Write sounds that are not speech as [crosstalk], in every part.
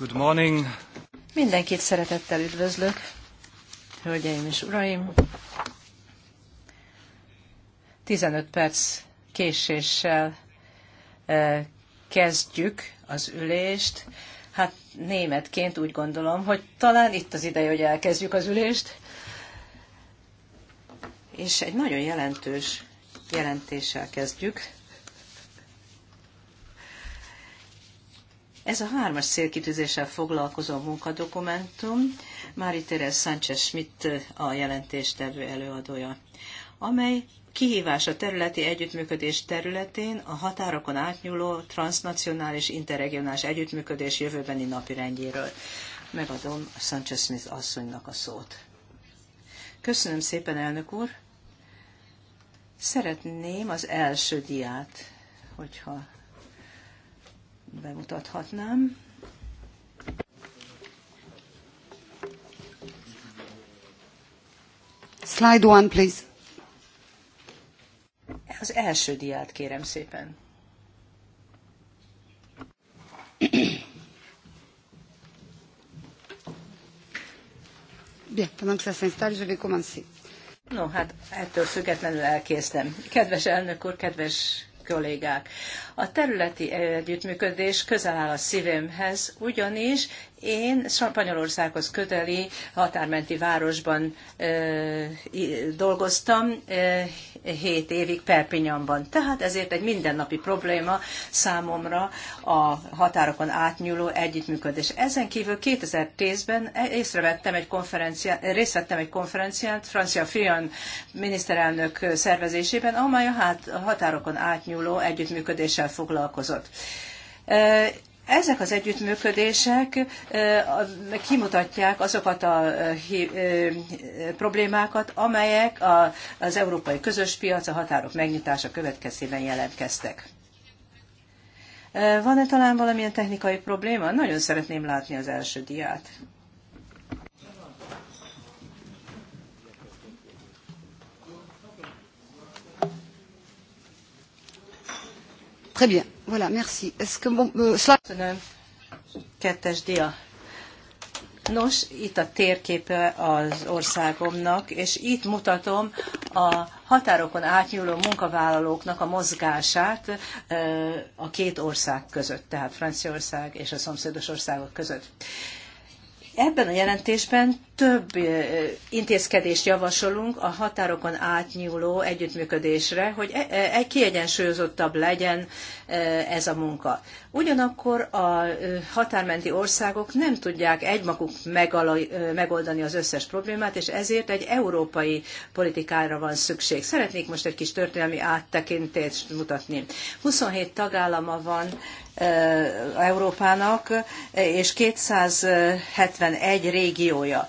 Good morning. Mindenkit szeretettel üdvözlök, hölgyeim és uraim. 15 perc késéssel eh, kezdjük az ülést. Hát németként úgy gondolom, hogy talán itt az ideje, hogy elkezdjük az ülést. És egy nagyon jelentős jelentéssel kezdjük. Ez a hármas célkitűzéssel foglalkozó munkadokumentum, Mári Terez Sánchez Schmidt a jelentéstevő előadója, amely kihívás a területi együttműködés területén a határokon átnyúló transnacionális interregionális együttműködés jövőbeni napirendjéről. Megadom Sánchez Smith asszonynak a szót. Köszönöm szépen, elnök úr! Szeretném az első diát, hogyha bemutathatnám. Slide one, please. Az első diát kérem szépen. Bien, pendant que ça s'installe, je vais commencer. No, hát ettől függetlenül elkésztem. Kedves elnök úr, kedves kollégák. A területi együttműködés közel áll a szívemhez, ugyanis én Spanyolországhoz ködeli határmenti városban ö, dolgoztam ö, 7 évig Perpignanban. Tehát ezért egy mindennapi probléma számomra a határokon átnyúló együttműködés. Ezen kívül 2010-ben észrevettem egy konferenciát, részt vettem egy konferenciát Francia Fillon miniszterelnök szervezésében, amely hát, a határokon átnyúló együttműködéssel foglalkozott ezek az együttműködések eh, kimutatják azokat a eh, eh, problémákat, amelyek az európai közös piac, a határok megnyitása következtében jelentkeztek. Van-e talán valamilyen technikai probléma? Nagyon szeretném látni az első diát. Très bien. Voilà, merci. Est-ce que euh, Köszönöm. Kettes dia. Nos, itt a térképe az országomnak, és itt mutatom a határokon átnyúló munkavállalóknak a mozgását eh, a két ország között, tehát Franciaország és a szomszédos országok között. Ebben a jelentésben több intézkedést javasolunk a határokon átnyúló együttműködésre, hogy e, e, egy kiegyensúlyozottabb legyen ez a munka. Ugyanakkor a határmenti országok nem tudják egymaguk megoldani az összes problémát, és ezért egy európai politikára van szükség. Szeretnék most egy kis történelmi áttekintést mutatni. 27 tagállama van Európának, és 271 régiója.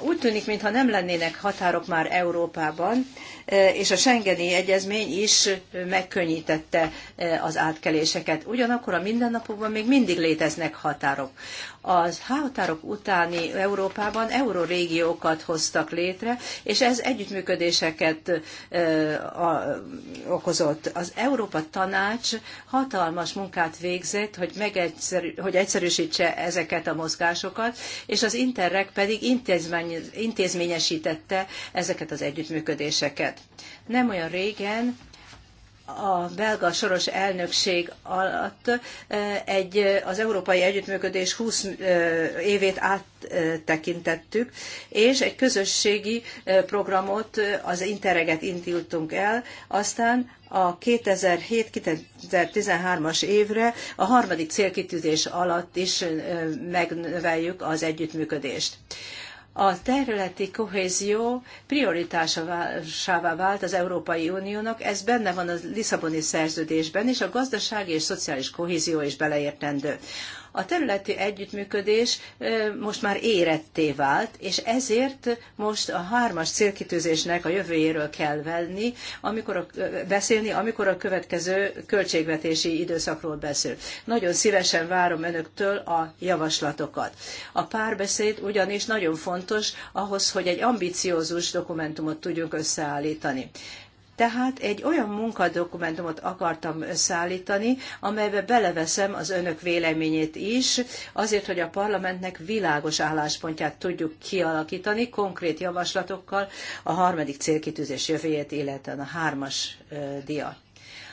Úgy tűnik, mintha nem lennének határok már Európában, és a Schengeni Egyezmény is megkönnyítette az átkeléseket. Ugyanakkor a mindennapokban még mindig léteznek határok. Az határok utáni Európában eurorégiókat hoztak létre, és ez együttműködéseket okozott. Az Európa Tanács hatalmas munkát végzett, hogy, megegyszerű, hogy egyszerűsítse ezeket a mozgásokat, és az Interreg pedig intézmények intézmény, intézményesítette ezeket az együttműködéseket. Nem olyan régen a belga soros elnökség alatt egy, az európai együttműködés 20 évét áttekintettük, és egy közösségi programot, az Interreget indultunk el, aztán a 2007-2013-as évre a harmadik célkitűzés alatt is megnöveljük az együttműködést a területi kohézió prioritásává vált az Európai Uniónak, ez benne van a Lisszaboni szerződésben, és a gazdasági és szociális kohézió is beleértendő. A területi együttműködés most már éretté vált, és ezért most a hármas célkitűzésnek a jövőjéről kell venni, amikor a, beszélni, amikor a következő költségvetési időszakról beszél. Nagyon szívesen várom önöktől a javaslatokat. A párbeszéd ugyanis nagyon fontos ahhoz, hogy egy ambiciózus dokumentumot tudjunk összeállítani. Tehát egy olyan munkadokumentumot akartam összeállítani, amelybe beleveszem az önök véleményét is, azért, hogy a parlamentnek világos álláspontját tudjuk kialakítani konkrét javaslatokkal a harmadik célkitűzés jövőjét, illetve a hármas dia.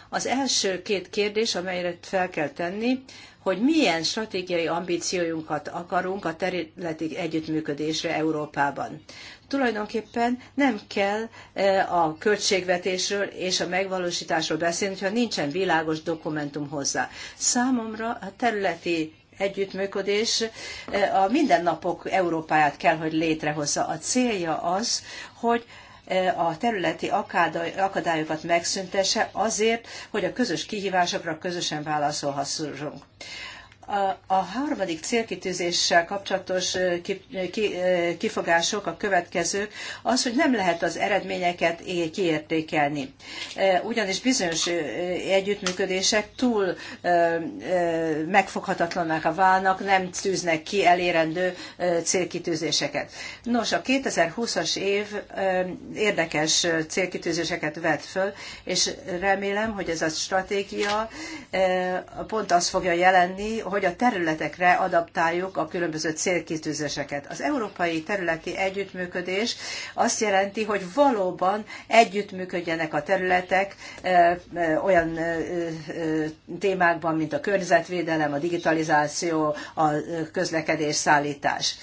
Az első két kérdés, amelyet fel kell tenni, hogy milyen stratégiai ambíciójunkat akarunk a területi együttműködésre Európában. Tulajdonképpen nem kell e, a költségvetésről és a megvalósításról beszélni, ha nincsen világos dokumentum hozzá. Számomra a területi együttműködés e, a mindennapok Európáját kell, hogy létrehozza. A célja az, hogy a területi akadályokat megszüntesse azért, hogy a közös kihívásokra közösen válaszolhassunk. A harmadik célkitűzéssel kapcsolatos kifogások a következők, az, hogy nem lehet az eredményeket kiértékelni. Ugyanis bizonyos együttműködések túl megfoghatatlanak válnak, nem tűznek ki elérendő célkitűzéseket. Nos, a 2020-as év érdekes célkitűzéseket vet föl, és remélem, hogy ez a stratégia pont azt fogja jelenni, hogy hogy a területekre adaptáljuk a különböző célkitűzéseket. Az európai területi együttműködés azt jelenti, hogy valóban együttműködjenek a területek olyan témákban, mint a környezetvédelem, a digitalizáció, a közlekedés, szállítás.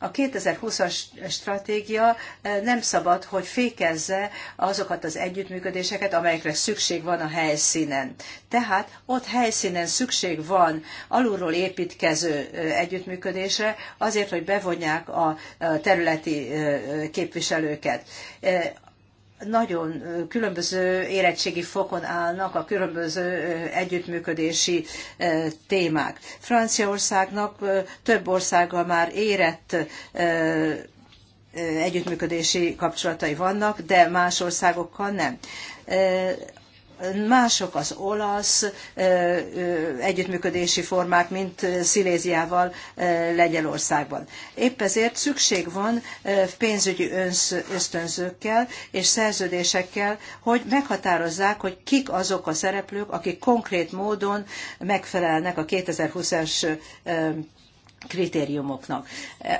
A 2020-as stratégia eh, nem szabad, hogy fékezze azokat az együttműködéseket, amelyekre szükség van a helyszínen. Tehát ott helyszínen szükség van alulról építkező eh, együttműködésre, azért, hogy bevonják a területi eh, képviselőket nagyon különböző érettségi fokon állnak a különböző együttműködési témák. Franciaországnak több országgal már érett együttműködési kapcsolatai vannak, de más országokkal nem mások az olasz együttműködési formák, mint Sziléziával Lengyelországban. Épp ezért szükség van pénzügyi ösztönzőkkel és szerződésekkel, hogy meghatározzák, hogy kik azok a szereplők, akik konkrét módon megfelelnek a 2020-es kritériumoknak.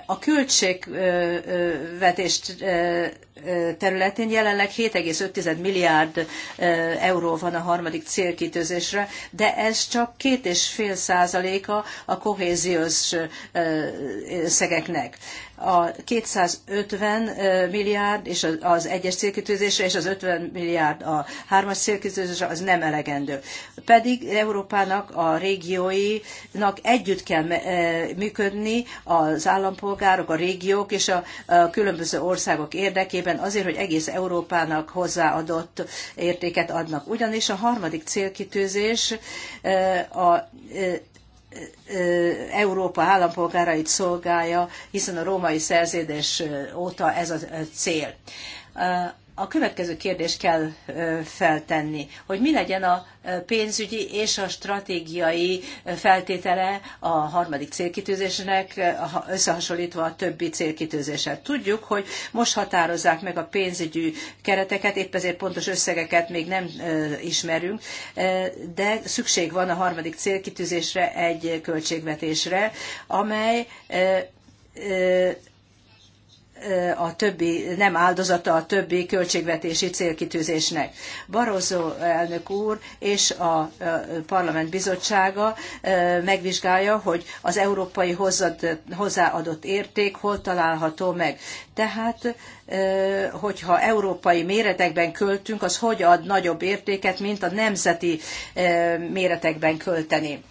A költségvetést területén. Jelenleg 7,5 milliárd euró van a harmadik célkitőzésre, de ez csak 2,5 százaléka a kohéziós szegeknek. A 250 milliárd és az egyes célkitűzésre és az 50 milliárd a hármas célkitűzésre az nem elegendő. Pedig Európának, a régióinak együtt kell működni az állampolgárok, a régiók és a különböző országok érdekében, tekintetében azért, hogy egész Európának hozzáadott értéket adnak. Ugyanis a harmadik célkitűzés a Európa állampolgárait szolgálja, hiszen a római szerződés óta ez a cél a következő kérdést kell feltenni, hogy mi legyen a pénzügyi és a stratégiai feltétele a harmadik célkitűzésnek, összehasonlítva a többi célkitűzéssel. Tudjuk, hogy most határozzák meg a pénzügyi kereteket, épp ezért pontos összegeket még nem ismerünk, de szükség van a harmadik célkitűzésre egy költségvetésre, amely a többi, nem áldozata a többi költségvetési célkitűzésnek. Barroso elnök úr és a parlament bizottsága megvizsgálja, hogy az európai hozzáadott érték hol található meg. Tehát, hogyha európai méretekben költünk, az hogy ad nagyobb értéket, mint a nemzeti méretekben költeni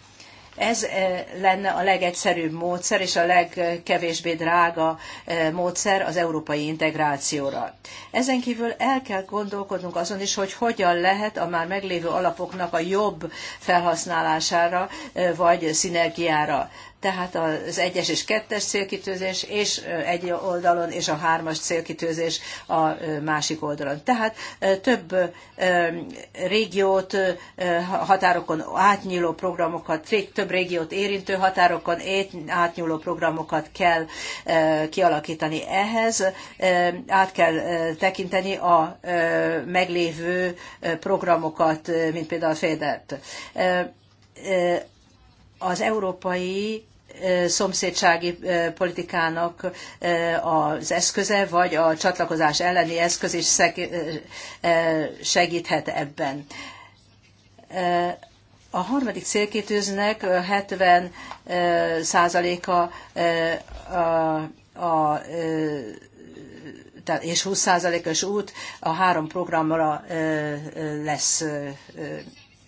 ez eh, lenne a legegyszerűbb módszer és a legkevésbé drága eh, módszer az európai integrációra. Ezen kívül el kell gondolkodnunk azon is, hogy hogyan lehet a már meglévő alapoknak a jobb felhasználására eh, vagy szinergiára tehát az egyes és kettes célkitűzés, és egy oldalon, és a hármas célkitűzés a másik oldalon. Tehát több régiót, határokon átnyúló programokat, több régiót érintő határokon átnyúló programokat kell kialakítani. Ehhez át kell tekinteni a meglévő programokat, mint például a FEDET. Az európai szomszédsági politikának az eszköze, vagy a csatlakozás elleni eszköz is segíthet ebben. A harmadik célkitűznek 70 százaléka a és 20%-os út a három programra lesz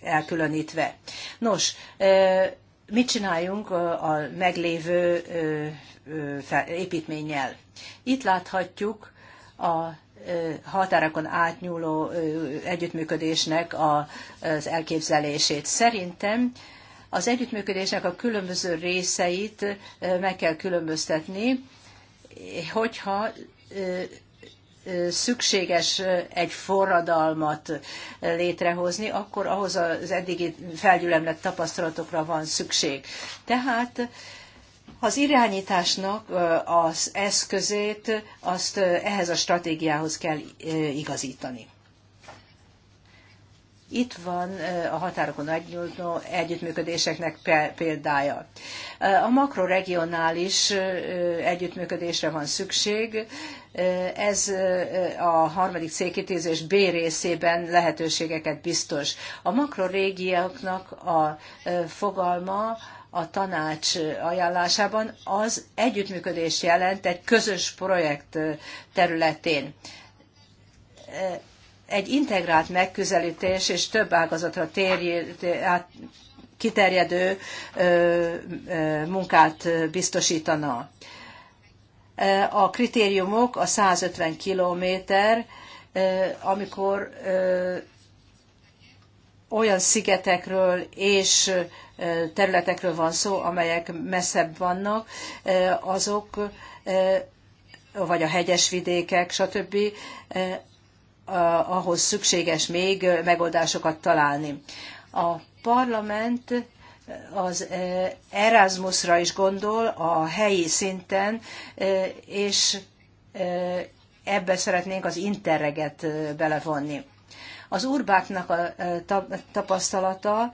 elkülönítve. Nos, mit csináljunk a meglévő építménnyel. Itt láthatjuk a határokon átnyúló együttműködésnek az elképzelését. Szerintem az együttműködésnek a különböző részeit meg kell különböztetni, hogyha szükséges egy forradalmat létrehozni, akkor ahhoz az eddigi felgyülemlett tapasztalatokra van szükség. Tehát az irányításnak az eszközét azt ehhez a stratégiához kell igazítani. Itt van a határokon átnyúló együttműködéseknek példája. A makroregionális együttműködésre van szükség, ez a harmadik célkitűzés B részében lehetőségeket biztos. A makrorégiáknak a fogalma a tanács ajánlásában az együttműködés jelent egy közös projekt területén. Egy integrált megközelítés és több ágazatra kiterjedő munkát biztosítana. A kritériumok a 150 kilométer, amikor olyan szigetekről és területekről van szó, amelyek messzebb vannak, azok, vagy a hegyes vidékek, stb., ahhoz szükséges még megoldásokat találni. A parlament az Erasmusra is gondol a helyi szinten, és ebbe szeretnénk az interreget belevonni. Az urbáknak a tapasztalata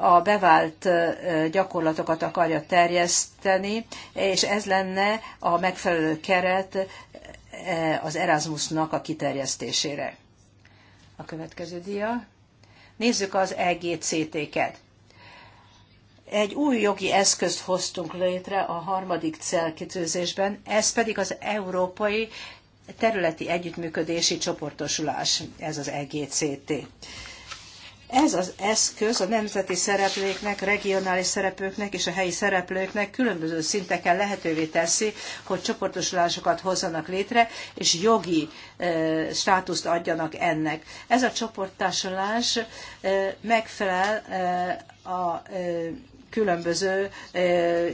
a bevált gyakorlatokat akarja terjeszteni, és ez lenne a megfelelő keret az Erasmusnak a kiterjesztésére. A következő dia. Nézzük az EGCT-ket egy új jogi eszközt hoztunk létre a harmadik célkitűzésben, ez pedig az Európai Területi Együttműködési Csoportosulás, ez az EGCT. Ez az eszköz a nemzeti szereplőknek, regionális szereplőknek és a helyi szereplőknek különböző szinteken lehetővé teszi, hogy csoportosulásokat hozzanak létre, és jogi e, státuszt adjanak ennek. Ez a csoportosulás e, megfelel e, a különböző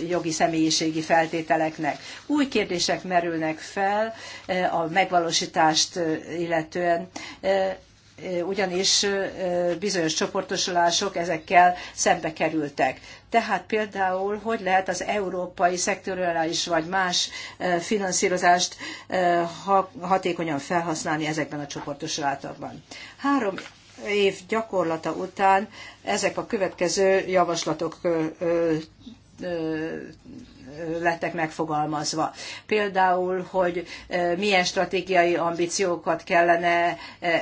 jogi személyiségi feltételeknek. Új kérdések merülnek fel a megvalósítást illetően ugyanis bizonyos csoportosulások ezekkel szembe kerültek. Tehát például, hogy lehet az európai szektorális vagy más finanszírozást hatékonyan felhasználni ezekben a csoportosulásokban. Három év gyakorlata után ezek a következő javaslatok lettek megfogalmazva. Például, hogy milyen stratégiai ambíciókat kellene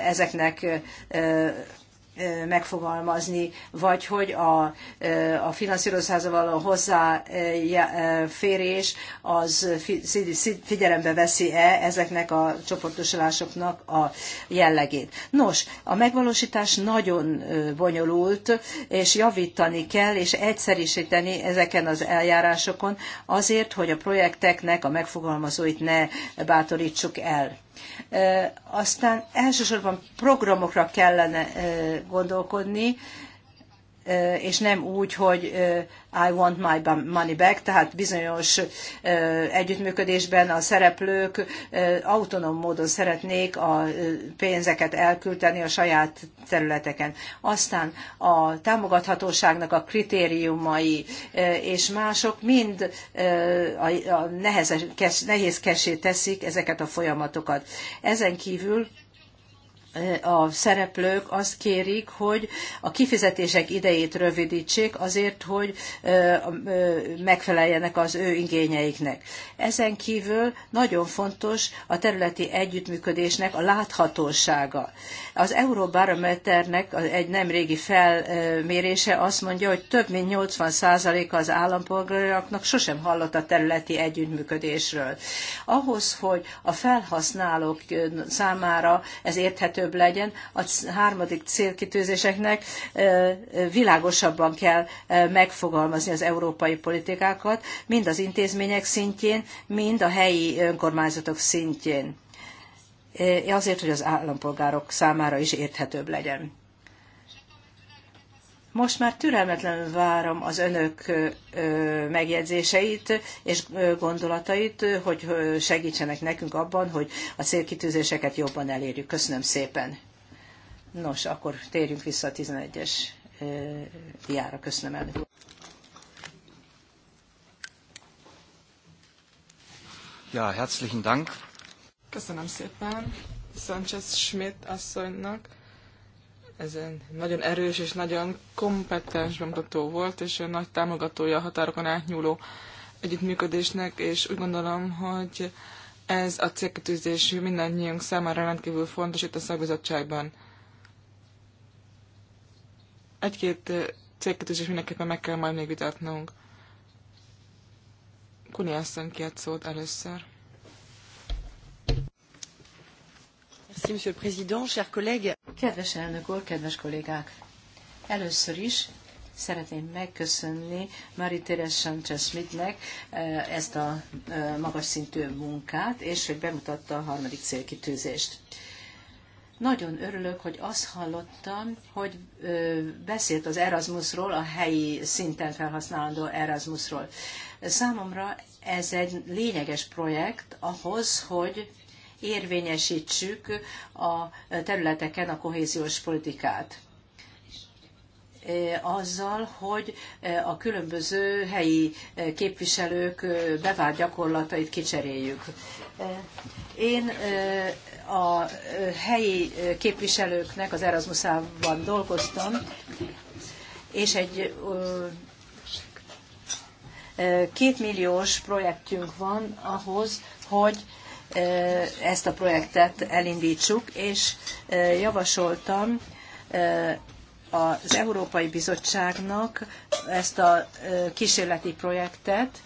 ezeknek megfogalmazni, vagy hogy a, a finanszírozáshoz való hozzáférés az figyelembe veszi-e ezeknek a csoportosulásoknak a jellegét. Nos, a megvalósítás nagyon bonyolult, és javítani kell, és egyszerűsíteni ezeken az eljárásokon azért, hogy a projekteknek a megfogalmazóit ne bátorítsuk el. Aztán elsősorban programokra kellene gondolkodni, és nem úgy, hogy I want my money back, tehát bizonyos együttműködésben a szereplők autonóm módon szeretnék a pénzeket elküldeni a saját területeken. Aztán a támogathatóságnak a kritériumai és mások mind a nehézkesé teszik ezeket a folyamatokat. Ezen kívül a szereplők azt kérik, hogy a kifizetések idejét rövidítsék azért, hogy megfeleljenek az ő igényeiknek. Ezen kívül nagyon fontos a területi együttműködésnek a láthatósága. Az Euróbarométernek egy nemrégi felmérése azt mondja, hogy több mint 80%-a az állampolgároknak sosem hallott a területi együttműködésről. Ahhoz, hogy a felhasználók számára ez érthetőbb legyen, a harmadik célkitűzéseknek világosabban kell megfogalmazni az európai politikákat, mind az intézmények szintjén, mind a helyi önkormányzatok szintjén azért, hogy az állampolgárok számára is érthetőbb legyen. Most már türelmetlenül várom az önök megjegyzéseit és gondolatait, hogy segítsenek nekünk abban, hogy a célkitűzéseket jobban elérjük. Köszönöm szépen. Nos, akkor térjünk vissza a 11-es diára. Köszönöm elnök. Ja, herzlichen Dank. Köszönöm szépen Sanchez Schmidt asszonynak. Ez egy nagyon erős és nagyon kompetens bemutató volt, és nagy támogatója a határokon átnyúló együttműködésnek, és úgy gondolom, hogy ez a célkitűzés mindannyiunk számára rendkívül fontos itt a szakbizottságban. Egy-két célkitűzés mindenképpen meg kell majd még vitatnunk. Kuni asszony kért szót először. Merci, Monsieur le Président, chers collègues. Kedves elnök úr, kedves kollégák! Először is szeretném megköszönni Marie-Thérèse Sanchez-Schmidtnek eh, ezt a eh, magas szintű munkát, és hogy bemutatta a harmadik célkitűzést. Nagyon örülök, hogy azt hallottam, hogy eh, beszélt az Erasmusról, a helyi szinten felhasználandó Erasmusról. Számomra ez egy lényeges projekt ahhoz, hogy érvényesítsük a területeken a kohéziós politikát e, azzal, hogy e, a különböző helyi e, képviselők bevált gyakorlatait kicseréljük. Én a helyi képviselőknek az Erasmusában dolgoztam, és egy kétmilliós projektünk van ahhoz, hogy ezt a projektet elindítsuk, és javasoltam az Európai Bizottságnak ezt a kísérleti projektet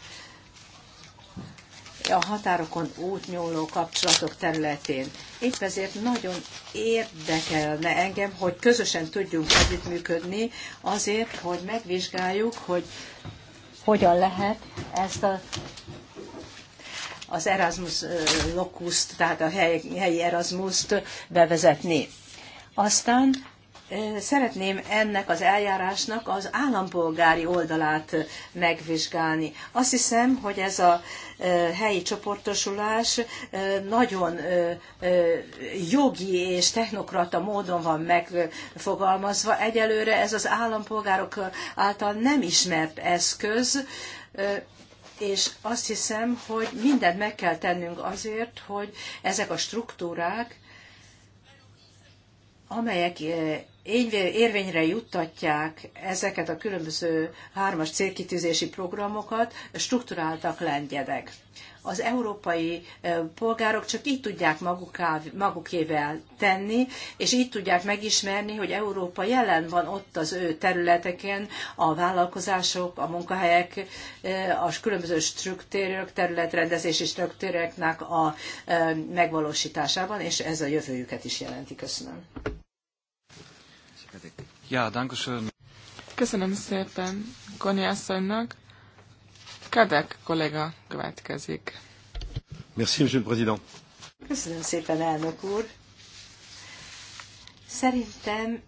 a határokon útnyúló kapcsolatok területén. Épp ezért nagyon érdekelne engem, hogy közösen tudjunk együttműködni azért, hogy megvizsgáljuk, hogy hogyan lehet ezt a az Erasmus lokust, tehát a helyi Erasmus-t bevezetni. Aztán szeretném ennek az eljárásnak az állampolgári oldalát megvizsgálni. Azt hiszem, hogy ez a helyi csoportosulás nagyon jogi és technokrata módon van megfogalmazva. Egyelőre ez az állampolgárok által nem ismert eszköz, és azt hiszem, hogy mindent meg kell tennünk azért, hogy ezek a struktúrák, amelyek eh, érvényre juttatják ezeket a különböző hármas célkitűzési programokat, strukturáltak lengyedek. Az európai e, polgárok csak így tudják magukével tenni, és így tudják megismerni, hogy Európa jelen van ott az ő területeken, a vállalkozások, a munkahelyek, e, a különböző struktúrák, területrendezési struktúráknak a e, megvalósításában, és ez a jövőjüket is jelenti. Köszönöm. Ja, Köszönöm szépen Koni asszonynak. Kadek kollega következik. Merci, monsieur le président. Köszönöm szépen, elnök úr. Szerintem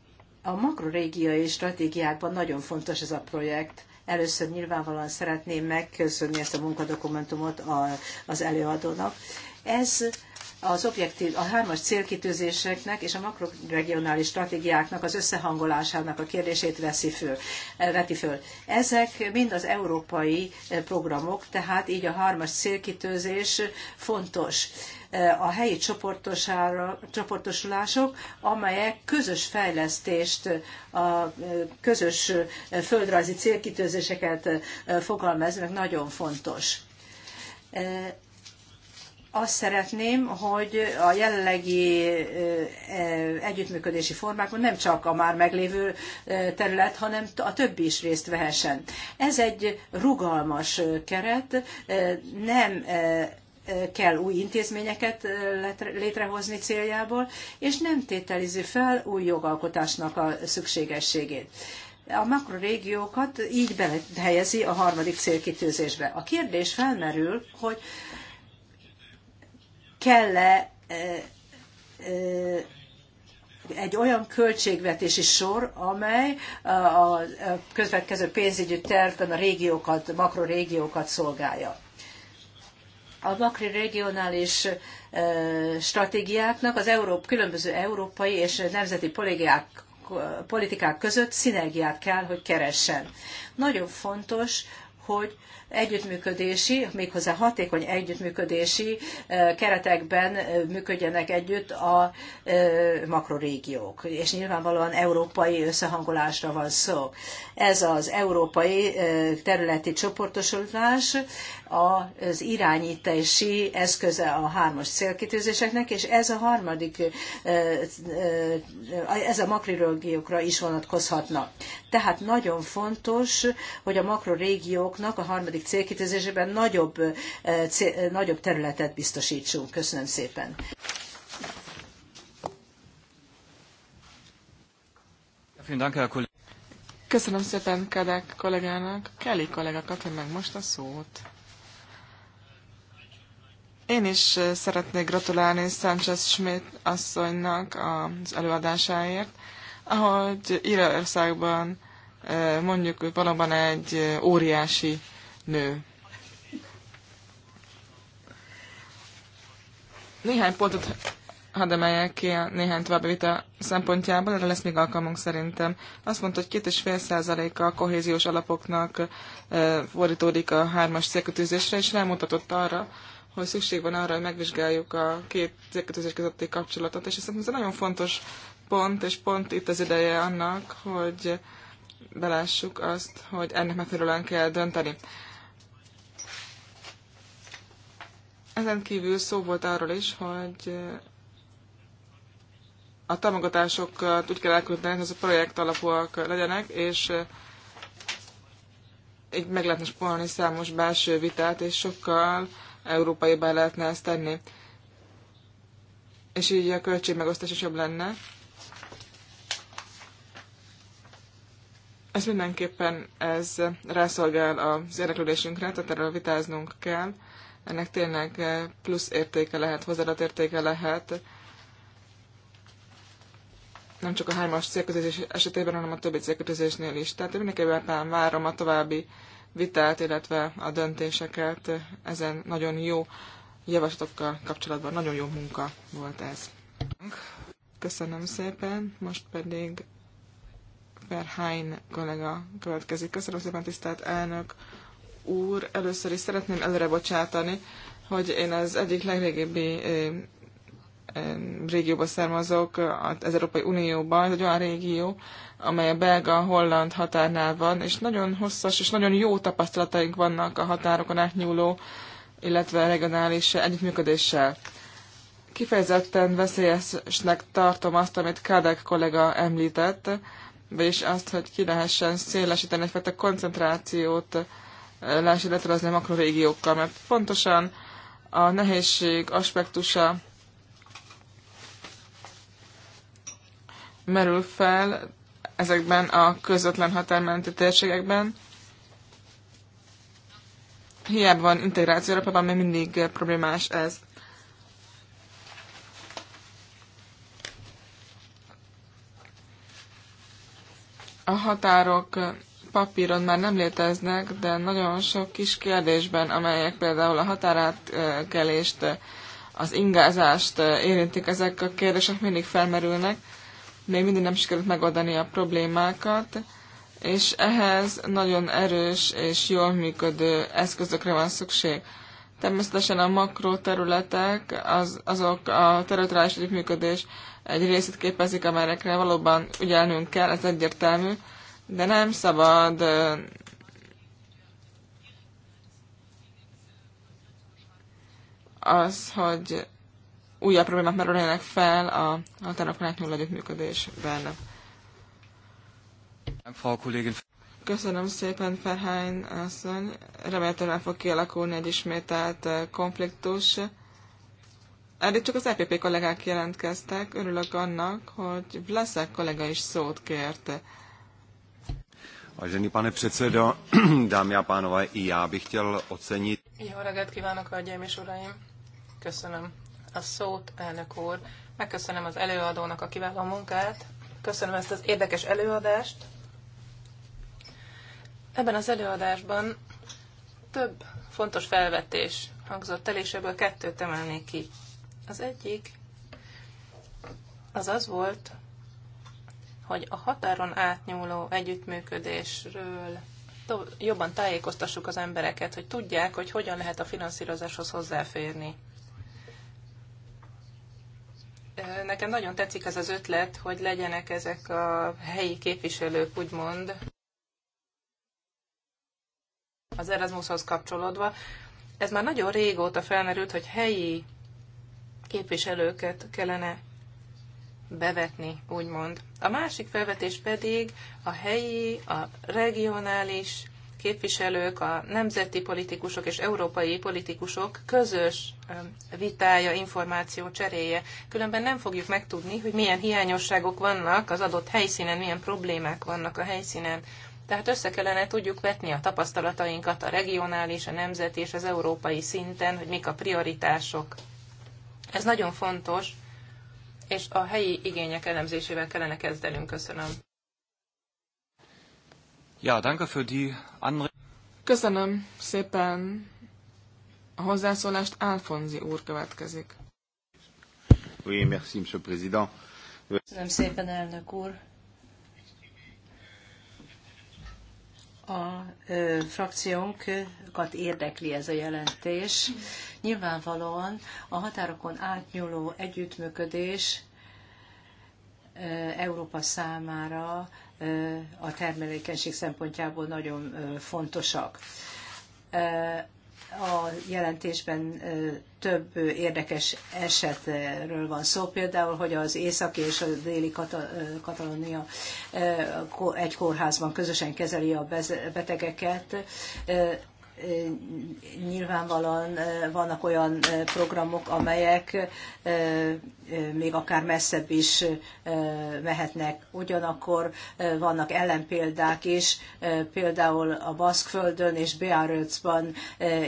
a makrorégiai stratégiákban nagyon fontos ez a projekt. Először nyilvánvalóan szeretném megköszönni ezt a munkadokumentumot az előadónak. Ez az objektív, a hármas célkitűzéseknek és a makroregionális stratégiáknak az összehangolásának a kérdését veszi föl, eh, veti föl. Ezek mind az európai eh, programok, tehát így a hármas célkitűzés fontos eh, a helyi csoportosulások, amelyek közös fejlesztést, a közös földrajzi célkitőzéseket fogalmaznak, nagyon fontos azt szeretném, hogy a jelenlegi együttműködési formákon nem csak a már meglévő terület, hanem a többi is részt vehessen. Ez egy rugalmas keret, nem kell új intézményeket létrehozni céljából, és nem tételizi fel új jogalkotásnak a szükségességét a makrorégiókat így behelyezi a harmadik célkitűzésbe. A kérdés felmerül, hogy kell-e egy olyan költségvetési sor, amely a közvetkező pénzügyi tervben a régiókat, makrorégiókat szolgálja. A makri regionális stratégiáknak az Európ, különböző európai és nemzeti politikák, politikák között szinergiát kell, hogy keressen. Nagyon fontos, hogy együttműködési, méghozzá hatékony együttműködési eh, keretekben eh, működjenek együtt a eh, makrorégiók. És nyilvánvalóan európai összehangolásra van szó. Ez az európai területi csoportosulás az irányítási eszköze a hármas célkitűzéseknek, és ez a harmadik, ez a makrorégiókra is vonatkozhatna. Tehát nagyon fontos, hogy a makrorégióknak a harmadik második célkitűzésében nagyobb, nagyobb területet biztosítsunk. Köszönöm szépen. Köszönöm szépen Kadek kollégának. Kelly kollega kapja meg most a szót. Én is szeretnék gratulálni Sánchez Schmidt asszonynak az előadásáért. Ahogy Írországban mondjuk, valóban egy óriási nő. Néhány pontot hadd emeljek ki a néhány további vita szempontjából, erre lesz még alkalmunk szerintem. Azt mondta, hogy két és fél százaléka a kohéziós alapoknak fordítódik a hármas célkötőzésre, és rámutatott arra, hogy szükség van arra, hogy megvizsgáljuk a két célkötőzés közötti kapcsolatot, és szerintem ez egy nagyon fontos pont, és pont itt az ideje annak, hogy belássuk azt, hogy ennek megfelelően kell dönteni. Ezen kívül szó volt arról is, hogy eh, a támogatásokat úgy kell elküldeni, hogy az a projekt alapúak legyenek, és eh, így meg lehetne spórolni számos belső vitát, és sokkal európaibbá lehetne ezt tenni. És így a költségmegosztás is jobb lenne. Ez mindenképpen ez rászolgál az érdeklődésünkre, tehát erről vitáznunk kell ennek tényleg eh, plusz értéke lehet, hozzáadott értéke lehet, nem csak a hármas célkötözés esetében, hanem a többi célkötözésnél is. Tehát én mindenképpen várom a további vitát, illetve a döntéseket ezen nagyon jó javaslatokkal kapcsolatban. Nagyon jó munka volt ez. Köszönöm szépen, most pedig Verhein kollega következik. Köszönöm szépen, tisztelt elnök úr, először is szeretném előre bocsátani, hogy én az egyik legrégebbi régióba származok, az Európai Unióban, ez egy olyan régió, amely a belga-holland határnál van, és nagyon hosszas és nagyon jó tapasztalataink vannak a határokon átnyúló, illetve regionális együttműködéssel. Kifejezetten veszélyesnek tartom azt, amit Kádek kollega említett, vagyis azt, hogy ki lehessen szélesíteni egyfajta koncentrációt lehessen letrezni makrorégiókkal, mert pontosan a nehézség aspektusa merül fel ezekben a közvetlen határmenti térségekben. Hiába van integráció Európában, még mindig problémás ez. A határok papíron már nem léteznek, de nagyon sok kis kérdésben, amelyek például a határátkelést, az ingázást érintik, ezek a kérdések mindig felmerülnek, még mindig nem sikerült megoldani a problémákat, és ehhez nagyon erős és jól működő eszközökre van szükség. Természetesen a makroterületek, az, azok a területrális együttműködés egy részét képezik, amelyekre valóban ügyelnünk kell, ez egyértelmű, de nem szabad az, hogy újabb problémák merülnének fel a határoknak átnyúló működésben. Köszönöm szépen, Ferhány asszony. Remélhetően fog kialakulni egy ismételt konfliktus. Eddig csak az EPP kollégák jelentkeztek. Örülök annak, hogy Vlaszek kollega is szót kérte. Vážený pane předsedo, [clears throat] dámy a pánové, i já bych chtěl ocenit. Jó reggelt kívánok, hölgyeim és uraim! Köszönöm a szót, elnök úr. Megköszönöm az előadónak a kiváló munkát. Köszönöm ezt az érdekes előadást. Ebben az előadásban több fontos felvetés hangzott el, és ebből kettőt emelnék ki. Az egyik az az volt, hogy a határon átnyúló együttműködésről jobban tájékoztassuk az embereket, hogy tudják, hogy hogyan lehet a finanszírozáshoz hozzáférni. Nekem nagyon tetszik ez az ötlet, hogy legyenek ezek a helyi képviselők, úgymond, az Erasmushoz kapcsolódva. Ez már nagyon régóta felmerült, hogy helyi képviselőket kellene bevetni, úgymond. A másik felvetés pedig a helyi, a regionális képviselők, a nemzeti politikusok és európai politikusok közös vitája, információ cseréje. Különben nem fogjuk megtudni, hogy milyen hiányosságok vannak az adott helyszínen, milyen problémák vannak a helyszínen. Tehát össze kellene tudjuk vetni a tapasztalatainkat a regionális, a nemzeti és az európai szinten, hogy mik a prioritások. Ez nagyon fontos, és a helyi igények elemzésével kellene kezdenünk. Köszönöm. Ja, danke für die andere... Köszönöm szépen. A hozzászólást Alfonzi úr következik. Oui, merci, monsieur président. Köszönöm szépen, elnök úr. a ö, frakciónkat érdekli ez a jelentés. Nyilvánvalóan a határokon átnyúló együttműködés ö, Európa számára ö, a termelékenység szempontjából nagyon ö, fontosak a jelentésben több érdekes esetről van szó, például, hogy az északi és a déli Katalónia egy kórházban közösen kezeli a betegeket, nyilvánvalóan vannak olyan programok, amelyek még akár messzebb is mehetnek. Ugyanakkor vannak ellenpéldák is, például a Baszkföldön és Beárőcban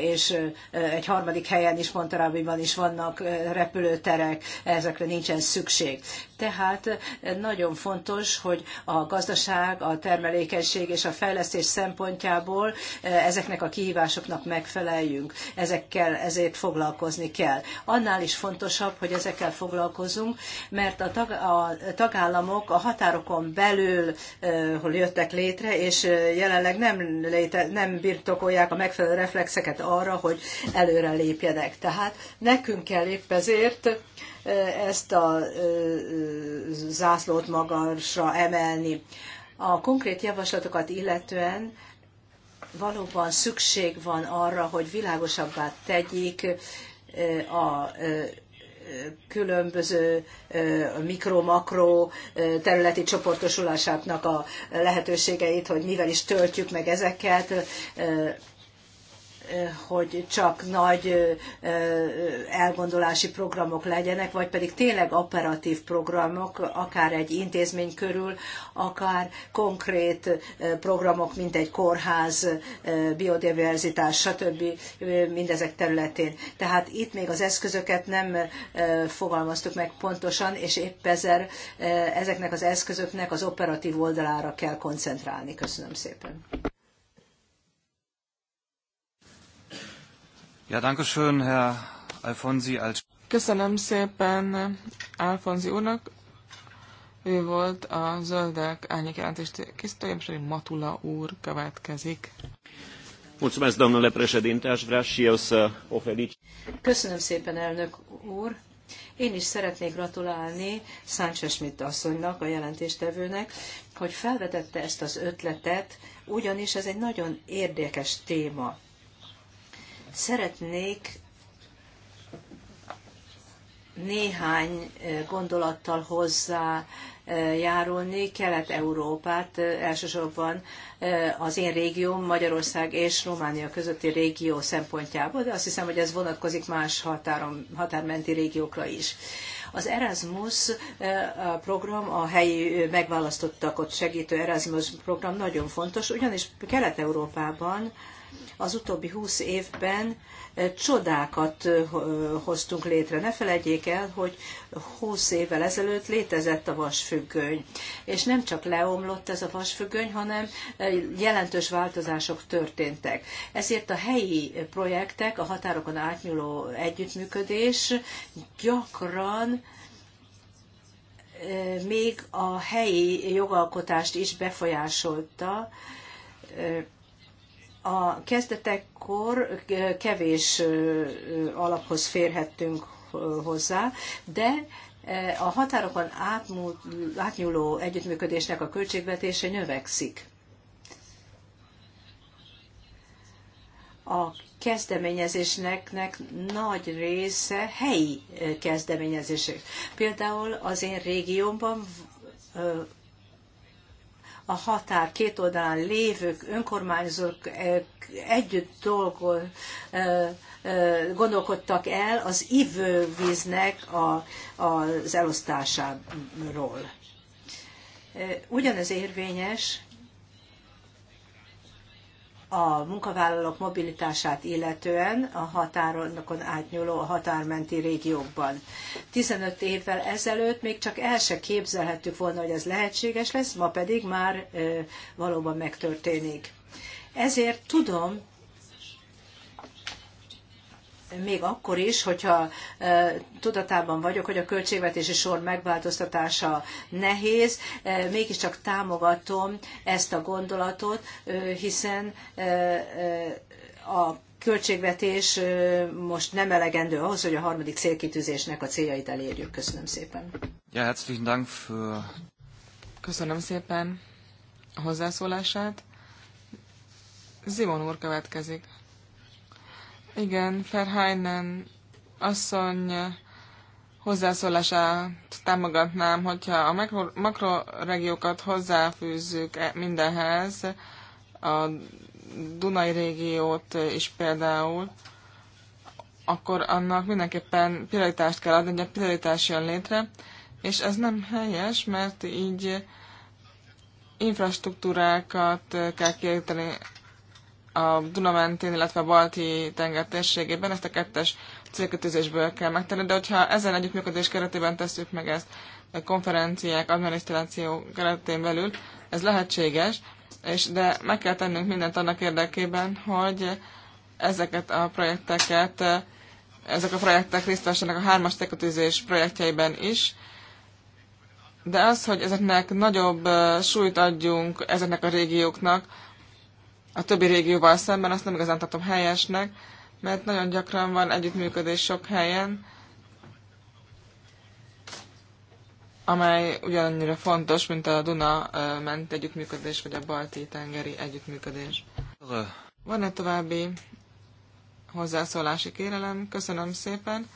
és egy harmadik helyen is, Montarabiban is vannak repülőterek, ezekre nincsen szükség. Tehát eh, nagyon fontos, hogy a gazdaság, a termelékenység és a fejlesztés szempontjából eh, ezeknek a kihívásoknak megfeleljünk. Ezekkel ezért foglalkozni kell. Annál is fontosabb, hogy ezekkel foglalkozunk, mert a, tag, a tagállamok a határokon belül eh, hol jöttek létre, és jelenleg nem, léte, nem birtokolják a megfelelő reflexeket arra, hogy előre lépjenek. Tehát nekünk kell épp ezért ezt a zászlót magasra emelni. A konkrét javaslatokat illetően valóban szükség van arra, hogy világosabbá tegyék a különböző mikro-makro területi csoportosulásoknak a lehetőségeit, hogy mivel is töltjük meg ezeket, hogy csak nagy elgondolási programok legyenek, vagy pedig tényleg operatív programok, akár egy intézmény körül, akár konkrét programok, mint egy kórház, biodiverzitás, stb. mindezek területén. Tehát itt még az eszközöket nem fogalmaztuk meg pontosan, és épp ezer, ezeknek az eszközöknek az operatív oldalára kell koncentrálni. Köszönöm szépen. Ja, danke schön, Herr Alfonsi. Köszönöm szépen Alfonsi úrnak. Ő volt a zöldek árnyék jelentést készítője, most Matula úr következik. Mulțumesc, domnule președinte, aș vrea și eu Köszönöm szépen, elnök úr. Én is szeretnék gratulálni Sánchez Schmidt asszonynak, a jelentéstevőnek, hogy felvetette ezt az ötletet, ugyanis ez egy nagyon érdekes téma. Szeretnék néhány eh, gondolattal hozzá eh, járulni Kelet-Európát, eh, elsősorban az én régióm, Magyarország és Románia közötti régió szempontjából, de azt hiszem, hogy ez vonatkozik más határom határmenti régiókra is. Az Erasmus program, a helyi megválasztottakot segítő Erasmus program nagyon fontos, ugyanis Kelet-Európában az utóbbi húsz évben eh, csodákat eh, eh, hoztunk létre. Ne felejtjék el, hogy húsz évvel ezelőtt létezett a vasfüggöny. És nem csak leomlott ez a vasfüggöny, hanem jelentős változások történtek. Ezért a helyi projektek, a határokon átnyúló együttműködés gyakran még a helyi jogalkotást is befolyásolta, a kezdetekkor kevés alaphoz férhettünk hozzá, de a határokon átnyúló együttműködésnek a költségvetése növekszik. A kezdeményezésnek nagy része helyi kezdeményezések. Például az én régiómban a határ két oldalán lévők, önkormányzók eh, együtt dolgol, eh, eh, gondolkodtak el az ivővíznek a, az elosztásáról. Ugyanez érvényes a munkavállalók mobilitását illetően a határokon átnyúló, a határmenti régiókban. 15 évvel ezelőtt még csak el se képzelhettük volna, hogy ez lehetséges lesz, ma pedig már valóban megtörténik. Ezért tudom, még akkor is, hogyha e, tudatában vagyok, hogy a költségvetési sor megváltoztatása nehéz, e, mégiscsak támogatom ezt a gondolatot, hiszen e, a költségvetés most nem elegendő ahhoz, hogy a harmadik célkitűzésnek a céljait elérjük. Köszönöm szépen. Ja, herzlichen Dank für... Köszönöm szépen a hozzászólását. Zimon úr következik. Igen, Ferhajnen asszony hozzászólását támogatnám, hogyha a makro, makroregiókat hozzáfűzzük e- mindenhez, a Dunai régiót is például, akkor annak mindenképpen prioritást kell adni, hogy a prioritás jön létre, és ez nem helyes, mert így infrastruktúrákat kell kérteni a mentén, illetve a Balti tenger térségében. Ezt a kettes célkötőzésből kell megtenni, de hogyha ezen együttműködés keretében tesszük meg ezt a konferenciák, adminisztráció keretén belül, ez lehetséges, és de meg kell tennünk mindent annak érdekében, hogy ezeket a projekteket, ezek a projektek részt a hármas célkötőzés projektjeiben is, de az, hogy ezeknek nagyobb súlyt adjunk ezeknek a régióknak, a többi régióval szemben, azt nem igazán tartom helyesnek, mert nagyon gyakran van együttműködés sok helyen, amely ugyanannyira fontos, mint a Duna ment együttműködés, vagy a balti tengeri együttműködés. Van-e további hozzászólási kérelem? Köszönöm szépen.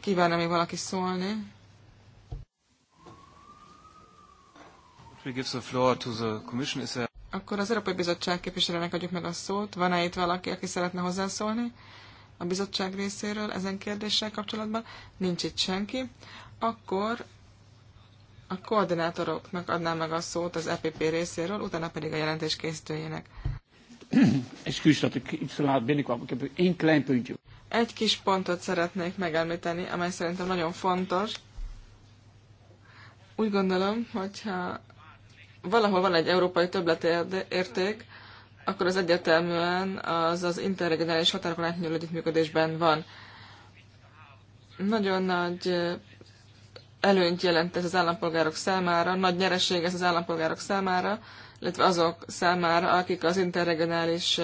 Kívánom még valaki szólni? We give the floor to the commission. Is there... Akkor az Európai Bizottság képviselőnek adjuk meg a szót. Van-e itt valaki, aki szeretne hozzászólni a bizottság részéről ezen kérdéssel kapcsolatban? Nincs itt senki. Akkor a koordinátoroknak adnám meg a szót az EPP részéről, utána pedig a jelentés készítőjének. [clears throat] Egy kis pontot szeretnék megemlíteni, amely szerintem nagyon fontos. Úgy gondolom, hogyha valahol van egy európai többletérték, akkor az egyeteműen az az interregionális határokon átnyúló együttműködésben van. Nagyon nagy előnyt jelent ez az állampolgárok számára, nagy nyereség ez az állampolgárok számára, illetve azok számára, akik az interregionális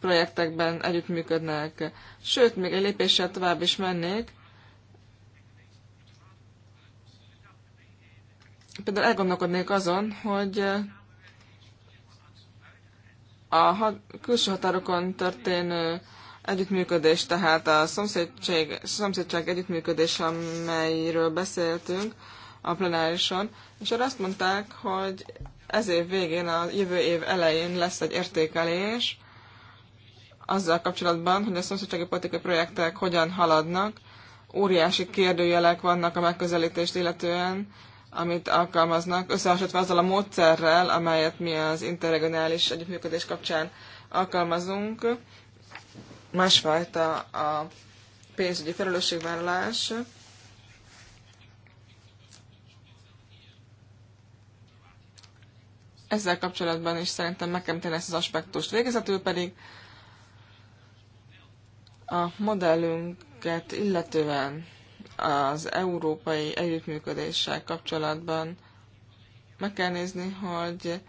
projektekben együttműködnek. Sőt, még egy lépéssel tovább is mennék, Például elgondolkodnék azon, hogy eh, a külső határokon történő együttműködés, tehát a szomszédség, szomszédság együttműködés, amelyről beszéltünk a plenárison, és arra azt mondták, hogy ez év végén, a jövő év elején lesz egy értékelés azzal kapcsolatban, hogy a szomszédsági politikai projektek hogyan haladnak. Óriási kérdőjelek vannak a megközelítést illetően, amit alkalmaznak, összehasonlítva azzal a módszerrel, amelyet mi az interregionális együttműködés kapcsán alkalmazunk. Másfajta a pénzügyi felelősségvállalás. Ezzel kapcsolatban is szerintem meg kell ezt az aspektust. Végezetül pedig a modellünket illetően az európai együttműködéssel kapcsolatban meg kell nézni, hogy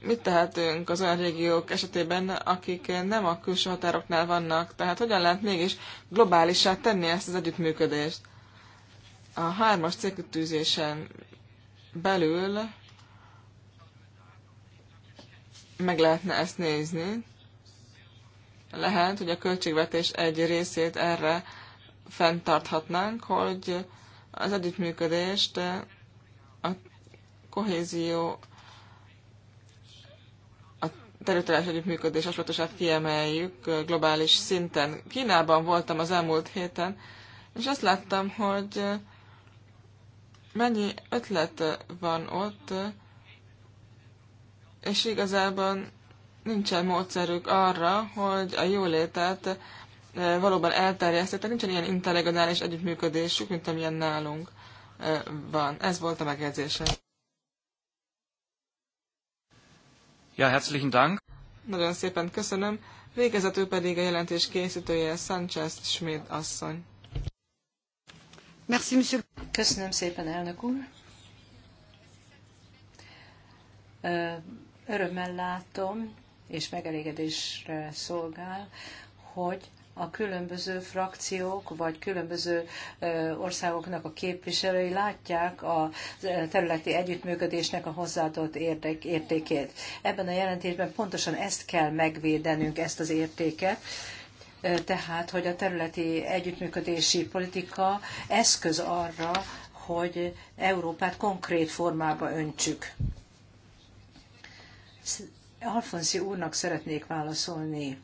mit tehetünk az olyan régiók esetében, akik nem a külső határoknál vannak, tehát hogyan lehet mégis globálisá tenni ezt az együttműködést. A hármas célkütűzésen belül meg lehetne ezt nézni. Lehet, hogy a költségvetés egy részét erre fenntarthatnánk, hogy az együttműködést a kohézió, a területes együttműködés aspektusát kiemeljük globális szinten. Kínában voltam az elmúlt héten, és azt láttam, hogy mennyi ötlet van ott, és igazából nincsen módszerük arra, hogy a jólétet valóban elterjesztett, tehát nincsen ilyen interregionális együttműködésük, mint amilyen nálunk van. Ez volt a megjegyzésem. Ja, herzlichen Dank. Nagyon szépen köszönöm. Végezetül pedig a jelentés készítője Sanchez Schmidt asszony. Merci, monsieur. Köszönöm szépen, elnök úr. Örömmel látom, és megelégedésre szolgál, hogy a különböző frakciók vagy különböző országoknak a képviselői látják a területi együttműködésnek a hozzáadott értékét. Ebben a jelentésben pontosan ezt kell megvédenünk, ezt az értéket, tehát, hogy a területi együttműködési politika eszköz arra, hogy Európát konkrét formába öntsük. Alfonszi úrnak szeretnék válaszolni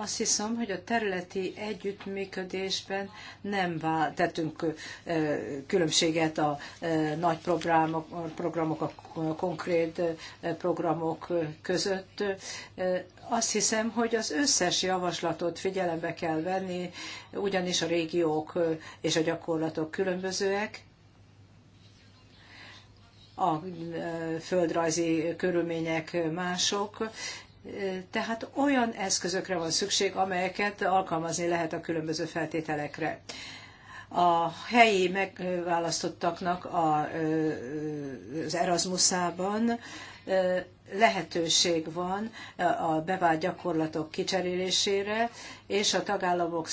azt hiszem, hogy a területi együttműködésben nem tettünk különbséget a nagy programok, programok a konkrét programok között. Azt hiszem, hogy az összes javaslatot figyelembe kell venni, ugyanis a régiók és a gyakorlatok különbözőek, a földrajzi körülmények mások, tehát olyan eszközökre van szükség, amelyeket alkalmazni lehet a különböző feltételekre. A helyi megválasztottaknak az Erasmusában lehetőség van eh, a bevált gyakorlatok kicserélésére, és a tagállamok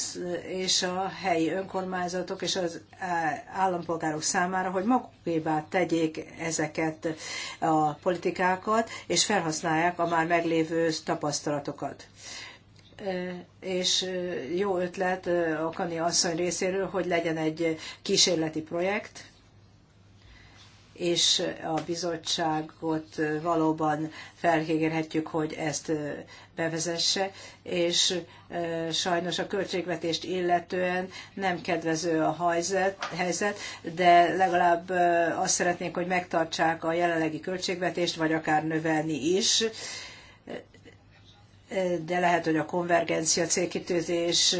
és a helyi önkormányzatok és az eh, állampolgárok számára, hogy magukévá tegyék ezeket eh, a politikákat, és felhasználják a már meglévő tapasztalatokat és jó ötlet a Kani asszony részéről, hogy legyen egy kísérleti projekt, és a bizottságot valóban felkérhetjük, hogy ezt bevezesse, és sajnos a költségvetést illetően nem kedvező a helyzet, de legalább azt szeretnénk, hogy megtartsák a jelenlegi költségvetést, vagy akár növelni is de lehet, hogy a konvergencia célkitűzés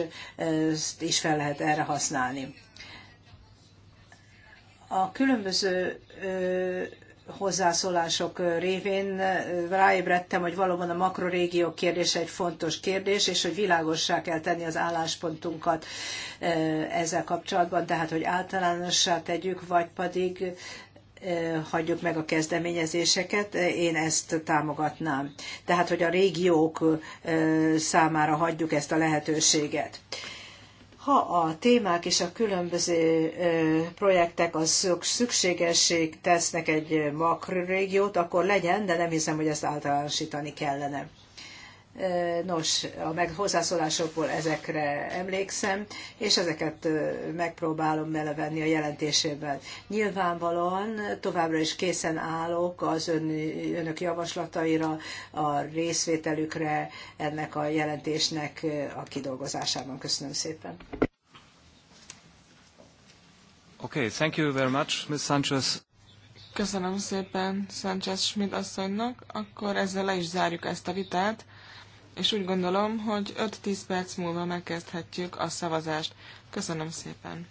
is fel lehet erre használni. A különböző hozzászólások révén ráébredtem, hogy valóban a makrorégiók kérdése egy fontos kérdés, és hogy világossá kell tenni az álláspontunkat ezzel kapcsolatban, tehát hogy általánossá tegyük, vagy pedig hagyjuk meg a kezdeményezéseket, én ezt támogatnám. Tehát, hogy a régiók számára hagyjuk ezt a lehetőséget ha a témák és a különböző projektek az szükségesség tesznek egy makrorégiót, akkor legyen, de nem hiszem, hogy ezt általánosítani kellene. Nos, a meg hozzászólásokból ezekre emlékszem, és ezeket megpróbálom belevenni a jelentésében. Nyilvánvalóan továbbra is készen állok az ön, önök javaslataira, a részvételükre ennek a jelentésnek a kidolgozásában. Köszönöm szépen. Okay, thank you very much, Ms. Sanchez. Köszönöm szépen Sanchez Schmidt asszonynak. Akkor ezzel le is zárjuk ezt a vitát és úgy gondolom, hogy 5-10 perc múlva megkezdhetjük a szavazást. Köszönöm szépen!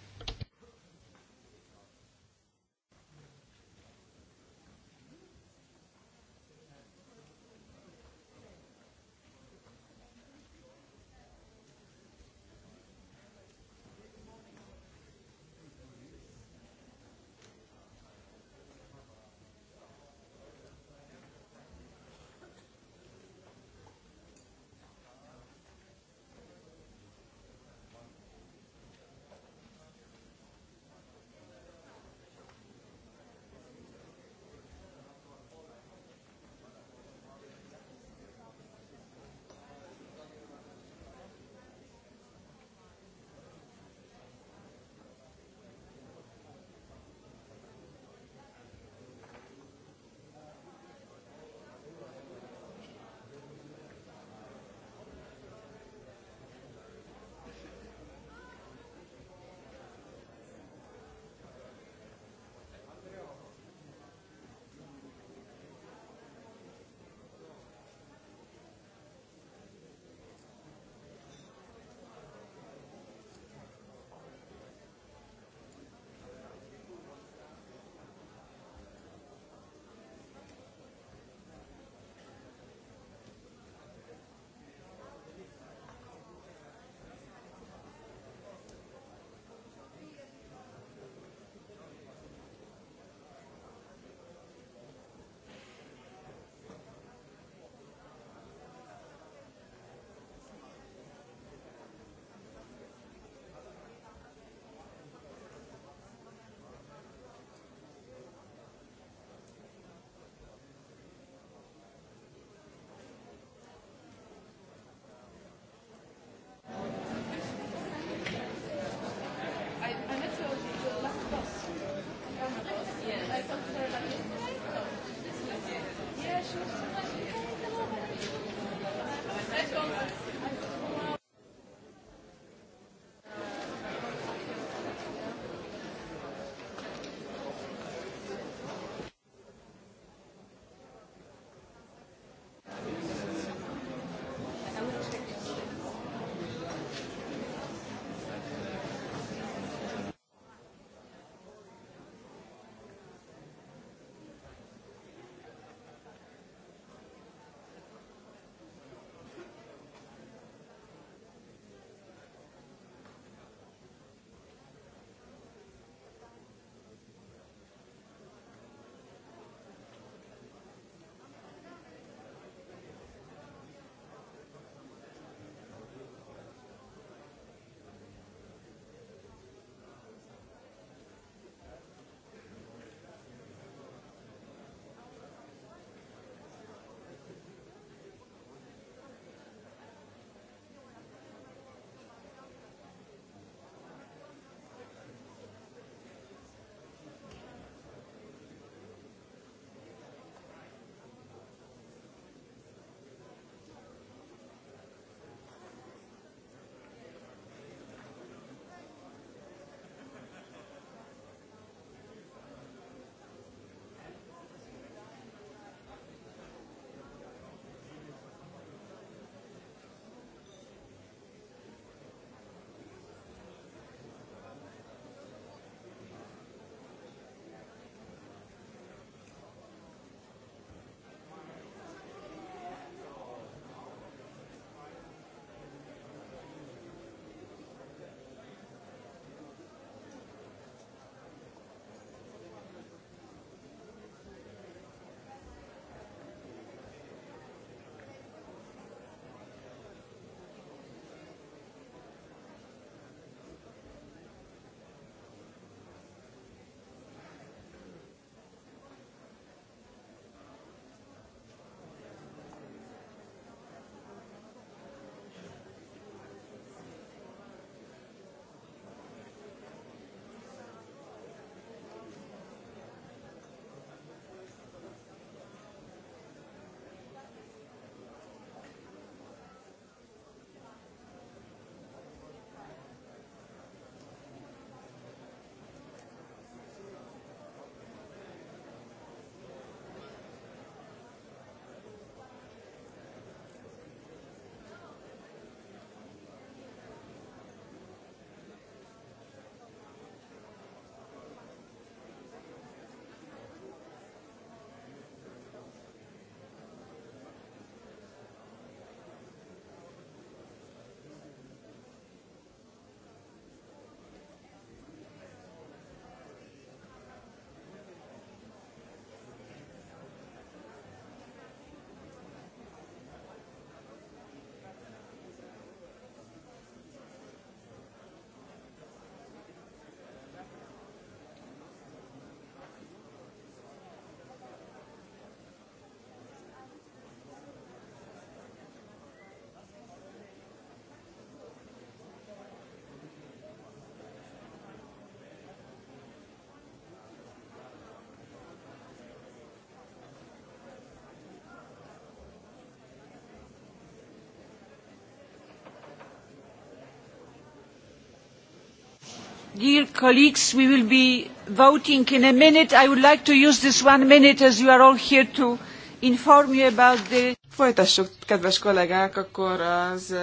dear colleagues we will be voting in a minute. i would like to use this one minute as you are all here to inform you about the Folytassuk, kedves kollégák, akkor az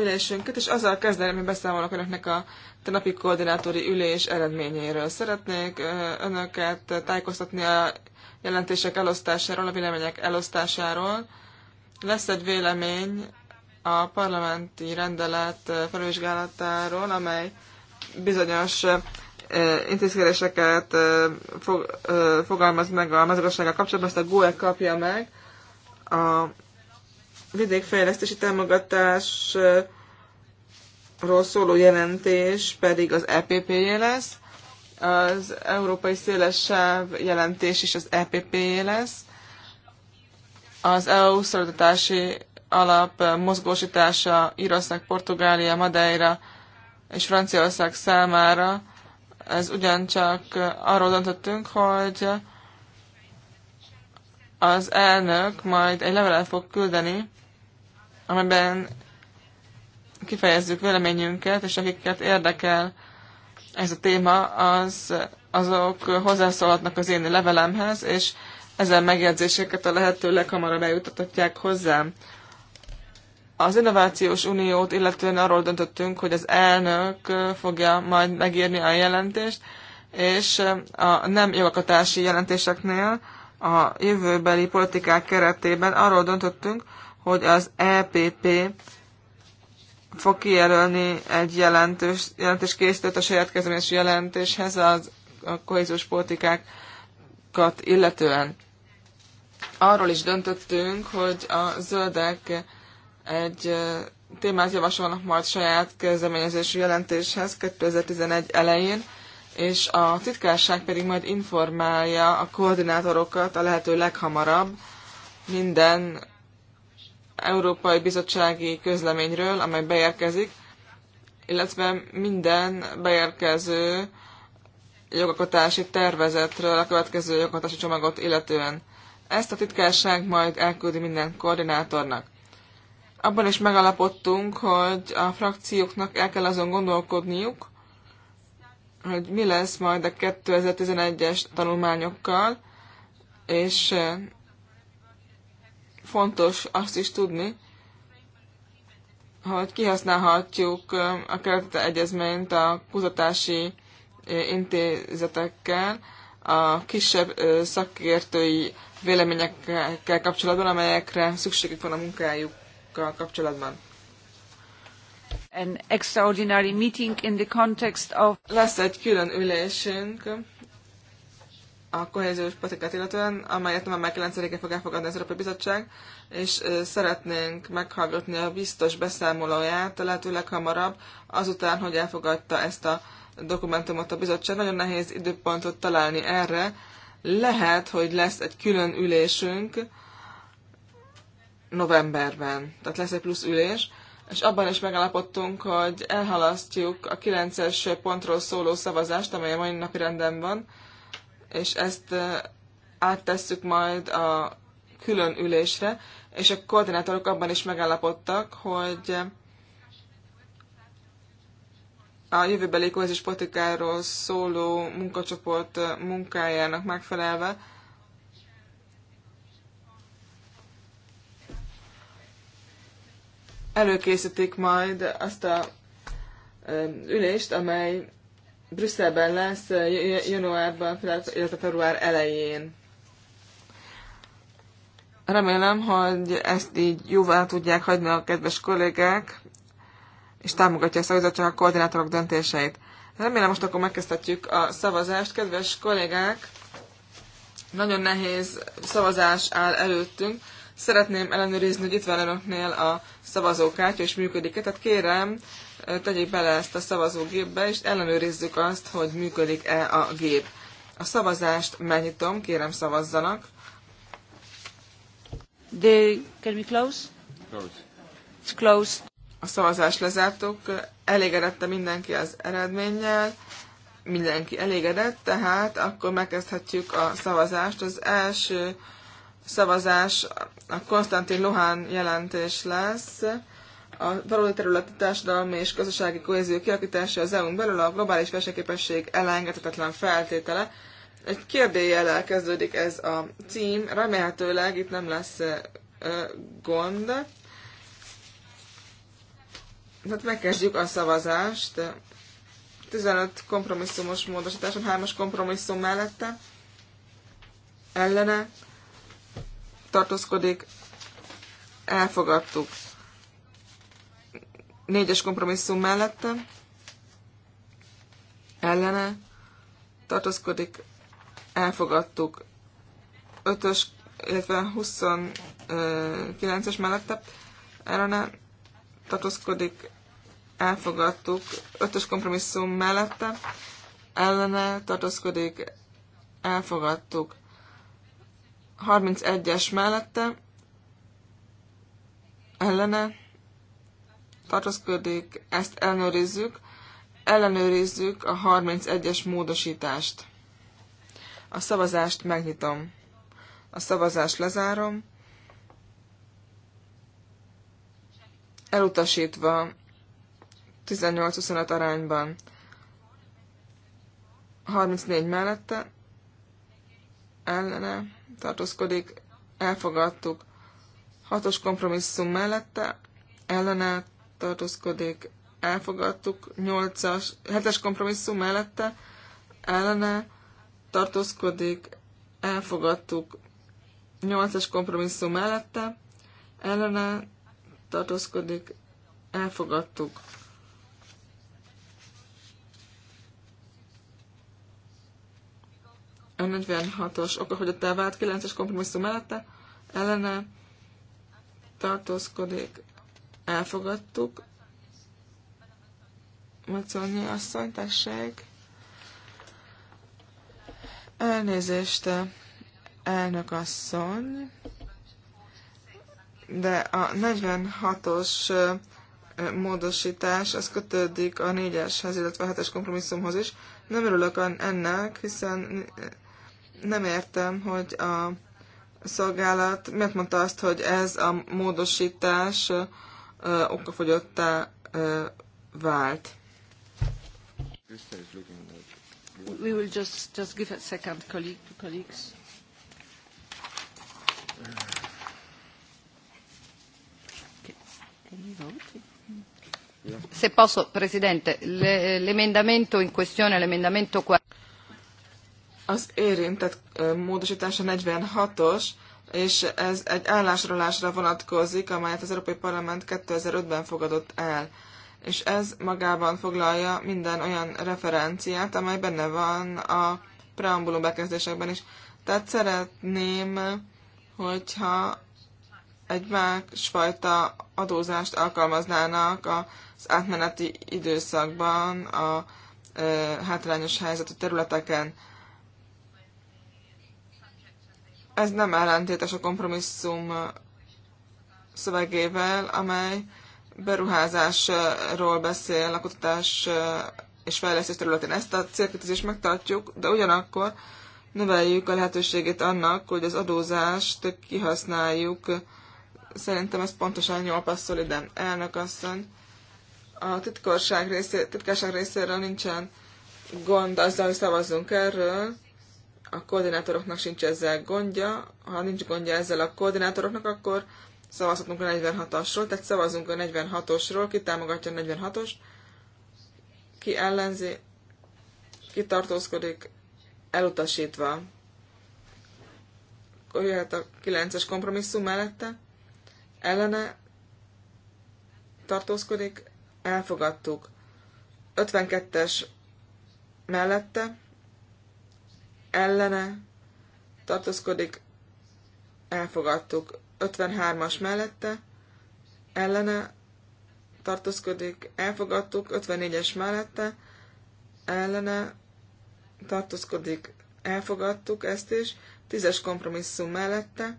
ülésünket, és azzal kezdeném, hogy beszámolok önöknek a tenapi koordinátori ülés eredményeiről. Szeretnék önöket tájékoztatni a jelentések elosztásáról, a vélemények elosztásáról. Lesz egy vélemény a parlamenti rendelet felvizsgálatáról, amely bizonyos intézkedéseket fog, fogalmaz meg a mezőgazdasággal kapcsolatban, ezt a GUE kapja meg. A vidékfejlesztési támogatásról szóló jelentés pedig az EPP-je lesz, az Európai Széles Sáv jelentés is az EPP-je lesz, az EU szolidaritási alap mozgósítása Írország, Portugália, Madeira, és Franciaország számára ez ugyancsak arról döntöttünk, hogy az elnök majd egy levelet fog küldeni, amiben kifejezzük véleményünket, és akiket érdekel ez a téma, az, azok hozzászólhatnak az én levelemhez, és ezen megjegyzéseket a lehető leghamarabb eljutatják hozzám. Az Innovációs Uniót illetően arról döntöttünk, hogy az elnök fogja majd megírni a jelentést, és a nem jogakatási jelentéseknél a jövőbeli politikák keretében arról döntöttünk, hogy az EPP fog kijelölni egy jelentős, jelentés készítőt a saját kezdeményezési jelentéshez az, a kohéziós politikákat illetően. Arról is döntöttünk, hogy a zöldek egy témát javasolnak majd saját kezdeményezésű jelentéshez 2011 elején, és a titkárság pedig majd informálja a koordinátorokat a lehető leghamarabb minden Európai Bizottsági Közleményről, amely beérkezik, illetve minden beérkező jogalkotási tervezetről a következő jogalkotási csomagot illetően. Ezt a titkárság majd elküldi minden koordinátornak. Abban is megalapodtunk, hogy a frakcióknak el kell azon gondolkodniuk, hogy mi lesz majd a 2011-es tanulmányokkal, és eh, fontos azt is tudni, hogy kihasználhatjuk eh, a keretete egyezményt a kutatási eh, intézetekkel, a kisebb szakértői véleményekkel kapcsolatban, amelyekre szükségük van a munkájuk programokkal kapcsolatban. An extraordinary meeting in the context of... Lesz egy külön ülésünk a kohéziós politikát illetően, amelyet november 9-én fog elfogadni az Európai Bizottság, és szeretnénk meghallgatni a biztos beszámolóját lehetőleg hamarabb, azután, hogy elfogadta ezt a dokumentumot a bizottság. Nagyon nehéz időpontot találni erre. Lehet, hogy lesz egy külön ülésünk, novemberben. Tehát lesz egy plusz ülés, és abban is megállapodtunk, hogy elhalasztjuk a 9-es pontról szóló szavazást, amely a mai napi renden van, és ezt áttesszük majd a külön ülésre, és a koordinátorok abban is megállapodtak, hogy a jövőbeli kohezis politikáról szóló munkacsoport munkájának megfelelve előkészítik majd azt a ülést, amely Brüsszelben lesz eh, januárban, illetve február elején. Remélem, hogy ezt így jóvá tudják hagyni a kedves kollégák, és támogatja a csak a koordinátorok döntéseit. Remélem most akkor megkezdhetjük a szavazást. Kedves kollégák, nagyon nehéz szavazás áll előttünk. Szeretném ellenőrizni, hogy itt van önöknél a szavazókártya, és működik-e. Tehát kérem, tegyék bele ezt a szavazógépbe, és ellenőrizzük azt, hogy működik-e a gép. A szavazást megnyitom, kérem szavazzanak. De can we close? Close. It's closed. A szavazást lezártuk, elégedette mindenki az eredménnyel, mindenki elégedett, tehát akkor megkezdhetjük a szavazást. Az első szavazás a Konstantin Lohán jelentés lesz, a valódi területi társadalmi és közösségi kohézió kialakítása az EU-n belül a globális versenyképesség elengedhetetlen feltétele. Egy kérdőjellel kezdődik ez a cím, remélhetőleg itt nem lesz gond. Hát megkezdjük a szavazást. 15 kompromisszumos módosításon, 3-as kompromisszum mellette, ellene, tartózkodik, elfogadtuk. Négyes kompromisszum mellette, ellene, tartózkodik, elfogadtuk. Ötös, illetve 29-es mellette, ellene, tartózkodik, elfogadtuk. Ötös kompromisszum mellette, ellene, tartózkodik, elfogadtuk 31-es mellette ellene tartózkodik, ezt ellenőrizzük, ellenőrizzük a 31-es módosítást. A szavazást megnyitom. A szavazást lezárom. Elutasítva 18-25 arányban. 34 mellette ellene tartózkodik, elfogadtuk. Hatos kompromisszum mellette, ellene tartózkodik, elfogadtuk. Nyolcas, hetes kompromisszum mellette, ellene tartózkodik, elfogadtuk. Nyolcas kompromisszum mellette, ellene tartózkodik, elfogadtuk. 46-os okafogyottá vált, 9-es kompromisszum mellette, ellene tartózkodik, elfogadtuk. Maconyi asszony, tessék. Elnézést, elnök asszony, de a 46-os módosítás, az kötődik a 4-eshez, illetve a 7-es kompromisszumhoz is. Nem örülök ennek, hiszen nem értem, hogy a szolgálat miért mondta azt, hogy ez a módosítás okafogyottá vált. We will just, just give a second colleague to colleagues. Se posso, Presidente, l'emendamento in questione, l'emendamento 40. Az érintett módosítása 46-os, és ez egy állásrólásra vonatkozik, amelyet az Európai Parlament 2005-ben fogadott el. És ez magában foglalja minden olyan referenciát, amely benne van a preambulum bekezdésekben is. Tehát szeretném, hogyha egy másfajta adózást alkalmaznának az átmeneti időszakban a hátrányos helyzetű területeken ez nem ellentétes a kompromisszum szövegével, amely beruházásról beszél a kutatás és fejlesztés területén. Ezt a célkötözést megtartjuk, de ugyanakkor növeljük a lehetőségét annak, hogy az adózást kihasználjuk. Szerintem ez pontosan jól passzol ide. Elnök asszony, a titkosság részé, titkárság részéről nincsen gond azzal, hogy szavazzunk erről, a koordinátoroknak sincs ezzel gondja. Ha nincs gondja ezzel a koordinátoroknak, akkor szavazhatunk a 46-asról, tehát szavazunk a 46-osról, ki támogatja a 46-ost, ki ellenzi, ki tartózkodik, elutasítva. Akkor jöhet a 9-es kompromisszum mellette, ellene tartózkodik, elfogadtuk. 52-es mellette, ellene tartózkodik, elfogadtuk. 53-as mellette, ellene tartózkodik, elfogadtuk. 54-es mellette, ellene tartózkodik, elfogadtuk ezt is. 10-es kompromisszum mellette,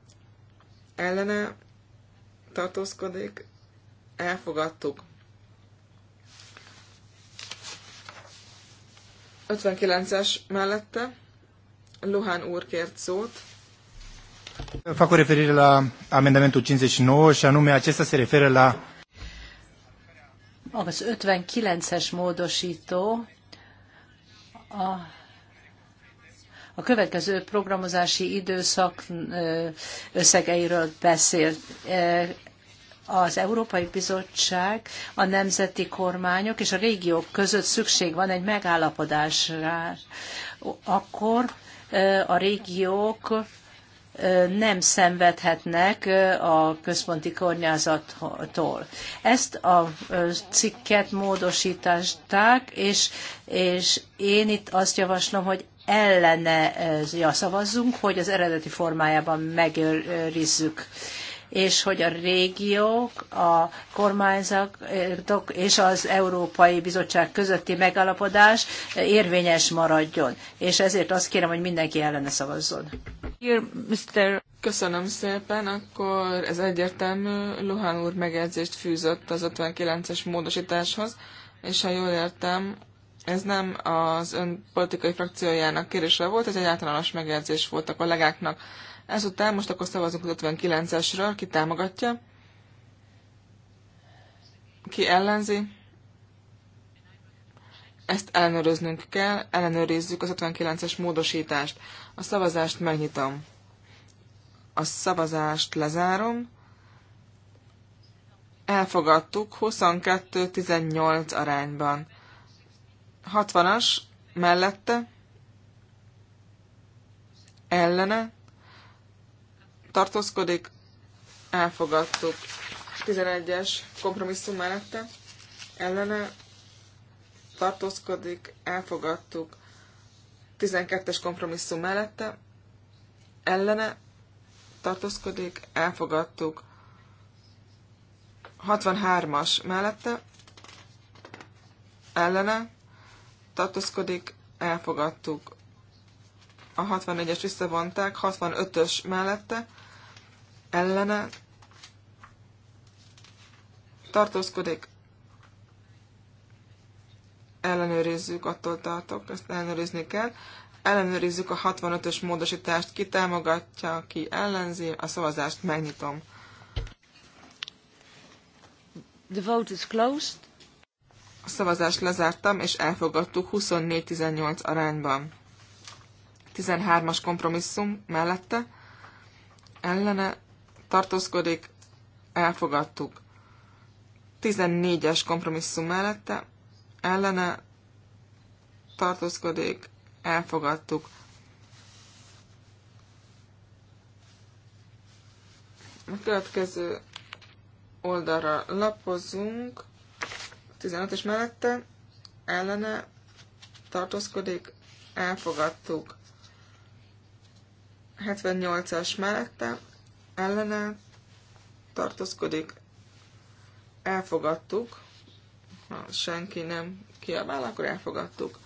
ellene tartózkodik, elfogadtuk. 59-es mellette, Luhan úr kért szót. Fac o referire la amendamentul 59 și anume acesta se referă la az 59-es módosító a, a következő programozási időszak összegeiről beszélt az Európai Bizottság, a nemzeti kormányok és a régiók között szükség van egy megállapodásra, akkor, a régiók nem szenvedhetnek a központi kormányzattól. Ezt a cikket módosították, és, és én itt azt javaslom, hogy ellene szavazzunk, hogy az eredeti formájában megőrizzük és hogy a régiók, a kormányzatok és az Európai Bizottság közötti megállapodás érvényes maradjon. És ezért azt kérem, hogy mindenki ellene szavazzon. Köszönöm szépen, akkor ez egyértelmű. Luhán úr megjegyzést fűzött az 59-es módosításhoz, és ha jól értem, ez nem az ön politikai frakciójának kérése volt, ez egy általános megjegyzés volt a kollégáknak. Ezután most akkor szavazunk az 59-esről, ki támogatja, ki ellenzi. Ezt ellenőröznünk kell, ellenőrizzük az 59-es módosítást. A szavazást megnyitom. A szavazást lezárom. Elfogadtuk 22-18 arányban. 60-as mellette, ellene, tartózkodik, elfogadtuk. 11-es kompromisszum mellette ellene tartózkodik, elfogadtuk. 12-es kompromisszum mellette ellene tartózkodik, elfogadtuk. 63-as mellette ellene tartózkodik, elfogadtuk. A 64-es visszavonták, 65-ös mellette ellene tartózkodik. Ellenőrizzük, attól tartok, ezt ellenőrizni kell. Ellenőrizzük a 65-ös módosítást, ki támogatja, ki ellenzi, a szavazást megnyitom. The vote is closed. A szavazást lezártam, és elfogadtuk 24-18 arányban. 13-as kompromisszum mellette ellene tartózkodik, elfogadtuk. 14-es kompromisszum mellette, ellene tartózkodik, elfogadtuk. A következő oldalra lapozunk, 15 es mellette, ellene tartózkodik, elfogadtuk. 78-as mellette, ellene tartózkodik. Elfogadtuk. Ha senki nem kiabál, akkor elfogadtuk.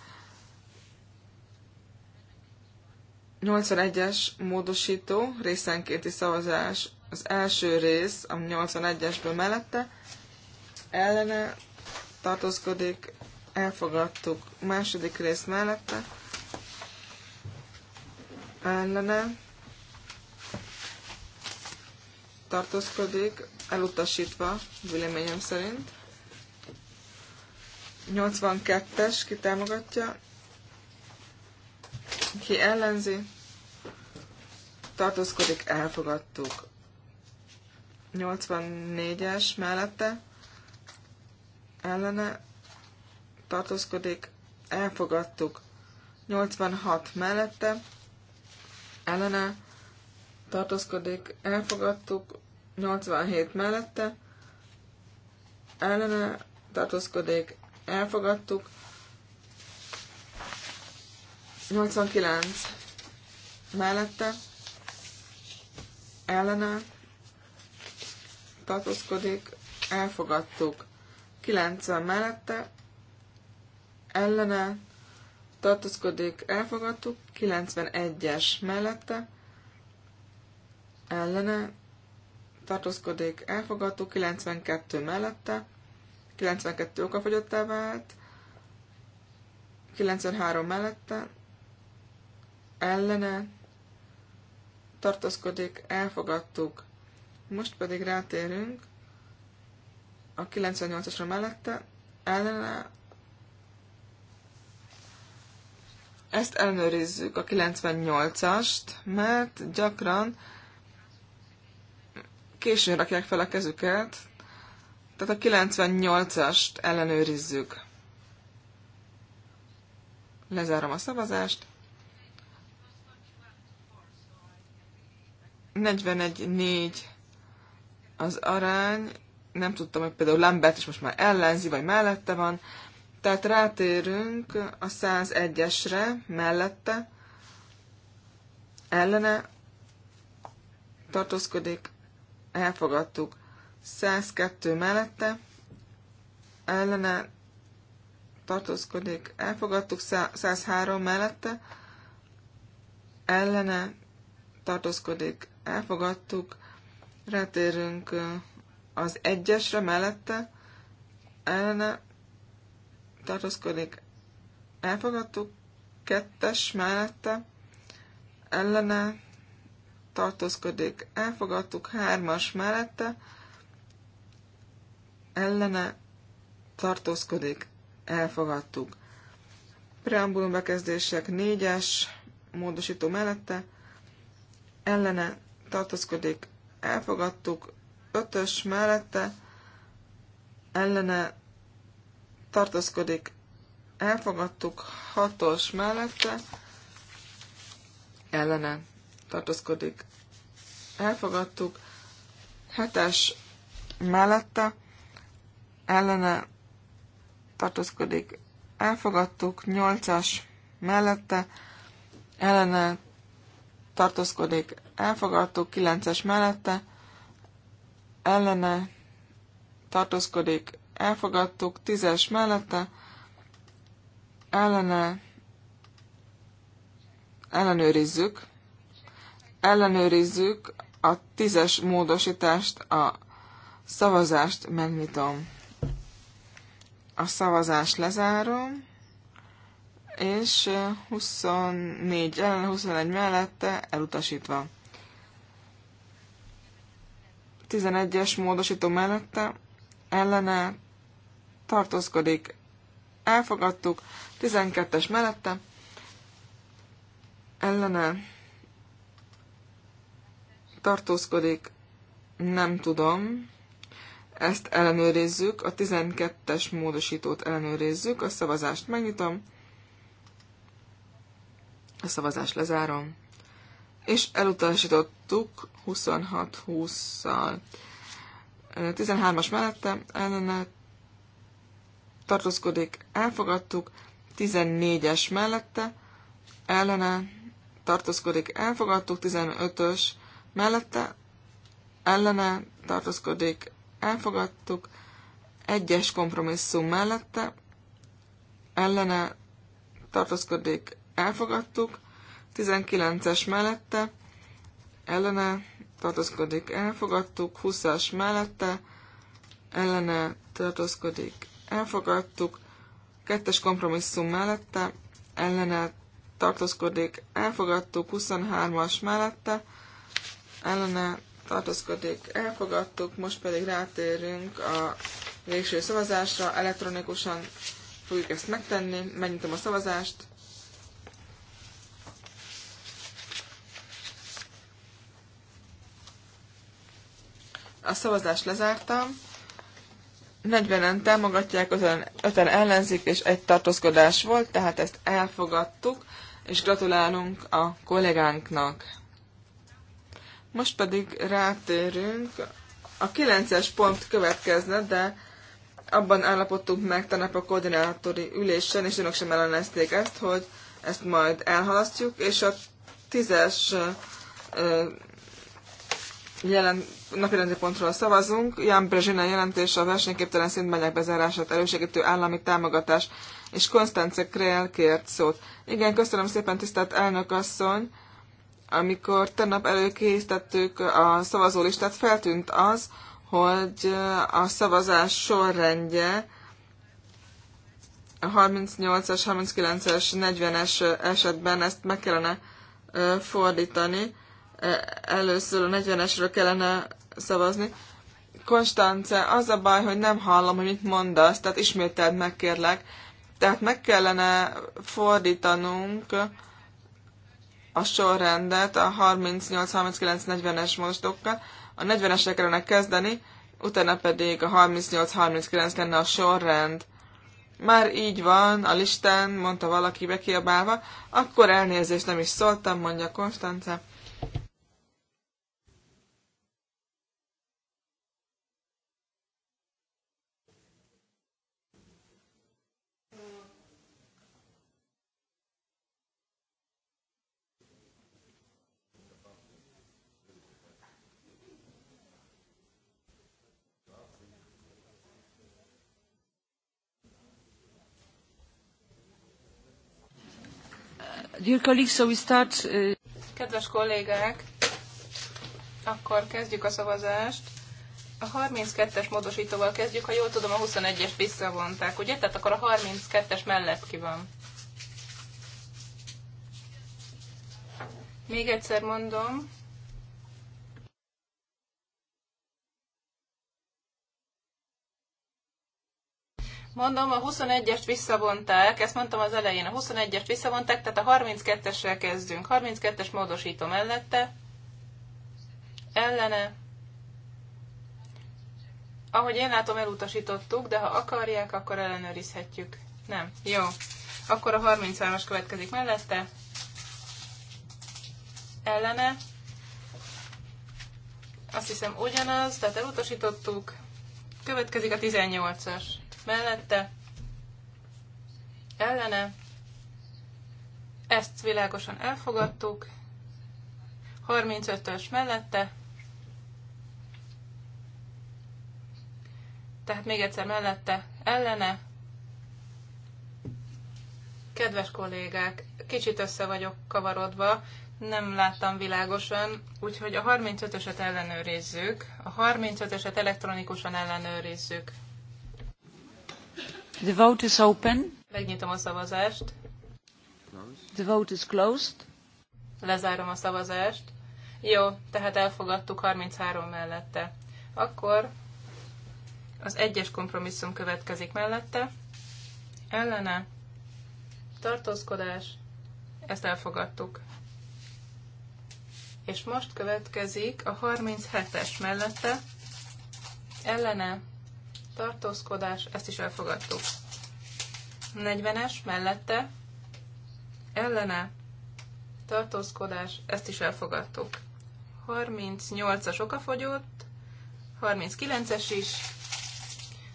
81-es módosító, részenkéti szavazás, az első rész, a 81-esből mellette, ellene tartózkodik, elfogadtuk, második rész mellette, ellene tartózkodik, elutasítva, véleményem szerint. 82-es, ki támogatja, ki ellenzi, tartózkodik, elfogadtuk. 84-es mellette, ellene, tartózkodik, elfogadtuk. 86 mellette, ellene, tartózkodik, elfogadtuk, 87 mellette, ellene tartózkodik, elfogadtuk, 89 mellette, ellene tartózkodik, elfogadtuk, 90 mellette, ellene tartózkodik, elfogadtuk, 91-es mellette, ellene tartózkodik, elfogadó, 92 mellette, 92 okafogyottá vált, 93 mellette, ellene tartózkodik, elfogadtuk. Most pedig rátérünk a 98-asra mellette, ellene ezt ellenőrizzük a 98-ast, mert gyakran későn rakják fel a kezüket, tehát a 98-ast ellenőrizzük. Lezárom a szavazást. 41-4 az arány. Nem tudtam, hogy például Lambert is most már ellenzi, vagy mellette van. Tehát rátérünk a 101-esre, mellette, ellene tartózkodik, elfogadtuk. 102 mellette ellene tartózkodik, elfogadtuk. 103 mellette ellene tartózkodik, elfogadtuk. Rátérünk az egyesre mellette ellene tartózkodik, elfogadtuk. Kettes mellette ellene tartózkodik, elfogadtuk, hármas mellette, ellene tartózkodik, elfogadtuk. Preambulum bekezdések négyes módosító mellette, ellene tartózkodik, elfogadtuk, ötös mellette, ellene tartózkodik, elfogadtuk, hatos mellette, ellene tartózkodik. Elfogadtuk. Hetes mellette ellene tartózkodik. Elfogadtuk. Nyolcas mellette ellene tartózkodik. Elfogadtuk. Kilences mellette ellene tartózkodik. Elfogadtuk. Tízes mellette ellene ellenőrizzük ellenőrizzük a tízes módosítást, a szavazást megnyitom. A szavazást lezárom, és 24 ellen, 21 mellette elutasítva. 11-es módosító mellette ellene tartózkodik. Elfogadtuk. 12-es mellette ellene tartózkodik, nem tudom. Ezt ellenőrizzük, a 12-es módosítót ellenőrizzük, a szavazást megnyitom, a szavazást lezárom, és elutasítottuk 26-20-szal. 13-as mellette ellene tartózkodik, elfogadtuk, 14-es mellette ellene tartózkodik, elfogadtuk, 15-ös mellette ellene tartózkodik, elfogadtuk, egyes kompromisszum mellette ellene tartózkodik, elfogadtuk, 19-es mellette ellene tartózkodik, elfogadtuk, 20-as mellette ellene tartózkodik, elfogadtuk, kettes kompromisszum mellette ellene tartózkodik, elfogadtuk, 23-as mellette állaná tartózkodik, elfogadtuk, most pedig rátérünk a végső szavazásra, elektronikusan fogjuk ezt megtenni, megnyitom a szavazást. A szavazást lezártam. 40-en támogatják, 5-en ellenzik, és egy tartózkodás volt, tehát ezt elfogadtuk, és gratulálunk a kollégánknak. Most pedig rátérünk. A 9-es pont következne, de abban állapodtunk meg tanap a koordinátori ülésen, és önök sem ellenezték ezt, hogy ezt majd elhalasztjuk, és a 10-es jelen, napirendi pontról szavazunk. Jan Brezsina jelentés a versenyképtelen szintmányák bezárását elősegítő állami támogatás, és Konstance Krell kért szót. Igen, köszönöm szépen, tisztelt elnök asszony! Amikor tegnap előkészítettük a szavazólistát, feltűnt az, hogy a szavazás sorrendje a 38-as, 39-es, 40-es esetben ezt meg kellene fordítani. Először a 40-esről kellene szavazni. Konstance, az a baj, hogy nem hallom, hogy mit mondasz, tehát ismételd meg, kérlek. Tehát meg kellene fordítanunk a sorrendet a 38-39-40-es mosdokkal. A 40-esre kellene kezdeni, utána pedig a 38-39 lenne a sorrend. Már így van, a listán, mondta valaki bekiabálva, akkor elnézést nem is szóltam, mondja Konstance. Dear colleagues, so we start... Uh... Kedves kollégák, akkor kezdjük a szavazást. A 32-es módosítóval kezdjük, ha jól tudom, a 21-es visszavonták, ugye? Tehát akkor a 32-es mellett ki van. Még egyszer mondom, Mondom, a 21-est visszavonták, ezt mondtam az elején, a 21-est visszavonták, tehát a 32-essel kezdünk. 32-es módosító mellette, ellene. Ahogy én látom, elutasítottuk, de ha akarják, akkor ellenőrizhetjük. Nem. Jó. Akkor a 33-as következik mellette. Ellene. Azt hiszem ugyanaz, tehát elutasítottuk. Következik a 18-as mellette, ellene, ezt világosan elfogadtuk, 35-ös mellette, tehát még egyszer mellette, ellene, kedves kollégák, kicsit össze vagyok kavarodva, nem láttam világosan, úgyhogy a 35-öset ellenőrizzük, a 35-öset elektronikusan ellenőrizzük. The vote is open. Megnyitom a szavazást. The vote is closed. Lezárom a szavazást. Jó, tehát elfogadtuk 33 mellette. Akkor az egyes kompromisszum következik mellette. Ellene. Tartózkodás. Ezt elfogadtuk. És most következik a 37-es mellette. Ellene tartózkodás, ezt is elfogadtuk. 40-es mellette, ellene, tartózkodás, ezt is elfogadtuk. 38-as okafogyott, 39-es is,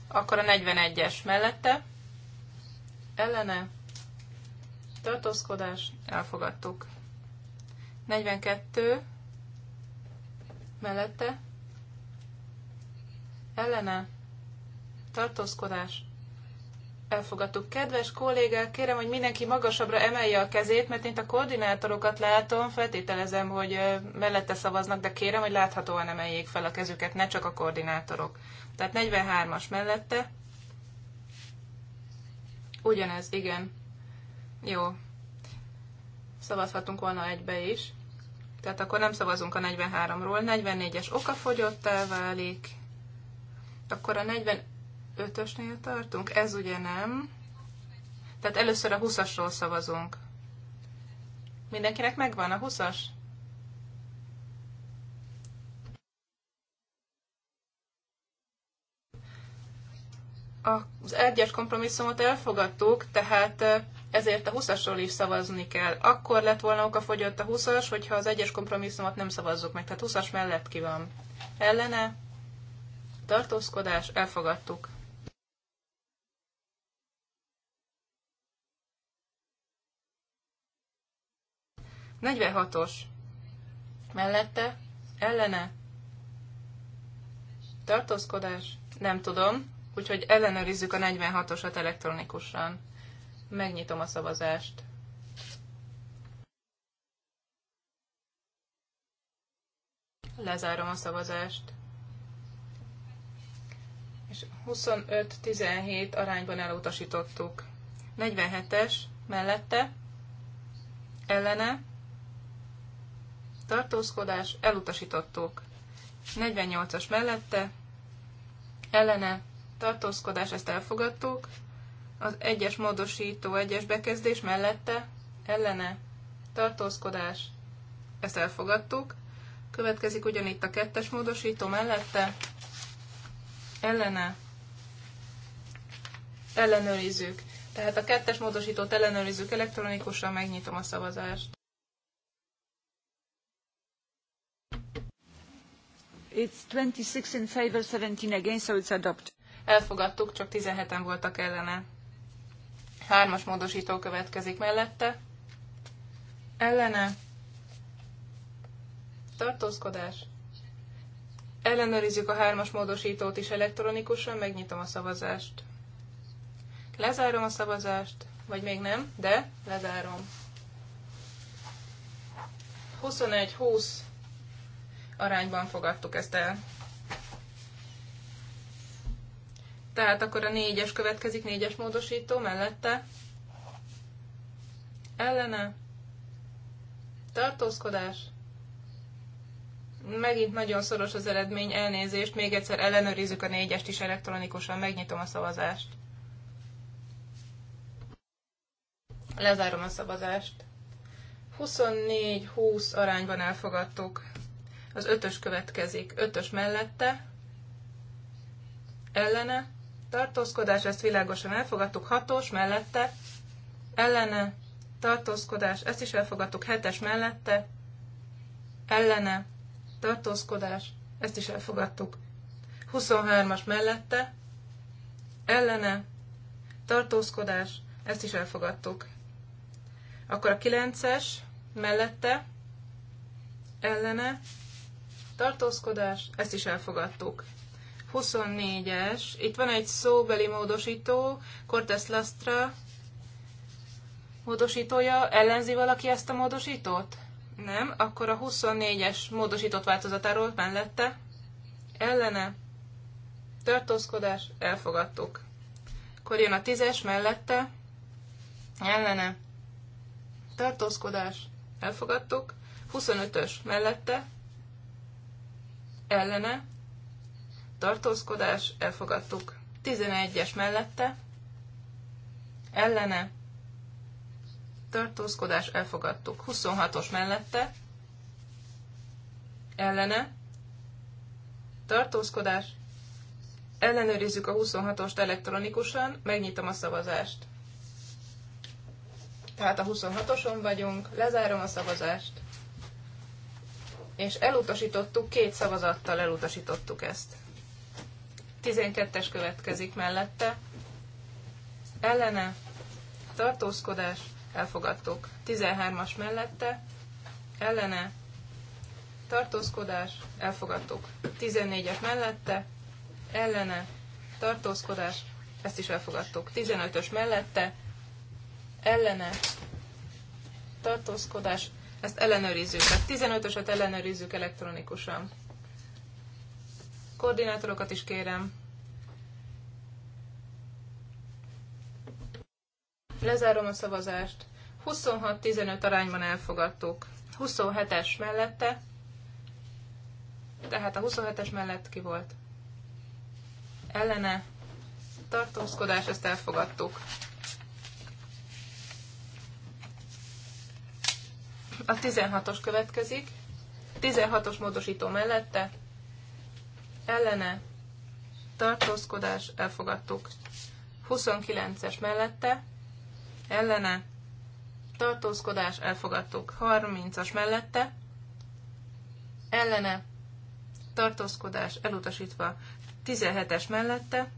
akkor a 41-es mellette, ellene, tartózkodás, elfogadtuk. 42 mellette, ellene, tartózkodás, elfogadtuk. Kedves kollégák, kérem, hogy mindenki magasabbra emelje a kezét, mert én a koordinátorokat látom, feltételezem, hogy mellette szavaznak, de kérem, hogy láthatóan emeljék fel a kezüket, ne csak a koordinátorok. Tehát 43-as mellette. Ugyanez, igen. Jó. Szavazhatunk volna egybe is. Tehát akkor nem szavazunk a 43-ról. 44-es okafogyottá válik. Akkor a 40 ötösnél tartunk, ez ugye nem. Tehát először a 20-asról szavazunk. Mindenkinek megvan a 20-as? Az egyes kompromisszumot elfogadtuk, tehát ezért a 20-asról is szavazni kell. Akkor lett volna oka fogyott a 20-as, hogyha az egyes kompromisszumot nem szavazzuk meg. Tehát 20-as mellett ki van. Ellene? Tartózkodás? Elfogadtuk. 46-os mellette, ellene, tartózkodás, nem tudom, úgyhogy ellenőrizzük a 46-osat elektronikusan. Megnyitom a szavazást. Lezárom a szavazást. És 25-17 arányban elutasítottuk. 47-es mellette, ellene, tartózkodás, elutasítottuk. 48-as mellette, ellene, tartózkodás, ezt elfogadtuk. Az egyes módosító, egyes bekezdés mellette, ellene, tartózkodás, ezt elfogadtuk. Következik ugyanitt a kettes módosító mellette, ellene, ellenőrizzük. Tehát a kettes módosítót ellenőrizzük elektronikusan, megnyitom a szavazást. It's 26 in favor, 17 against, so it's adopted. Elfogadtuk, csak 17-en voltak ellene. Hármas módosító következik mellette. Ellene. Tartózkodás. Ellenőrizzük a hármas módosítót is elektronikusan, megnyitom a szavazást. Lezárom a szavazást, vagy még nem, de lezárom. 21-20 arányban fogadtuk ezt el. Tehát akkor a négyes következik, négyes módosító mellette. Ellene. Tartózkodás. Megint nagyon szoros az eredmény, elnézést, még egyszer ellenőrizzük a négyest is elektronikusan, megnyitom a szavazást. Lezárom a szavazást. 24-20 arányban elfogadtuk. Az ötös következik. Ötös mellette, ellene, tartózkodás, ezt világosan elfogadtuk. Hatos mellette, ellene, tartózkodás, ezt is elfogadtuk. Hetes mellette, ellene, tartózkodás, ezt is elfogadtuk. 23-as mellette, ellene, tartózkodás, ezt is elfogadtuk. Akkor a 9-es mellette, ellene, tartózkodás, ezt is elfogadtuk. 24-es, itt van egy szóbeli módosító, Cortes Lastra módosítója, ellenzi valaki ezt a módosítót? Nem, akkor a 24-es módosított változatáról mellette, ellene, tartózkodás, elfogadtuk. Akkor jön a 10-es mellette, ellene, tartózkodás, elfogadtuk. 25-ös mellette, ellene, tartózkodás, elfogadtuk. 11-es mellette, ellene, tartózkodás, elfogadtuk. 26-os mellette, ellene, tartózkodás, ellenőrizzük a 26-ost elektronikusan, megnyitom a szavazást. Tehát a 26-oson vagyunk, lezárom a szavazást és elutasítottuk, két szavazattal elutasítottuk ezt. 12-es következik mellette, ellene, tartózkodás, elfogadtuk. 13-as mellette, ellene, tartózkodás, elfogadtuk. 14-es mellette, ellene, tartózkodás, ezt is elfogadtuk. 15-ös mellette, ellene, tartózkodás, ezt ellenőrizzük. Tehát 15-öset ellenőrizzük elektronikusan. Koordinátorokat is kérem. Lezárom a szavazást. 26-15 arányban elfogadtuk. 27-es mellette. Tehát a 27-es mellett ki volt? Ellene. Tartózkodás, ezt elfogadtuk. A 16-os következik. 16-os módosító mellette ellene tartózkodás elfogadtuk. 29-es mellette ellene tartózkodás elfogadtuk. 30-as mellette ellene tartózkodás elutasítva. 17-es mellette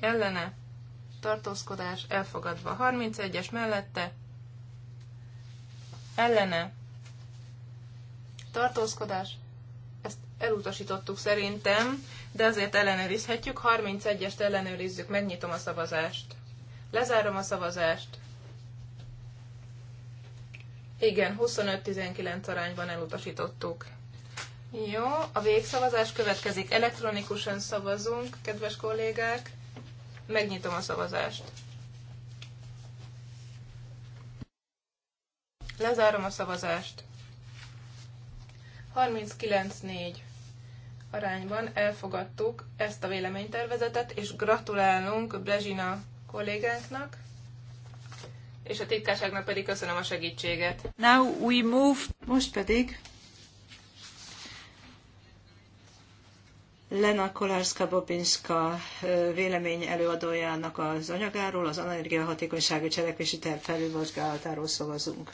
ellene tartózkodás elfogadva. 31-es mellette ellene tartózkodás, ezt elutasítottuk szerintem, de azért ellenőrizhetjük. 31-est ellenőrizzük, megnyitom a szavazást. Lezárom a szavazást. Igen, 25-19 arányban elutasítottuk. Jó, a végszavazás következik. Elektronikusan szavazunk, kedves kollégák. Megnyitom a szavazást. Lezárom a szavazást. 39-4 arányban elfogadtuk ezt a véleménytervezetet, és gratulálunk Brezsina kollégánknak, és a titkárságnak pedig köszönöm a segítséget. Now we move. Most pedig Lena Kolarska-Bobinska vélemény előadójának az anyagáról, az energiahatékonysági cselekvési terv felülvizsgálatáról szavazunk.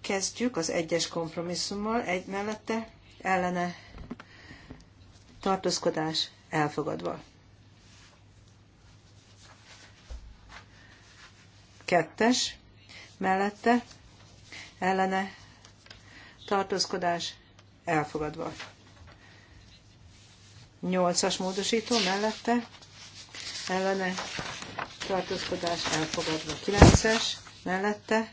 Kezdjük az egyes kompromisszummal, egy mellette ellene tartózkodás elfogadva. Kettes mellette ellene tartózkodás elfogadva. Nyolcas módosító mellette ellene tartózkodás elfogadva. Kilences mellette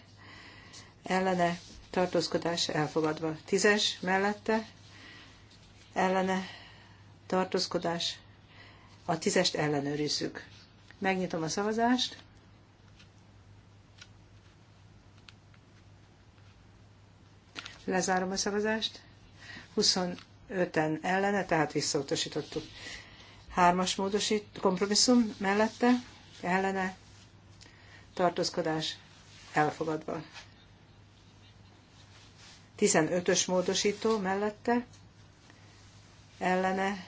ellene tartózkodás elfogadva. Tízes mellette ellene tartózkodás. A tízest ellenőrizzük. Megnyitom a szavazást. Lezárom a szavazást. 25-en ellene, tehát visszautasítottuk. Hármas módosít, kompromisszum mellette, ellene, tartózkodás elfogadva. 15-ös módosító mellette ellene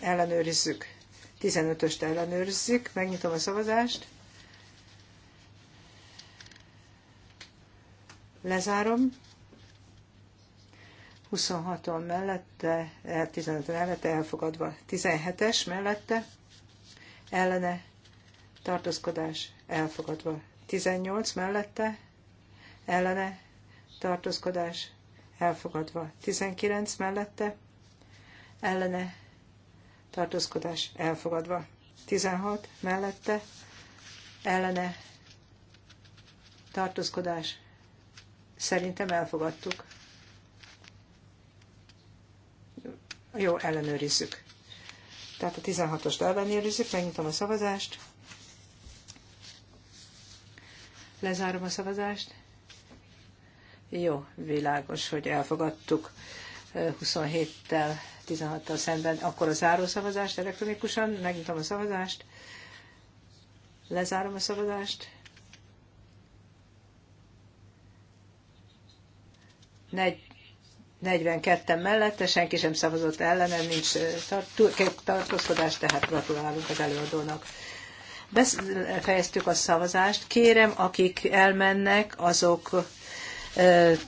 ellenőrizzük. 15-öst ellenőrizzük, megnyitom a szavazást. Lezárom. 26-on mellette, 15 eh, on mellette elfogadva, 17-es mellette ellene tartózkodás elfogadva, 18 mellette ellene tartózkodás elfogadva. 19 mellette ellene tartózkodás elfogadva. 16 mellette ellene tartózkodás szerintem elfogadtuk. Jó, ellenőrizzük. Tehát a 16-ost ellenőrizzük, megnyitom a szavazást. Lezárom a szavazást. Jó, világos, hogy elfogadtuk 27-tel, 16-tal szemben. Akkor a zárószavazást elektronikusan, megnyitom a szavazást, lezárom a szavazást. 42 mellette, senki sem szavazott ellenem, nincs tartózkodás, tehát gratulálunk az előadónak. Befejeztük a szavazást. Kérem, akik elmennek, azok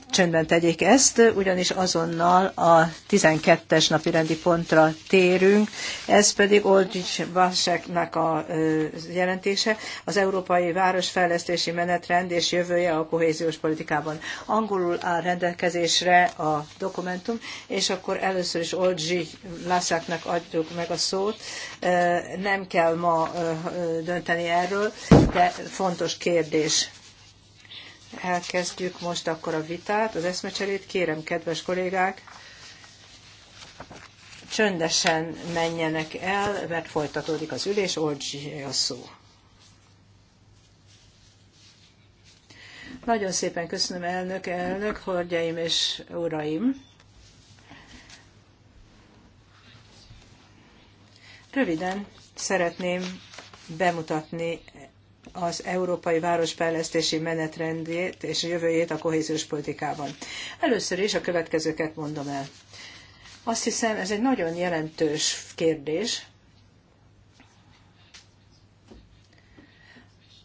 csöndben tegyék ezt, ugyanis azonnal a 12-es napi rendi pontra térünk. Ez pedig Oldrich Vaseknek a jelentése, az Európai Városfejlesztési Menetrend és jövője a kohéziós politikában. Angolul áll rendelkezésre a dokumentum, és akkor először is Oldrich Vaseknek adjuk meg a szót. Nem kell ma dönteni erről, de fontos kérdés Elkezdjük most akkor a vitát, az eszmecserét. Kérem, kedves kollégák, csöndesen menjenek el, mert folytatódik az ülés, oldzsi a szó. Nagyon szépen köszönöm elnök, elnök, hordjaim és uraim. Röviden szeretném bemutatni az európai városfejlesztési menetrendjét és a jövőjét a kohéziós politikában. Először is a következőket mondom el. Azt hiszem, ez egy nagyon jelentős kérdés,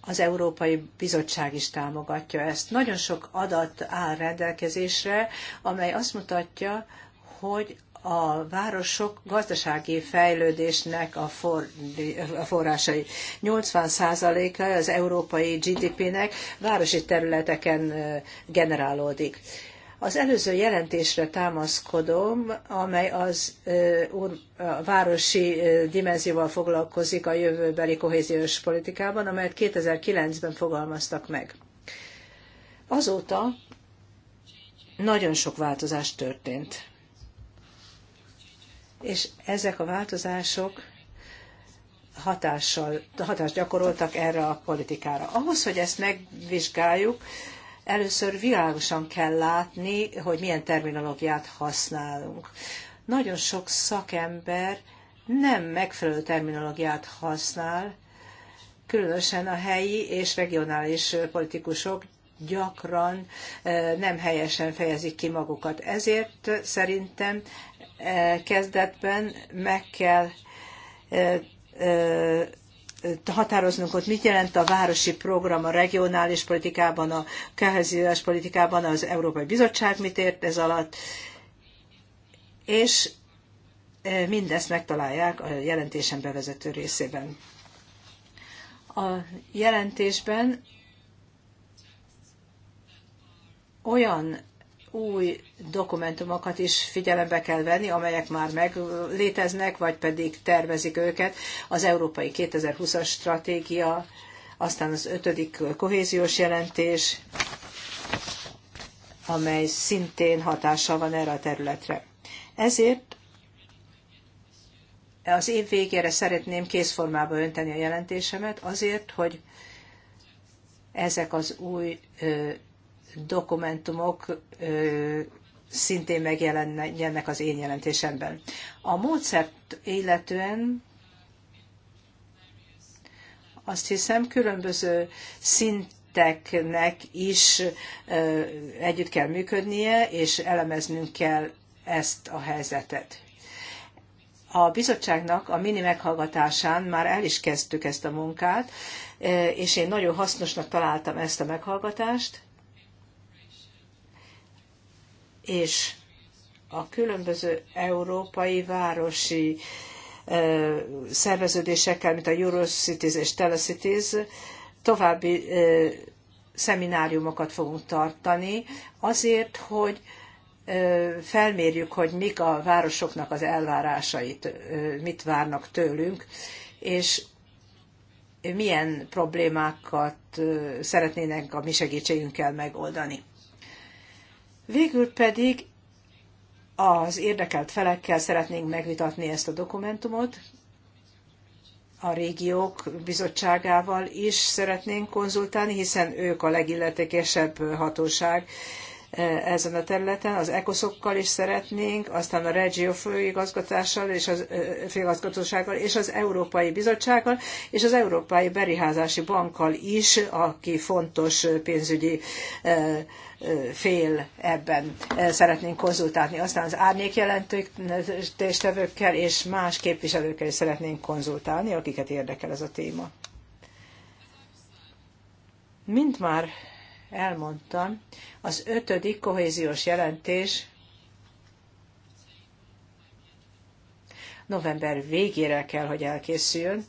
az Európai Bizottság is támogatja ezt. Nagyon sok adat áll rendelkezésre, amely azt mutatja, hogy a városok gazdasági fejlődésnek a, for, a forrásai. 80%-a az európai GDP-nek városi területeken generálódik. Az előző jelentésre támaszkodom, amely az a városi dimenzióval foglalkozik a jövőbeli kohéziós politikában, amelyet 2009-ben fogalmaztak meg. Azóta nagyon sok változás történt és ezek a változások hatással, hatást gyakoroltak erre a politikára. Ahhoz, hogy ezt megvizsgáljuk, először világosan kell látni, hogy milyen terminológiát használunk. Nagyon sok szakember nem megfelelő terminológiát használ, különösen a helyi és regionális politikusok gyakran eh, nem helyesen fejezik ki magukat. Ezért szerintem E, kezdetben meg kell e, e, határoznunk, hogy mit jelent a városi program a regionális politikában, a kohéziós politikában, az Európai Bizottság mit ért ez alatt, és mindezt megtalálják a jelentésen bevezető részében. A jelentésben olyan új dokumentumokat is figyelembe kell venni, amelyek már meg léteznek, vagy pedig tervezik őket. Az Európai 2020-as stratégia, aztán az ötödik kohéziós jelentés, amely szintén hatással van erre a területre. Ezért az év végére szeretném készformába önteni a jelentésemet, azért, hogy ezek az új dokumentumok szintén megjelennek az én jelentésemben. A módszert illetően azt hiszem különböző szinteknek is együtt kell működnie, és elemeznünk kell ezt a helyzetet. A bizottságnak a mini meghallgatásán már el is kezdtük ezt a munkát, és én nagyon hasznosnak találtam ezt a meghallgatást, és a különböző európai városi szerveződésekkel, mint a Eurocities és Telecities, további szemináriumokat fogunk tartani, azért, hogy felmérjük, hogy mik a városoknak az elvárásait, mit várnak tőlünk, és milyen problémákat szeretnének a mi segítségünkkel megoldani. Végül pedig az érdekelt felekkel szeretnénk megvitatni ezt a dokumentumot, a régiók bizottságával is szeretnénk konzultálni, hiszen ők a legilletékesebb hatóság e, ezen a területen, az ECOSZokkal is szeretnénk, aztán a Regio főigazgatással és az e, főigazgatósággal és az Európai Bizottsággal és az Európai Beriházási Bankkal is, aki fontos pénzügyi e, fél ebben. Szeretnénk konzultálni. Aztán az árnyék jelentéstevőkkel és más képviselőkkel is szeretnénk konzultálni, akiket érdekel ez a téma. Mint már elmondtam, az ötödik kohéziós jelentés november végére kell, hogy elkészüljön,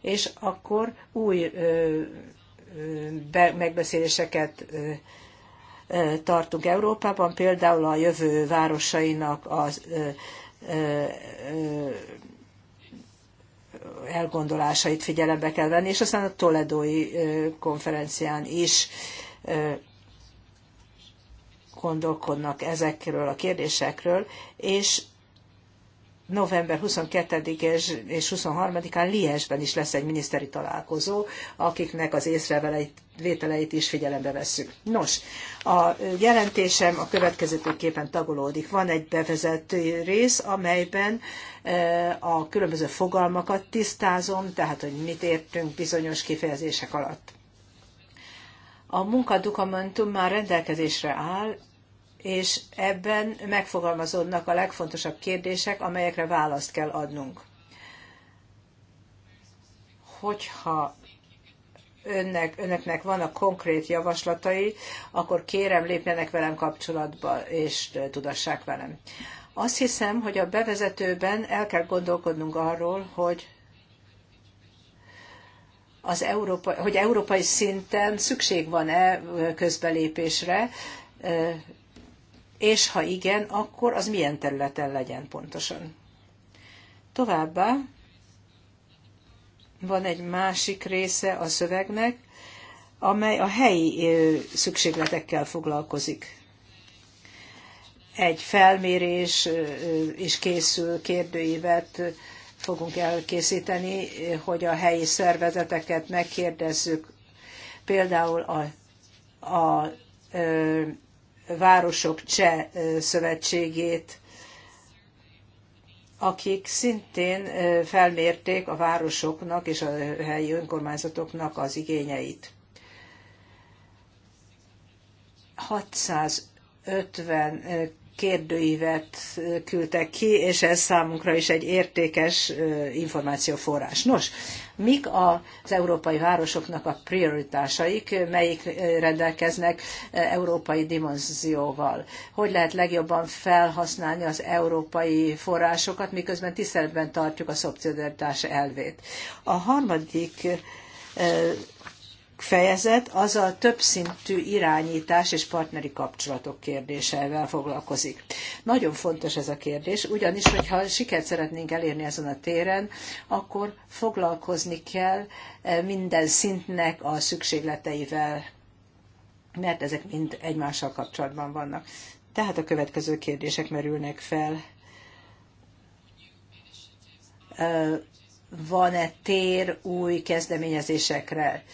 és akkor új ö, ö, be, megbeszéléseket ö, tartunk Európában, például a jövő városainak az elgondolásait figyelembe kell venni, és aztán a Toledói konferencián is gondolkodnak ezekről a kérdésekről, és november 22-es és 23-án Liesben is lesz egy miniszteri találkozó, akiknek az észrevételeit is figyelembe vesszük. Nos, a jelentésem a következőképpen tagolódik. Van egy bevezető rész, amelyben e, a különböző fogalmakat tisztázom, tehát hogy mit értünk bizonyos kifejezések alatt. A munkadokumentum már rendelkezésre áll, és ebben megfogalmazódnak a legfontosabb kérdések, amelyekre választ kell adnunk. Hogyha önnek, önöknek vannak konkrét javaslatai, akkor kérem lépjenek velem kapcsolatba, és tudassák velem. Azt hiszem, hogy a bevezetőben el kell gondolkodnunk arról, hogy az Európa, hogy európai szinten szükség van-e közbelépésre, és ha igen, akkor az milyen területen legyen pontosan. Továbbá van egy másik része a szövegnek, amely a helyi szükségletekkel foglalkozik. Egy felmérés is készül, kérdőívet fogunk elkészíteni, hogy a helyi szervezeteket megkérdezzük, például a, a Városok Cseh Szövetségét, akik szintén felmérték a városoknak és a helyi önkormányzatoknak az igényeit. 650 kérdőívet küldtek ki, és ez számunkra is egy értékes információforrás. Nos, mik az európai városoknak a prioritásaik, melyik rendelkeznek európai dimenzióval? Hogy lehet legjobban felhasználni az európai forrásokat, miközben tiszteletben tartjuk a szubszidiaritás elvét? A harmadik fejezet az a többszintű irányítás és partneri kapcsolatok kérdésevel foglalkozik. Nagyon fontos ez a kérdés, ugyanis, hogyha sikert szeretnénk elérni ezen a téren, akkor foglalkozni kell eh, minden szintnek a szükségleteivel, mert ezek mind egymással kapcsolatban vannak. Tehát a következő kérdések merülnek fel. Eh, van-e tér új kezdeményezésekre?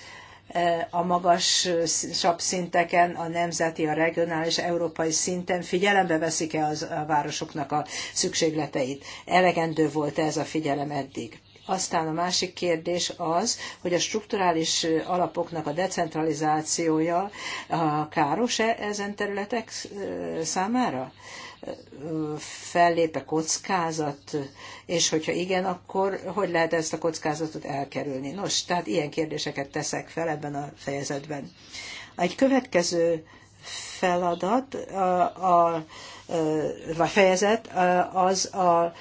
E, a magasabb e, szinteken, a nemzeti, a regionális, európai szinten figyelembe veszik-e az, a városoknak a szükségleteit. Elegendő volt ez a figyelem eddig. Aztán a másik kérdés az, hogy a strukturális alapoknak a decentralizációja káros-e ezen területek e, számára? fellépe kockázat, és hogyha igen, akkor hogy lehet ezt a kockázatot elkerülni? Nos, tehát ilyen kérdéseket teszek fel ebben a fejezetben. Egy következő feladat, a, a, vagy fejezet az a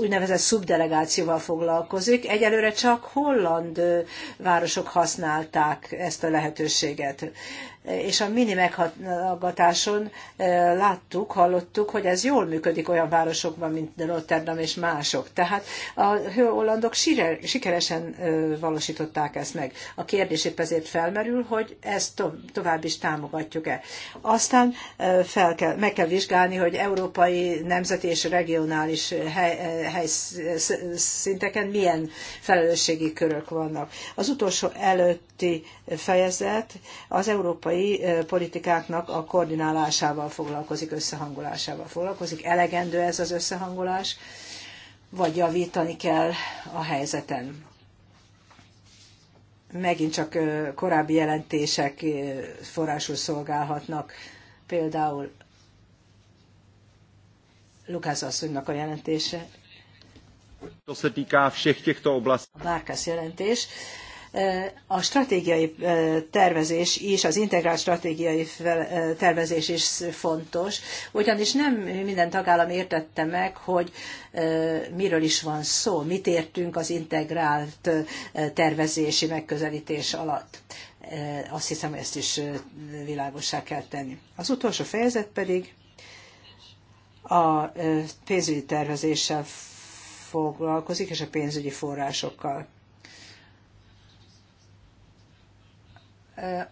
úgynevezett szubdelegációval foglalkozik. Egyelőre csak holland városok használták ezt a lehetőséget és a mini meghallgatáson láttuk, hallottuk, hogy ez jól működik olyan városokban, mint Rotterdam és mások. Tehát a hollandok sikeresen valósították ezt meg. A kérdés épp ezért felmerül, hogy ezt tovább is támogatjuk-e. Aztán fel kell, meg kell vizsgálni, hogy európai, nemzeti és regionális hely, hely szinteken milyen felelősségi körök vannak. Az utolsó előtti fejezet az európai európai politikáknak a koordinálásával foglalkozik, összehangolásával foglalkozik. Elegendő ez az összehangolás, vagy javítani kell a helyzeten. Megint csak korábbi jelentések forrásul szolgálhatnak, például Lukász asszonynak a jelentése. To se týká všech těchto oblastí. Bárkász jelentés a stratégiai tervezés is, az integrált stratégiai tervezés is fontos, ugyanis nem minden tagállam értette meg, hogy miről is van szó, mit értünk az integrált tervezési megközelítés alatt. Azt hiszem, ezt is világossá kell tenni. Az utolsó fejezet pedig a pénzügyi tervezéssel foglalkozik, és a pénzügyi forrásokkal.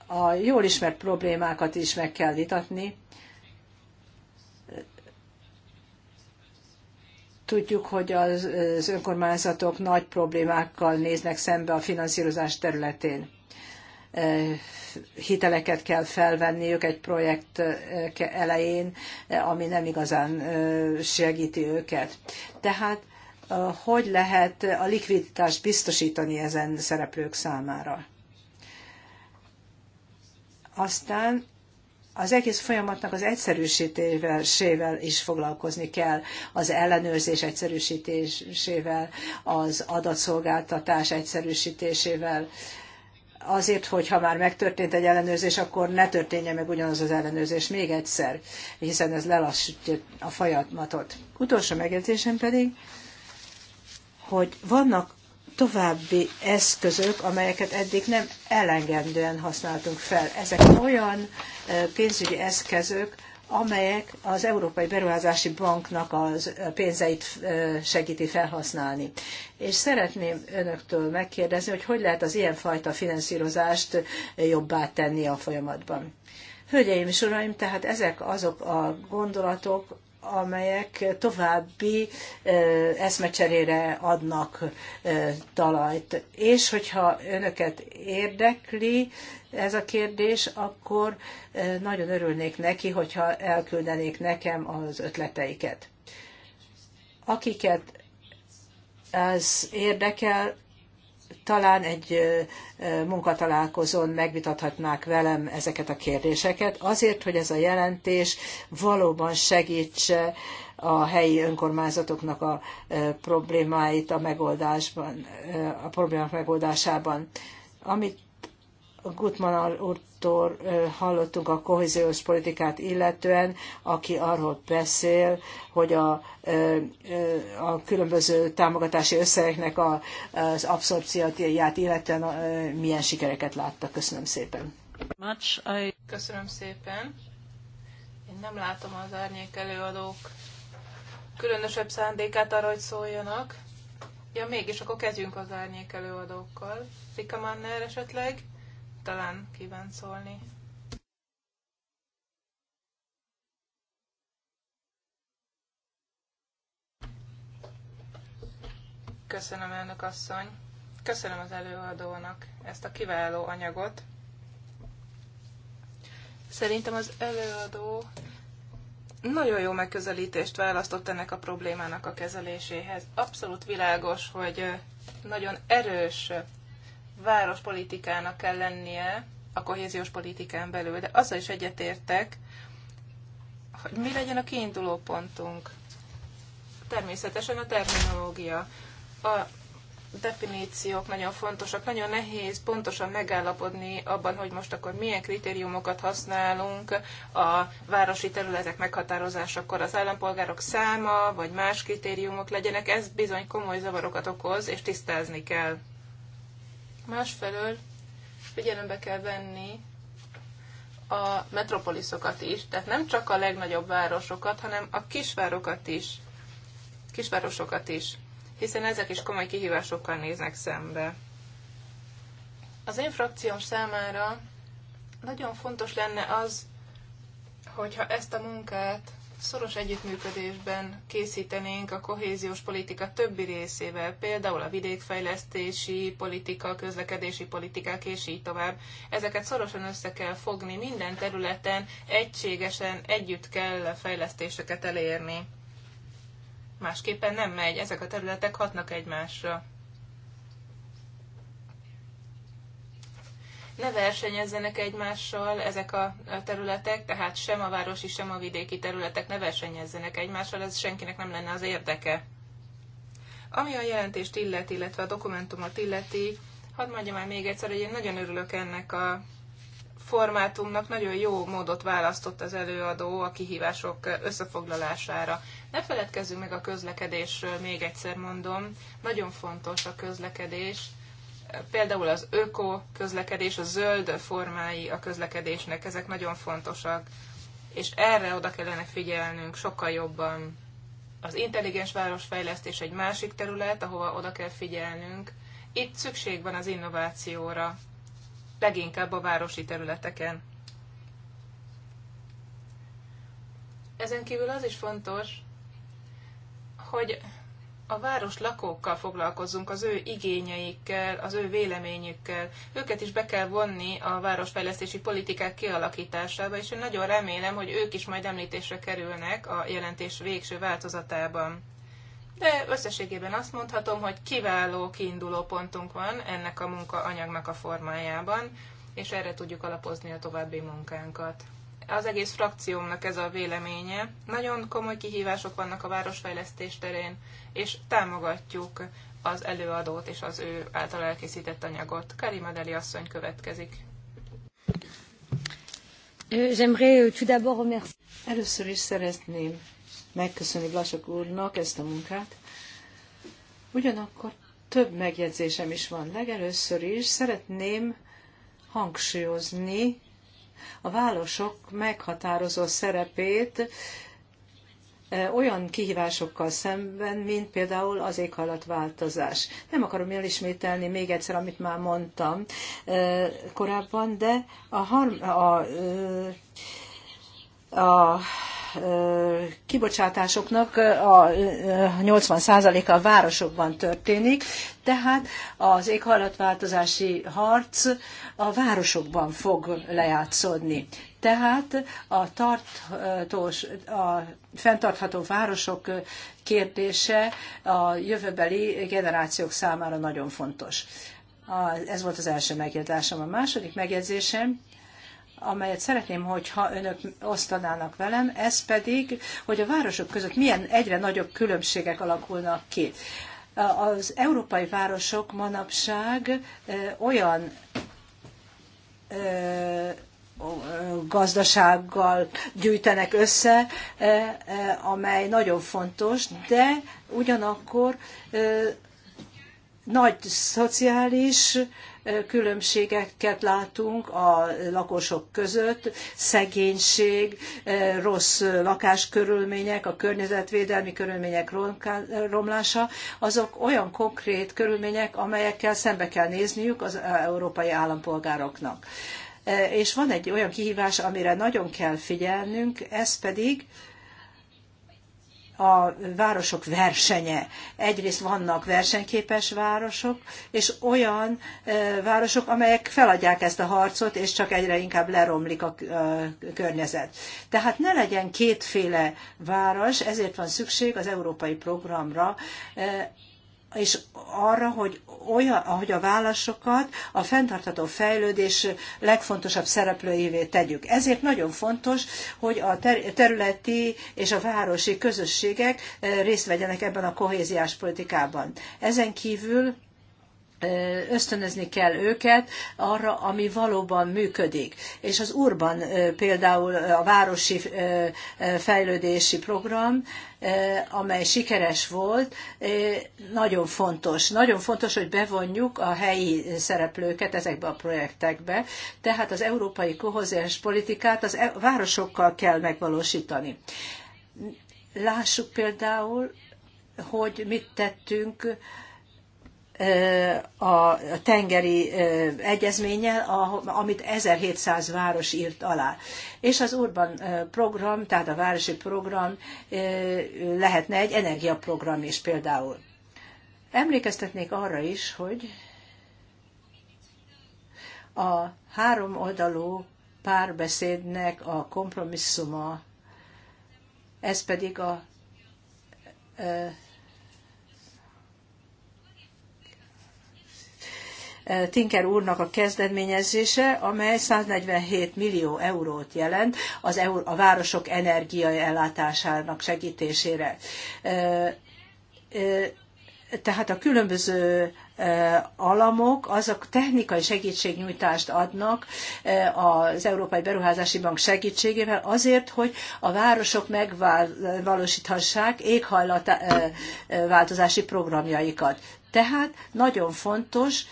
a jól ismert problémákat is meg kell vitatni. Tudjuk, hogy az önkormányzatok nagy problémákkal néznek szembe a finanszírozás területén. Hiteleket kell felvenniük egy projekt elején, ami nem igazán segíti őket. Tehát hogy lehet a likviditást biztosítani ezen szereplők számára? Aztán az egész folyamatnak az egyszerűsítésével is foglalkozni kell, az ellenőrzés egyszerűsítésével, az adatszolgáltatás egyszerűsítésével, azért, hogy ha már megtörtént egy ellenőrzés, akkor ne történje meg ugyanaz az ellenőrzés még egyszer, hiszen ez lelassítja a folyamatot. Utolsó megjegyzésem pedig, hogy vannak további eszközök, amelyeket eddig nem elengedően használtunk fel. Ezek olyan pénzügyi eszközök, amelyek az Európai Beruházási Banknak az pénzeit segíti felhasználni. És szeretném önöktől megkérdezni, hogy hogy lehet az ilyenfajta finanszírozást jobbá tenni a folyamatban. Hölgyeim és uraim, tehát ezek azok a gondolatok, amelyek további eszmecserére adnak talajt. És hogyha önöket érdekli ez a kérdés, akkor nagyon örülnék neki, hogyha elküldenék nekem az ötleteiket. Akiket ez érdekel, talán egy munkatalálkozón megvitathatnák velem ezeket a kérdéseket, azért, hogy ez a jelentés valóban segítse a helyi önkormányzatoknak a problémáit a megoldásban, a problémák megoldásában. Amit Gutmann úrtól hallottunk a kohéziós politikát illetően, aki arról beszél, hogy a, a különböző támogatási összegeknek a, az abszorpcióját illetően milyen sikereket látta Köszönöm szépen. Köszönöm szépen. Én nem látom az árnyék előadók különösebb szándékát arra, hogy szóljanak. Ja, mégis, akkor kezdjünk az árnyék előadókkal. Rika Manner esetleg? talán kíván szólni. Köszönöm, elnök asszony. Köszönöm az előadónak ezt a kiváló anyagot. Szerintem az előadó nagyon jó megközelítést választott ennek a problémának a kezeléséhez. Abszolút világos, hogy nagyon erős várospolitikának kell lennie a kohéziós politikán belül, de azzal is egyetértek, hogy mi legyen a kiinduló pontunk. Természetesen a terminológia. A definíciók nagyon fontosak, nagyon nehéz pontosan megállapodni abban, hogy most akkor milyen kritériumokat használunk a városi területek meghatározásakor az állampolgárok száma, vagy más kritériumok legyenek, ez bizony komoly zavarokat okoz, és tisztázni kell. Másfelől figyelembe kell venni a metropoliszokat is, tehát nem csak a legnagyobb városokat, hanem a kisvárokat is, kisvárosokat is, hiszen ezek is komoly kihívásokkal néznek szembe. Az én frakcióm számára nagyon fontos lenne az, hogyha ezt a munkát szoros együttműködésben készítenénk a kohéziós politika többi részével, például a vidékfejlesztési politika, közlekedési politikák és így tovább. Ezeket szorosan össze kell fogni, minden területen egységesen együtt kell fejlesztéseket elérni. Másképpen nem megy, ezek a területek hatnak egymásra. ne versenyezzenek egymással ezek a területek, tehát sem a városi, sem a vidéki területek ne versenyezzenek egymással, ez senkinek nem lenne az érdeke. Ami a jelentést illeti, illetve a dokumentumot illeti, hadd mondjam már még egyszer, hogy én nagyon örülök ennek a formátumnak, nagyon jó módot választott az előadó a kihívások összefoglalására. Ne feledkezzünk meg a közlekedésről, még egyszer mondom, nagyon fontos a közlekedés, például az öko közlekedés, a zöld formái a közlekedésnek, ezek nagyon fontosak, és erre oda kellene figyelnünk sokkal jobban. Az intelligens városfejlesztés egy másik terület, ahova oda kell figyelnünk. Itt szükség van az innovációra, leginkább a városi területeken. Ezen kívül az is fontos, hogy a város lakókkal foglalkozzunk, az ő igényeikkel, az ő véleményükkel. Őket is be kell vonni a városfejlesztési politikák kialakításába, és én nagyon remélem, hogy ők is majd említésre kerülnek a jelentés végső változatában. De összességében azt mondhatom, hogy kiváló kiinduló pontunk van ennek a munkaanyagnak a formájában, és erre tudjuk alapozni a további munkánkat az egész frakciómnak ez a véleménye. Nagyon komoly kihívások vannak a városfejlesztés terén, és támogatjuk az előadót és az ő által elkészített anyagot. Karima Deli asszony következik. Euh, Először is szeretném megköszönni Blasok úrnak ezt a munkát. Ugyanakkor több megjegyzésem is van. Legelőször is szeretném hangsúlyozni a városok meghatározó szerepét e, olyan kihívásokkal szemben, mint például az éghajlatváltozás. Nem akarom elismételni még egyszer, amit már mondtam e, korábban, de a, a, e, a, a kibocsátásoknak a 80%-a városokban történik, tehát az éghajlatváltozási harc a városokban fog lejátszódni. Tehát a, tartós, a fenntartható városok kérdése a jövőbeli generációk számára nagyon fontos. ez volt az első megjegyzésem. A második megjegyzésem, amelyet szeretném, hogyha önök osztanának velem, ez pedig, hogy a városok között milyen egyre nagyobb különbségek alakulnak ki. Az európai városok manapság olyan gazdasággal gyűjtenek össze, amely nagyon fontos, de ugyanakkor nagy szociális különbségeket látunk a lakosok között, szegénység, eh, rossz lakáskörülmények, a környezetvédelmi körülmények romlása, azok olyan konkrét körülmények, amelyekkel szembe kell nézniük az eh, európai állampolgároknak. Eh, és van egy olyan kihívás, amire nagyon kell figyelnünk, ez pedig a városok versenye. Egyrészt vannak versenyképes városok, és olyan városok, amelyek feladják ezt a harcot, és csak egyre inkább leromlik a környezet. Tehát ne legyen kétféle város, ezért van szükség az európai programra, és arra, hogy olyan, ahogy a válaszokat a fenntartható fejlődés legfontosabb szereplőjévé tegyük. Ezért nagyon fontos, hogy a területi és a városi közösségek eh, részt vegyenek ebben a kohéziás politikában. Ezen kívül ösztönözni kell őket arra, ami valóban működik. És az Urban például a városi fejlődési program, amely sikeres volt, nagyon fontos. Nagyon fontos, hogy bevonjuk a helyi szereplőket ezekbe a projektekbe, tehát az európai kohéziós politikát az e, városokkal kell megvalósítani. Lássuk például, hogy mit tettünk a tengeri egyezménnyel, amit 1700 város írt alá. És az urban program, tehát a városi program lehetne egy energiaprogram is például. Emlékeztetnék arra is, hogy a három oldalú párbeszédnek a kompromisszuma, ez pedig a Tinker úrnak a kezdeményezése, amely 147 millió eurót jelent az a városok energiai ellátásának segítésére. Tehát a különböző alamok, azok technikai segítségnyújtást adnak az Európai Beruházási Bank segítségével azért, hogy a városok megvalósíthassák éghajlatváltozási programjaikat. Tehát nagyon fontos,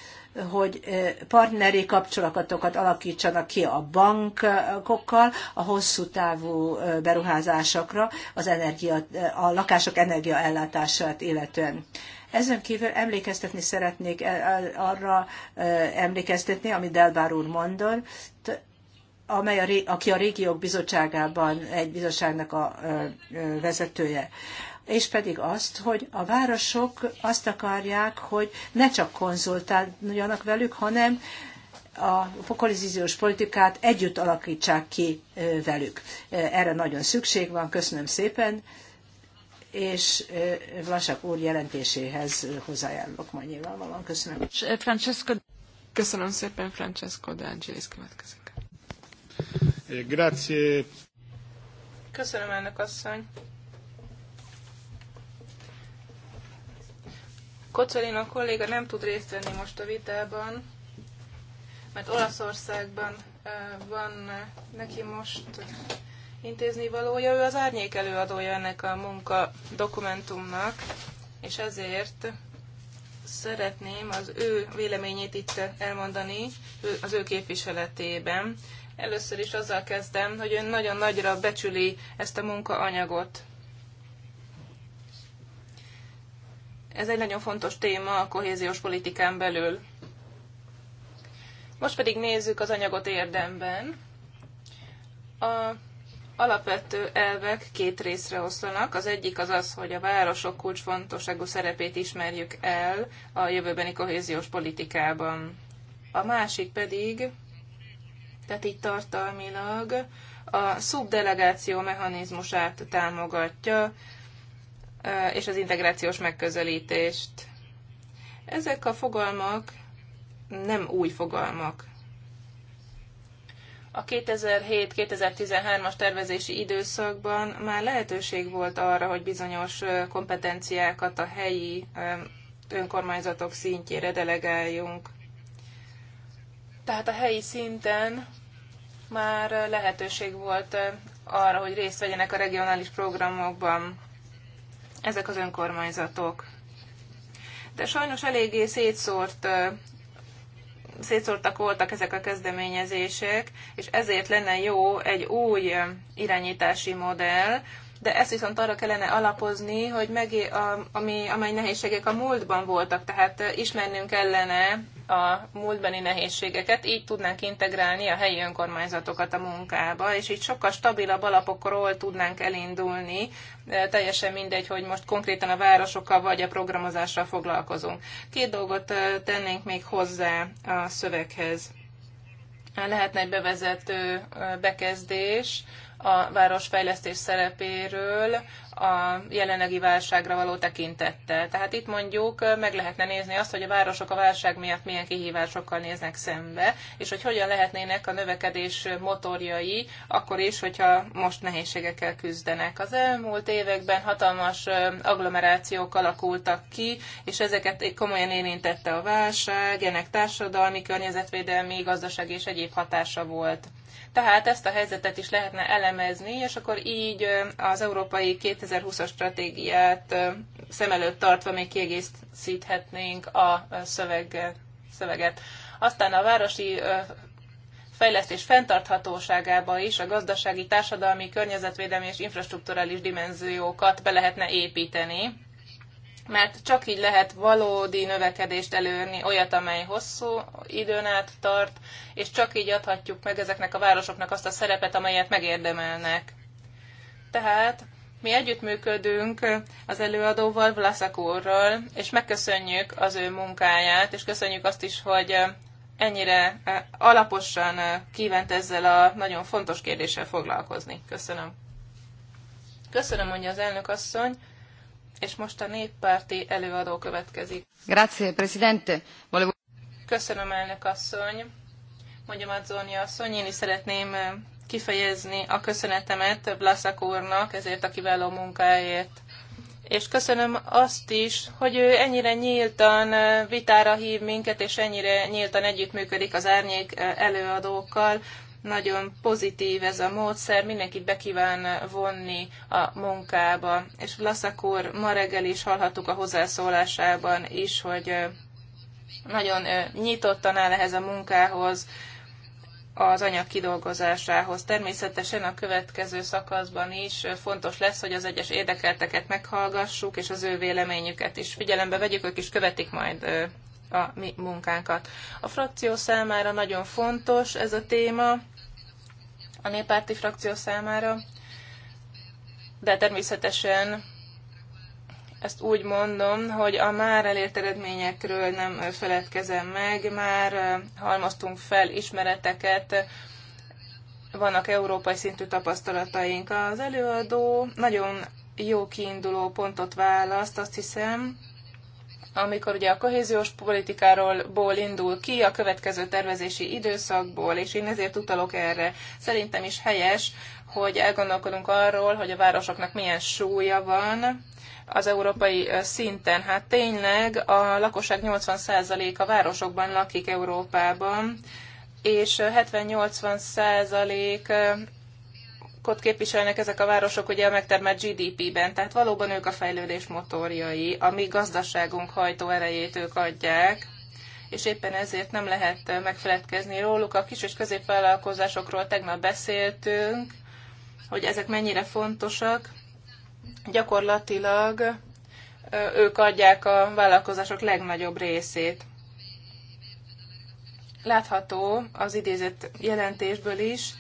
hogy partneri kapcsolatokat alakítsanak ki a bankokkal a hosszú távú beruházásokra, az energia, a lakások energiaellátását illetően. Ezen kívül emlékeztetni szeretnék arra emlékeztetni, amit Delbár úr mondott, amely a, aki a régiók bizottságában egy bizottságnak a vezetője és pedig azt, hogy a városok azt akarják, hogy ne csak konzultáljanak velük, hanem a koalíziós politikát együtt alakítsák ki velük. Erre nagyon szükség van, köszönöm szépen, és Vlasak úr jelentéséhez hozzájárulok majd nyilvánvalóan. Köszönöm. Francesco. Köszönöm szépen, Francesco de Angelis következik. Grazie. Köszönöm, elnök asszony. Kocolino kolléga nem tud részt venni most a vitában, mert Olaszországban van neki most intézni valója. Ő az árnyék előadója ennek a munka dokumentumnak, és ezért szeretném az ő véleményét itt elmondani az ő képviseletében. Először is azzal kezdem, hogy ön nagyon nagyra becsüli ezt a munkaanyagot, Ez egy nagyon fontos téma a kohéziós politikán belül. Most pedig nézzük az anyagot érdemben. A alapvető elvek két részre oszlanak. Az egyik az az, hogy a városok kulcsfontosságú szerepét ismerjük el a jövőbeni kohéziós politikában. A másik pedig, tehát itt tartalmilag, a szubdelegáció mechanizmusát támogatja, és az integrációs megközelítést. Ezek a fogalmak nem új fogalmak. A 2007-2013-as tervezési időszakban már lehetőség volt arra, hogy bizonyos kompetenciákat a helyi önkormányzatok szintjére delegáljunk. Tehát a helyi szinten már lehetőség volt arra, hogy részt vegyenek a regionális programokban ezek az önkormányzatok. De sajnos eléggé szétszórt szétszórtak voltak ezek a kezdeményezések, és ezért lenne jó egy új irányítási modell, de ezt viszont arra kellene alapozni, hogy meg, ami, amely nehézségek a múltban voltak, tehát ismernünk kellene a múltbeni nehézségeket, így tudnánk integrálni a helyi önkormányzatokat a munkába, és így sokkal stabilabb alapokról tudnánk elindulni, teljesen mindegy, hogy most konkrétan a városokkal vagy a programozással foglalkozunk. Két dolgot tennénk még hozzá a szöveghez. Lehetne egy bevezető bekezdés, a városfejlesztés szerepéről a jelenlegi válságra való tekintettel. Tehát itt mondjuk meg lehetne nézni azt, hogy a városok a válság miatt milyen kihívásokkal néznek szembe, és hogy hogyan lehetnének a növekedés motorjai, akkor is, hogyha most nehézségekkel küzdenek. Az elmúlt években hatalmas agglomerációk alakultak ki, és ezeket komolyan érintette a válság, ennek társadalmi, környezetvédelmi, gazdasági és egyéb hatása volt tehát ezt a helyzetet is lehetne elemezni, és akkor így az Európai 2020-as stratégiát szem előtt tartva még kiegészíthetnénk a szöveg, szöveget. Aztán a városi fejlesztés fenntarthatóságába is a gazdasági, társadalmi, környezetvédelmi és infrastruktúrális dimenziókat be lehetne építeni mert csak így lehet valódi növekedést előrni, olyat, amely hosszú időn át tart, és csak így adhatjuk meg ezeknek a városoknak azt a szerepet, amelyet megérdemelnek. Tehát mi együttműködünk az előadóval, Vlaszak úrral, és megköszönjük az ő munkáját, és köszönjük azt is, hogy ennyire alaposan kívánt ezzel a nagyon fontos kérdéssel foglalkozni. Köszönöm. Köszönöm, mondja az elnök asszony. És most a néppárti előadó következik. Grazie, Presidente. Volevo... Köszönöm, elnök asszony. Mondja Mazzoni asszony, én is szeretném eh, kifejezni a köszönetemet Blaszak úrnak ezért a kiváló munkáért. És köszönöm azt is, hogy ő ennyire nyíltan eh, vitára hív minket, és ennyire nyíltan együttműködik az árnyék eh, előadókkal nagyon pozitív ez a módszer, mindenkit bekíván vonni a munkába. És Vlaszak úr, ma reggel is hallhattuk a hozzászólásában is, hogy nagyon nyitottan áll ehhez a munkához, az anyag kidolgozásához. Természetesen a következő szakaszban is fontos lesz, hogy az egyes érdekelteket meghallgassuk, és az ő véleményüket is figyelembe vegyük, ők is követik majd a mi munkánkat. A frakció számára nagyon fontos ez a téma, a néppárti frakció számára, de természetesen ezt úgy mondom, hogy a már elért eredményekről nem feledkezem meg, már halmoztunk fel ismereteket, vannak európai szintű tapasztalataink. Az előadó nagyon jó kiinduló pontot választ, azt hiszem, amikor ugye a kohéziós politikáról ból indul ki a következő tervezési időszakból, és én ezért utalok erre. Szerintem is helyes, hogy elgondolkodunk arról, hogy a városoknak milyen súlya van az európai szinten. Hát tényleg a lakosság 80%-a városokban lakik Európában, és 70-80% ott képviselnek ezek a városok ugye a megtermelt GDP-ben, tehát valóban ők a fejlődés motorjai, a mi gazdaságunk hajtó erejét ők adják, és éppen ezért nem lehet megfeledkezni róluk. A kis és középvállalkozásokról tegnap beszéltünk, hogy ezek mennyire fontosak. Gyakorlatilag ők adják a vállalkozások legnagyobb részét. Látható az idézett jelentésből is,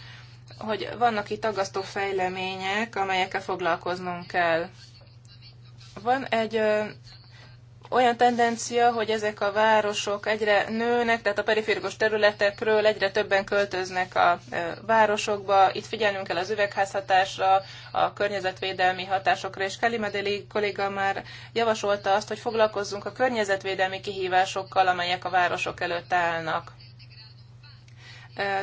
hogy vannak itt aggasztó fejlemények, amelyekkel foglalkoznunk kell. Van egy ö, olyan tendencia, hogy ezek a városok egyre nőnek, tehát a periférikus területekről egyre többen költöznek a városokba. Itt figyelnünk kell az üvegházhatásra, a környezetvédelmi hatásokra, és Medeli kolléga már javasolta azt, hogy foglalkozzunk a környezetvédelmi kihívásokkal, amelyek a városok előtt állnak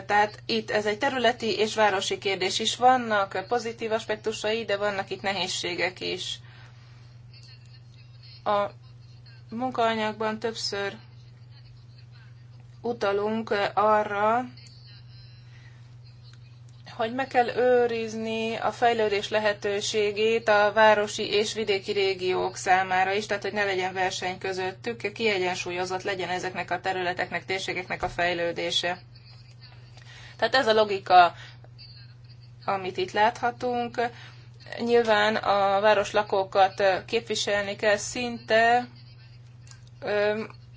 tehát itt ez egy területi és városi kérdés is. Vannak pozitív aspektusai, de vannak itt nehézségek is. A munkaanyagban többször utalunk arra, hogy meg kell őrizni a fejlődés lehetőségét a városi és vidéki régiók számára is, tehát hogy ne legyen verseny közöttük, kiegyensúlyozott legyen ezeknek a területeknek, térségeknek a fejlődése. Tehát ez a logika, amit itt láthatunk. Nyilván a városlakókat képviselni kell szinte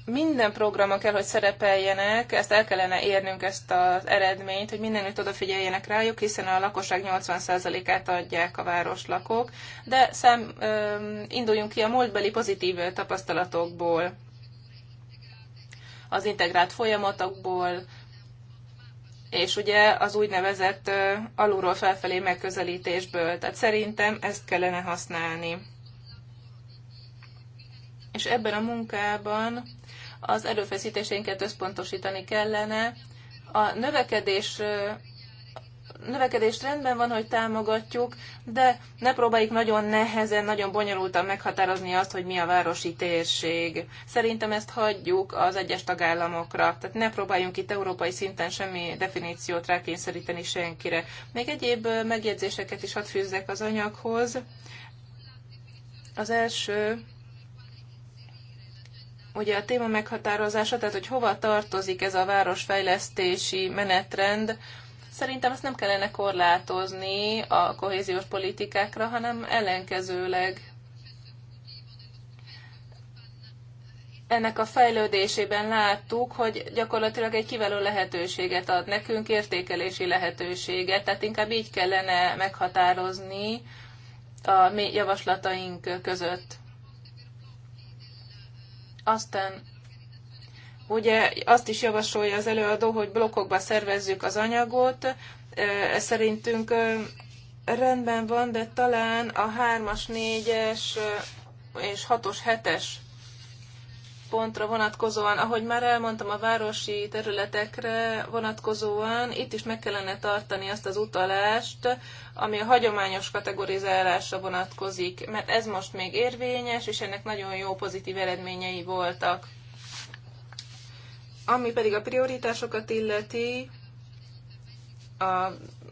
minden programon kell, hogy szerepeljenek, ezt el kellene érnünk, ezt az eredményt, hogy mindenütt odafigyeljenek rájuk, hiszen a lakosság 80%-át adják a városlakók, de szám, induljunk ki a múltbeli pozitív tapasztalatokból, az integrált folyamatokból, és ugye az úgynevezett alulról felfelé megközelítésből. Tehát szerintem ezt kellene használni. És ebben a munkában az erőfeszítésénket összpontosítani kellene. A növekedés növekedést rendben van, hogy támogatjuk, de ne próbáljuk nagyon nehezen, nagyon bonyolultan meghatározni azt, hogy mi a városi térség. Szerintem ezt hagyjuk az egyes tagállamokra, tehát ne próbáljunk itt európai szinten semmi definíciót rákényszeríteni senkire. Még egyéb megjegyzéseket is hadd fűzzek az anyaghoz. Az első, ugye a téma meghatározása, tehát hogy hova tartozik ez a városfejlesztési menetrend, Szerintem ezt nem kellene korlátozni a kohéziós politikákra, hanem ellenkezőleg ennek a fejlődésében láttuk, hogy gyakorlatilag egy kiváló lehetőséget ad nekünk, értékelési lehetőséget, tehát inkább így kellene meghatározni a mi javaslataink között. Aztán Ugye azt is javasolja az előadó, hogy blokkokba szervezzük az anyagot, ez szerintünk rendben van, de talán a 3-as, 4-es és 6-os, 7-es pontra vonatkozóan, ahogy már elmondtam, a városi területekre vonatkozóan itt is meg kellene tartani azt az utalást, ami a hagyományos kategorizálásra vonatkozik, mert ez most még érvényes, és ennek nagyon jó pozitív eredményei voltak. Ami pedig a prioritásokat illeti, a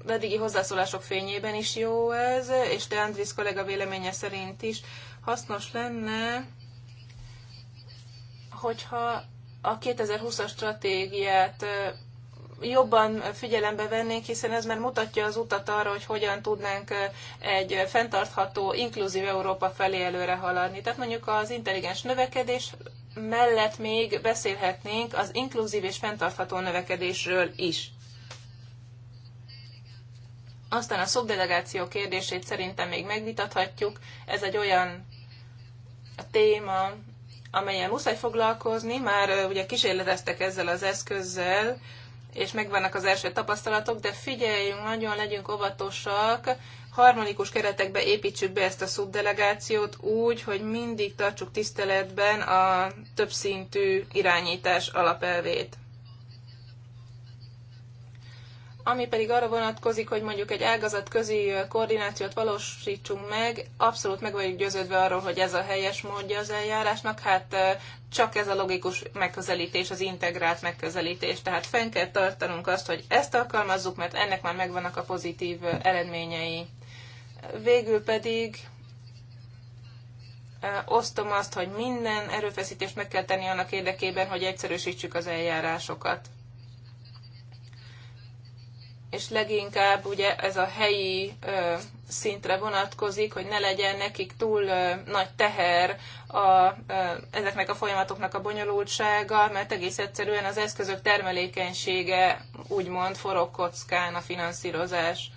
eddigi hozzászólások fényében is jó ez, és De Andris kollega véleménye szerint is hasznos lenne, hogyha a 2020-as stratégiát jobban figyelembe vennénk, hiszen ez már mutatja az utat arra, hogy hogyan tudnánk egy fenntartható, inkluzív Európa felé előre haladni. Tehát mondjuk az intelligens növekedés mellett még beszélhetnénk az inkluzív és fenntartható növekedésről is. Aztán a szobdelegáció kérdését szerintem még megvitathatjuk. Ez egy olyan téma, amelyen muszáj foglalkozni, már ugye kísérleteztek ezzel az eszközzel, és megvannak az első tapasztalatok, de figyeljünk, nagyon legyünk óvatosak, harmonikus keretekbe építsük be ezt a szubdelegációt úgy, hogy mindig tartsuk tiszteletben a többszintű irányítás alapelvét. Ami pedig arra vonatkozik, hogy mondjuk egy ágazat közi koordinációt valósítsunk meg, abszolút meg vagyunk győződve arról, hogy ez a helyes módja az eljárásnak, hát csak ez a logikus megközelítés, az integrált megközelítés. Tehát fenn kell tartanunk azt, hogy ezt alkalmazzuk, mert ennek már megvannak a pozitív eredményei. Végül pedig osztom azt, hogy minden erőfeszítést meg kell tenni annak érdekében, hogy egyszerűsítsük az eljárásokat. És leginkább ugye ez a helyi ö, szintre vonatkozik, hogy ne legyen nekik túl ö, nagy teher a, ö, ezeknek a folyamatoknak a bonyolultsága, mert egész egyszerűen az eszközök termelékenysége úgymond forog kockán a finanszírozás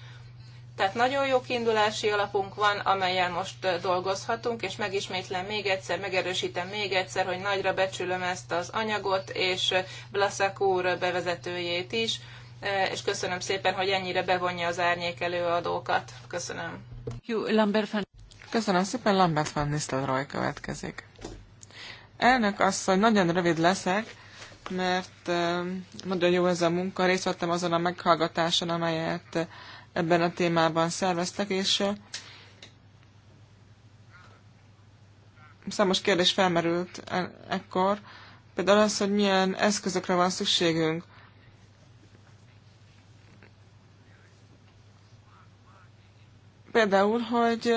tehát nagyon jó kiindulási alapunk van, amelyen most dolgozhatunk, és megismétlem még egyszer, megerősítem még egyszer, hogy nagyra becsülöm ezt az anyagot, és Blaszak úr bevezetőjét is, és köszönöm szépen, hogy ennyire bevonja az árnyék előadókat. Köszönöm. Köszönöm szépen, Lambert van Nistelrooy következik. Elnök asszony, nagyon rövid leszek, mert nagyon jó ez a munka, részt vettem azon a meghallgatáson, amelyet ebben a témában szerveztek, és számos kérdés felmerült e-, ekkor, például az, hogy milyen eszközökre van szükségünk. Például, hogy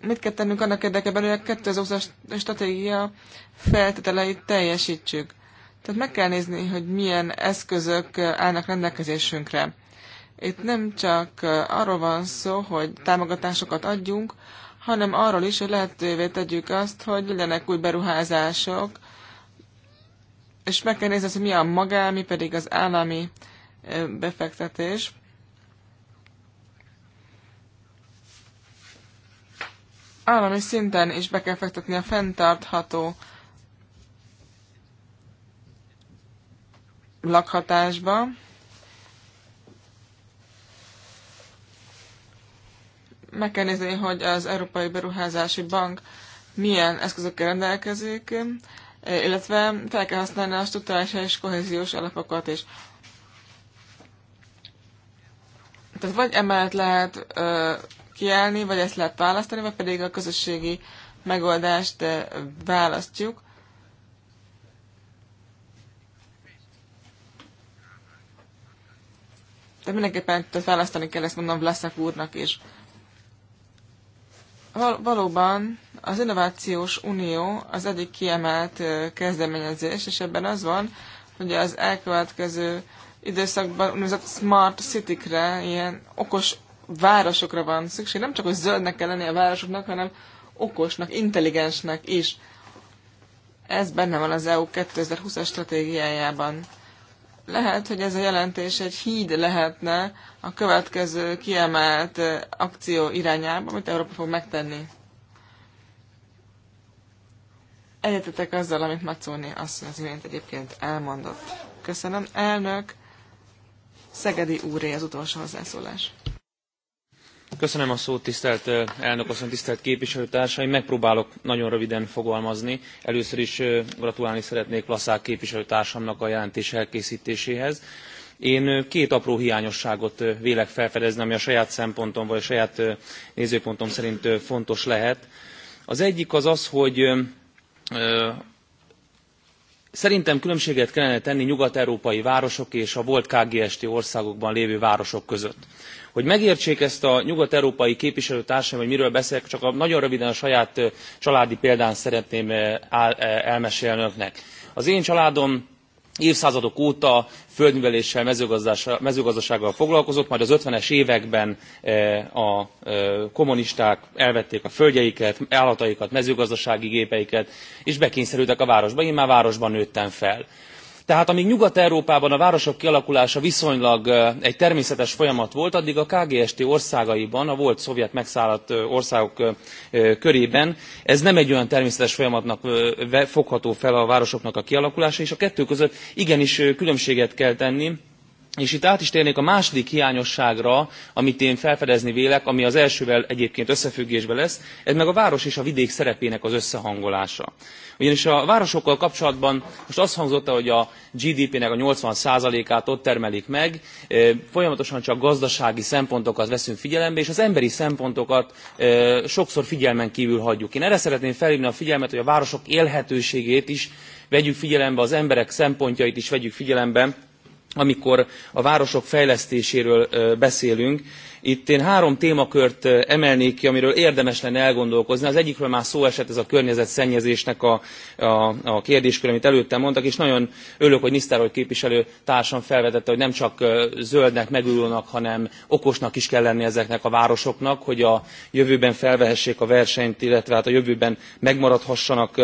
mit kell tennünk annak érdekében, hogy a 2020-as stratégia feltételeit teljesítsük. Tehát meg kell nézni, hogy milyen eszközök állnak rendelkezésünkre. Itt nem csak arról van szó, hogy támogatásokat adjunk, hanem arról is, hogy lehetővé tegyük azt, hogy legyenek új beruházások, és meg kell nézni, hogy mi a magámi, mi pedig az állami befektetés. Állami szinten is be kell fektetni a fenntartható lakhatásba. meg kell nézni, hogy az Európai Beruházási Bank milyen eszközökkel rendelkezik, illetve fel kell használni a struktúrális és kohéziós alapokat is. Tehát vagy emellett lehet ö, kiállni, vagy ezt lehet választani, vagy pedig a közösségi megoldást választjuk. Tehát mindenképpen tehát választani kell, ezt mondom Vlaszek úrnak is valóban az Innovációs Unió az egyik kiemelt kezdeményezés, és ebben az van, hogy az elkövetkező időszakban úgynevezett smart city-kre, ilyen okos városokra van szükség. Nem csak, hogy zöldnek kell lenni a városoknak, hanem okosnak, intelligensnek is. Ez benne van az EU 2020-as stratégiájában. Lehet, hogy ez a jelentés egy híd lehetne a következő kiemelt akció irányába, amit Európa fog megtenni. Egyetetek azzal, amit Macóni azt az imént egyébként elmondott. Köszönöm, elnök. Szegedi úré az utolsó hozzászólás. Köszönöm a szót, tisztelt elnök asszony, tisztelt képviselőtársaim. Megpróbálok nagyon röviden fogalmazni. Először is gratulálni szeretnék Vlaszák képviselőtársamnak a jelentés elkészítéséhez. Én két apró hiányosságot vélek felfedezni, ami a saját szempontom vagy a saját nézőpontom szerint fontos lehet. Az egyik az az, hogy Szerintem különbséget kellene tenni nyugat-európai városok és a volt KGST országokban lévő városok között hogy megértsék ezt a nyugat európai képviselőtársaim hogy miről beszélek csak a, nagyon röviden a saját családi példán szeretném elmesélni önöknek. az én családom évszázadok óta földműveléssel mezőgazdasággal foglalkozott majd az 50 es években a kommunisták elvették a földjeiket állataikat mezőgazdasági gépeiket és bekényszerültek a városba én már városban nőttem fel tehát amg nyugat európában a városok kialakulása viszonylag egy természetes folyamat volt addig a kgst országaiban a volt szovjet megszállott országok körében ez nem egy olyan természetes folyamatnak fogható fel a városoknak a kialakulása és a kettő között igenis különbséget kell tenni. És itt át is térnék a második hiányosságra, amit én felfedezni vélek, ami az elsővel egyébként összefüggésben lesz, ez meg a város és a vidék szerepének az összehangolása. Ugyanis a városokkal kapcsolatban most azt hangzott, hogy a GDP-nek a 80%-át ott termelik meg, folyamatosan csak gazdasági szempontokat veszünk figyelembe, és az emberi szempontokat sokszor figyelmen kívül hagyjuk. Én erre szeretném felhívni a figyelmet, hogy a városok élhetőségét is vegyük figyelembe, az emberek szempontjait is vegyük figyelembe, amikor a városok fejlesztéséről beszélünk itt én három témakört emelnék ki amiről érdemes lenne elgondolkozni az egyikről már szó esett ez a környezetszennyezésnek a, a, a amit előttem mondtak és nagyon örülök hogy nisztelrooij képviselő társam felvetette hogy nem csak zöldnek megújulónak hanem okosnak is kell lenni ezeknek a városoknak hogy a jövőben felvehessék a versenyt illetve hát a jövőben megmaradhassanak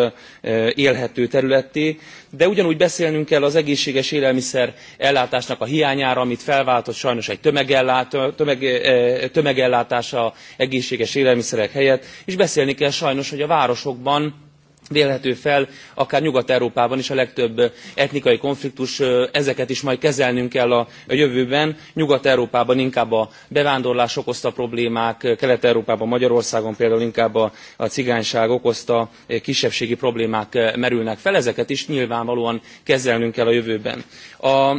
élhető területté de ugyanúgy beszélnünk kell az egészséges élelmiszer ellátásnak a hiányáról amit felváltott sajnos egy eh, tömegellátás az egészséges élelmiszerek helyett és beszélni kell sajnos hogy a városokban vélhető fel akár nyugat európában is a legtöbb etnikai konfliktus ezeket is majd kezelnünk kell a jövőben nyugat európában inkább a bevándorlás okozta problémák kelet európában magyarországon például inkább a cigányság okozta kisebbségi problémák merülnek fel ezeket is nyilvánvalóan kezelnünk kell a jövőben. a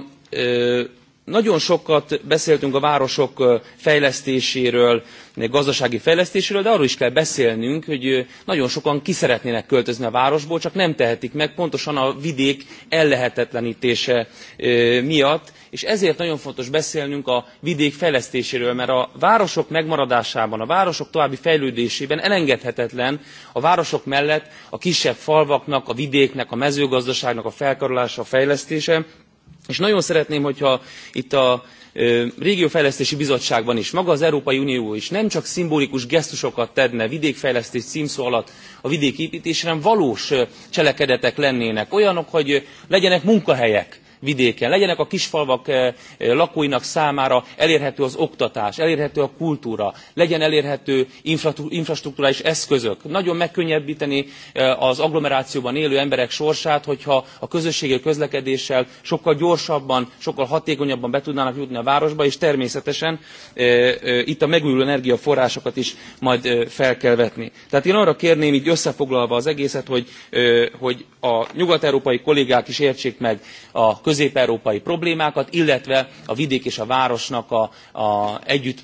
nagyon sokat beszéltünk a városok fejlesztéséről gazdasági fejlesztéséről de arról is kell beszélnünk hogy nagyon sokan ki szeretnének költözni a városból csak nem tehetik meg pontosan a vidék ellehetetlentése miatt és ezért nagyon fontos beszélnünk a vidék fejlesztéséről mert a városok megmaradásában a városok további fejlődésében elengedhetetlen a városok mellett a kisebb falvaknak a vidéknek a mezőgazdaságnak a felkarolása a fejlesztése és nagyon szeretném hogyha itt a régiófejlesztési bizottságban is maga az európai unió is nem csak szimbolikus gesztusokat tenne vidékfejlesztés cmszó alatt a építésre, hanem valós cselekedetek lennének olyanok hogy legyenek munkahelyek vidéken legyenek a kisfalvak eh, eh, lakóinak számára elérhető az oktatás elérhető a kultúra legyen elérhető infrastrukturális eszközök. nagyon megkönnyebbíteni eh, az agglomerációban élő emberek sorsát hogyha a közösségi közlekedéssel sokkal gyorsabban sokkal hatékonyabban be tudnának jutni a városba és természetesen itt a megújuló energiaforrásokat is majd fel kell vetni. tehát én arra kérném gy összefoglalva az egészet hogy hogy a nyugat európai kollégák is értsék meg a közép európai problémákat illetve a vidék és a városnak a, a együtt,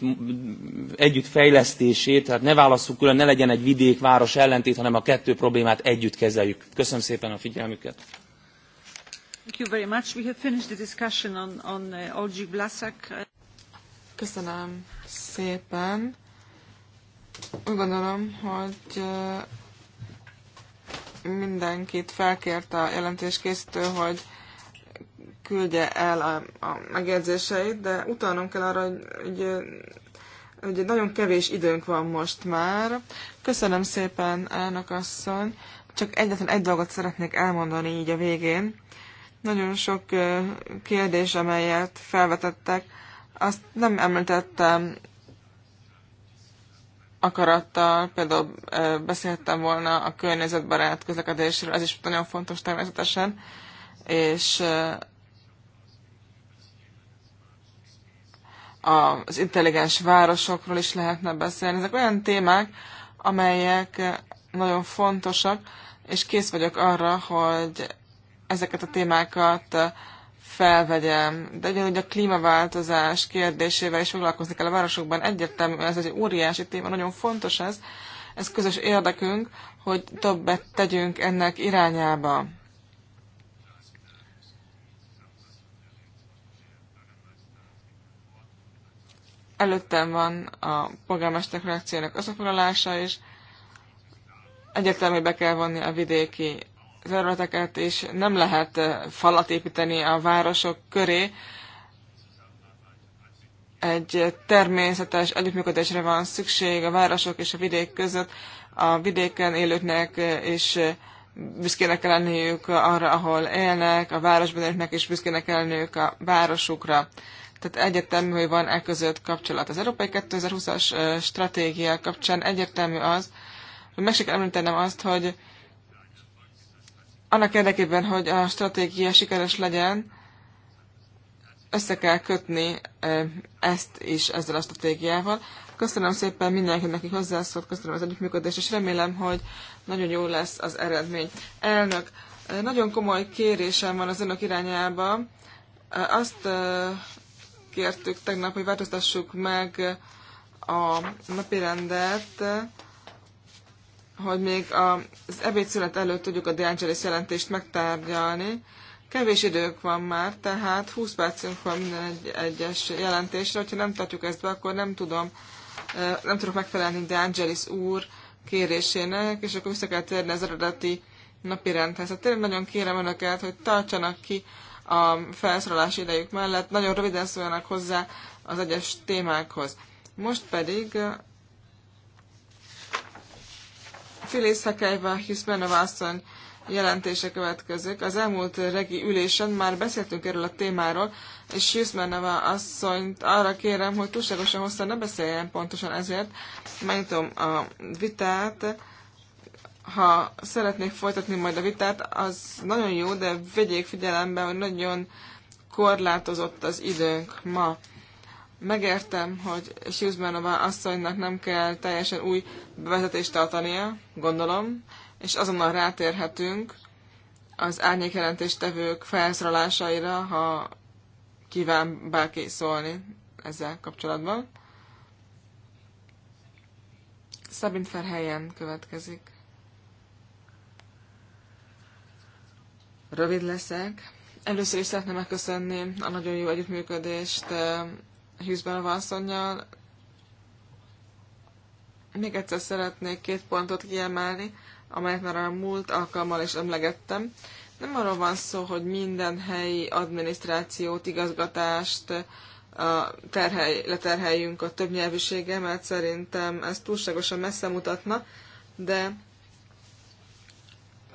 együttfejlesztését tehát ne válasszuk külön ne legyen egy vidék város ellentét hanem a kettő problémát együtt kezeljük. köszönöm szépen a figyelmüket. On, on uh, Köszönöm szépen. Úgy gondolom, hogy uh, mindenkit felkért a jelentéskészítő, hogy küldje el a, a megjegyzéseit, de utalnom kell arra, hogy, hogy, hogy nagyon kevés időnk van most már. Köszönöm szépen, elnök asszony. Csak egyetlen egy dolgot szeretnék elmondani így a végén. Nagyon sok kérdés, amelyet felvetettek, azt nem említettem akarattal, például beszéltem volna a környezetbarát közlekedésről, ez is nagyon fontos természetesen, és az intelligens városokról is lehetne beszélni. Ezek olyan témák, amelyek nagyon fontosak, és kész vagyok arra, hogy ezeket a témákat felvegyem. De ugyanúgy a klímaváltozás kérdésével is foglalkozni kell a városokban. Egyértelmű, ez egy óriási téma, nagyon fontos ez. Ez közös érdekünk, hogy többet tegyünk ennek irányába. Előttem van a polgármester reakciónak összefoglalása is. Egyértelmű be kell vonni a vidéki területeket, és nem lehet eh, falat építeni a városok köré. Egy természetes együttműködésre van szükség a városok és a vidék között. A vidéken élőknek eh, és eh, büszkének kell lenniük arra, ahol élnek, a városban élőknek is büszkének kell lenniük a városukra tehát egyértelmű, hogy van e között kapcsolat. Az Európai 2020-as stratégia kapcsán egyértelmű az, hogy meg kell említenem azt, hogy annak érdekében, hogy a stratégia sikeres legyen, össze kell kötni ezt is ezzel a stratégiával. Köszönöm szépen mindenkinek, aki hozzászólt, köszönöm az együttműködést, és remélem, hogy nagyon jó lesz az eredmény. Elnök, nagyon komoly kérésem van az önök irányába. Azt kértük tegnap, hogy változtassuk meg a napirendet, hogy még az ebédszület előtt tudjuk a De Angelis jelentést megtárgyalni. Kevés idők van már, tehát 20 percünk van minden egy, egyes jelentésre, hogyha nem tartjuk ezt be, akkor nem tudom, nem tudok megfelelni De Angelis úr kérésének, és akkor vissza kell térni az eredeti napirendhez. Tehát tényleg nagyon kérem önöket, hogy tartsanak ki a felszólalási idejük mellett, nagyon röviden szóljanak hozzá az egyes témákhoz. Most pedig Filisz uh, Hekelyve Hiszpenova asszony jelentése következik. Az elmúlt regi ülésen már beszéltünk erről a témáról, és Hiszpenova asszonyt arra kérem, hogy túlságosan hosszan ne beszéljen pontosan ezért. Megnyitom a vitát ha szeretnék folytatni majd a vitát, az nagyon jó, de vegyék figyelembe, hogy nagyon korlátozott az időnk ma. Megértem, hogy Siusbanova asszonynak nem kell teljesen új bevezetést tartania, gondolom, és azonnal rátérhetünk az árnyékjelentéstevők felszólalásaira, ha kíván bárki szólni ezzel kapcsolatban. Szabint Ferhelyen következik. Rövid leszek. Először is szeretném megköszönni a nagyon jó együttműködést Hűzben vászonnyal. Még egyszer szeretnék két pontot kiemelni, amelyet már a múlt alkalommal is emlegettem. Nem arról van szó, hogy minden helyi adminisztrációt, igazgatást terhely, leterheljünk a többnyelvűséggel, mert szerintem ez túlságosan messze mutatna, de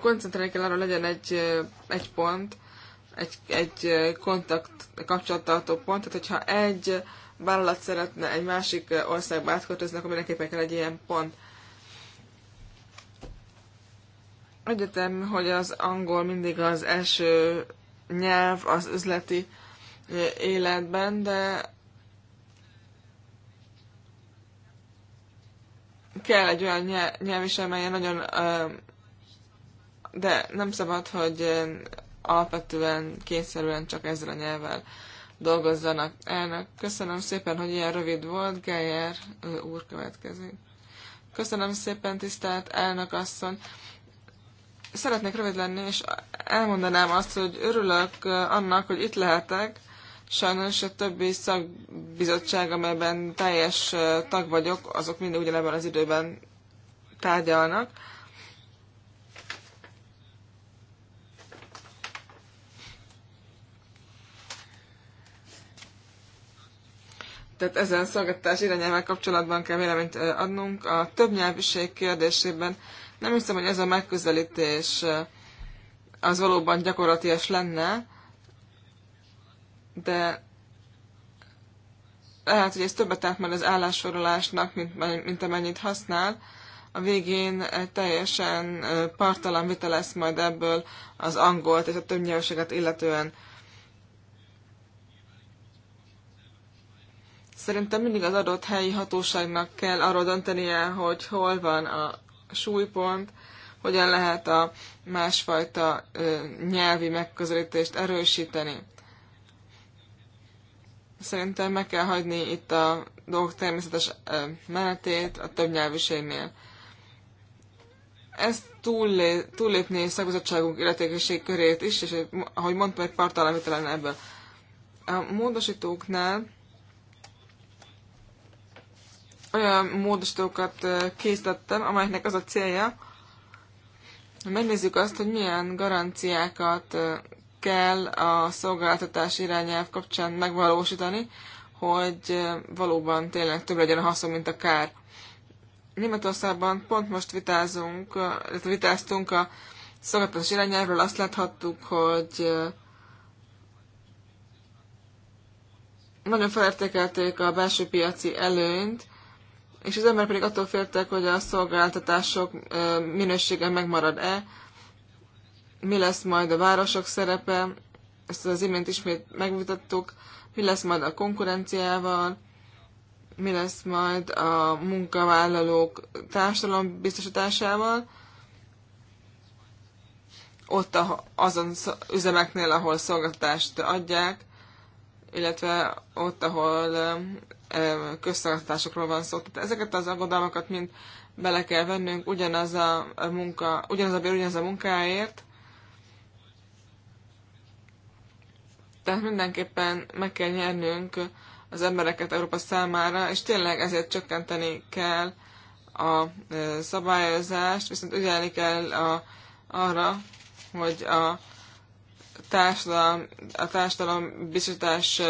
koncentrálni kell arra, legyen egy, egy pont, egy, egy kontakt kapcsolattartó pont, tehát hogyha egy vállalat szeretne egy másik országba átköltözni, akkor mindenképpen kell egy ilyen pont. Egyetem, hogy az angol mindig az első nyelv az üzleti életben, de kell egy olyan nyelv is, amelyen nagyon de nem szabad, hogy eh, alapvetően kényszerűen csak ezzel a nyelvvel dolgozzanak. Elnök, köszönöm szépen, hogy ilyen rövid volt. Geyer eh, úr következik. Köszönöm szépen, tisztelt elnök asszony. Szeretnék rövid lenni, és elmondanám azt, hogy örülök eh, annak, hogy itt lehetek. Sajnos a többi szakbizottság, amelyben teljes tag vagyok, azok mind ugyanebben az időben tárgyalnak Tehát ezen szolgáltatás irányával kapcsolatban kell véleményt adnunk. A többnyelvűség kérdésében nem hiszem, hogy ez a megközelítés az valóban gyakorlatilag lenne, de lehet, hogy ez többet állt már az állásforolásnak, mint, mint amennyit használ. A végén teljesen partalan vita lesz majd ebből az angolt és a többnyelvűséget illetően. szerintem mindig az adott helyi hatóságnak kell arról döntenie, hogy hol van a súlypont, hogyan lehet a másfajta nyelvi megközelítést erősíteni. Szerintem meg kell hagyni itt a dolgok természetes menetét a több nyelviségnél. Ezt túllé, túllépni szakbizottságunk illetékesség körét is, és ahogy mondtam, egy partalan ebből. A módosítóknál olyan módosítókat készítettem, amelyeknek az a célja, hogy megnézzük azt, hogy milyen garanciákat kell a szolgáltatás irányelv kapcsán megvalósítani, hogy valóban tényleg több legyen a haszon, mint a kár. Németországban pont most vitázunk, vitáztunk a szolgáltatás irányelvről, azt láthattuk, hogy nagyon felértékelték a belső piaci előnyt, és az ember pedig attól féltek, hogy a szolgáltatások minősége megmarad-e, mi lesz majd a városok szerepe, ezt az imént ismét megvitattuk, mi lesz majd a konkurenciával, mi lesz majd a munkavállalók társadalom biztosításával, ott a, azon üzemeknél, ahol szolgáltatást adják, illetve ott, ahol köztartásokról van szó. Tehát ezeket az aggodalmakat mind bele kell vennünk, ugyanaz a munka, ugyanaz a bér, ugyanaz a munkáért. Tehát mindenképpen meg kell nyernünk az embereket Európa számára, és tényleg ezért csökkenteni kell a szabályozást, viszont ügyelni kell a, arra, hogy a társadalom, a társadalom biztosítás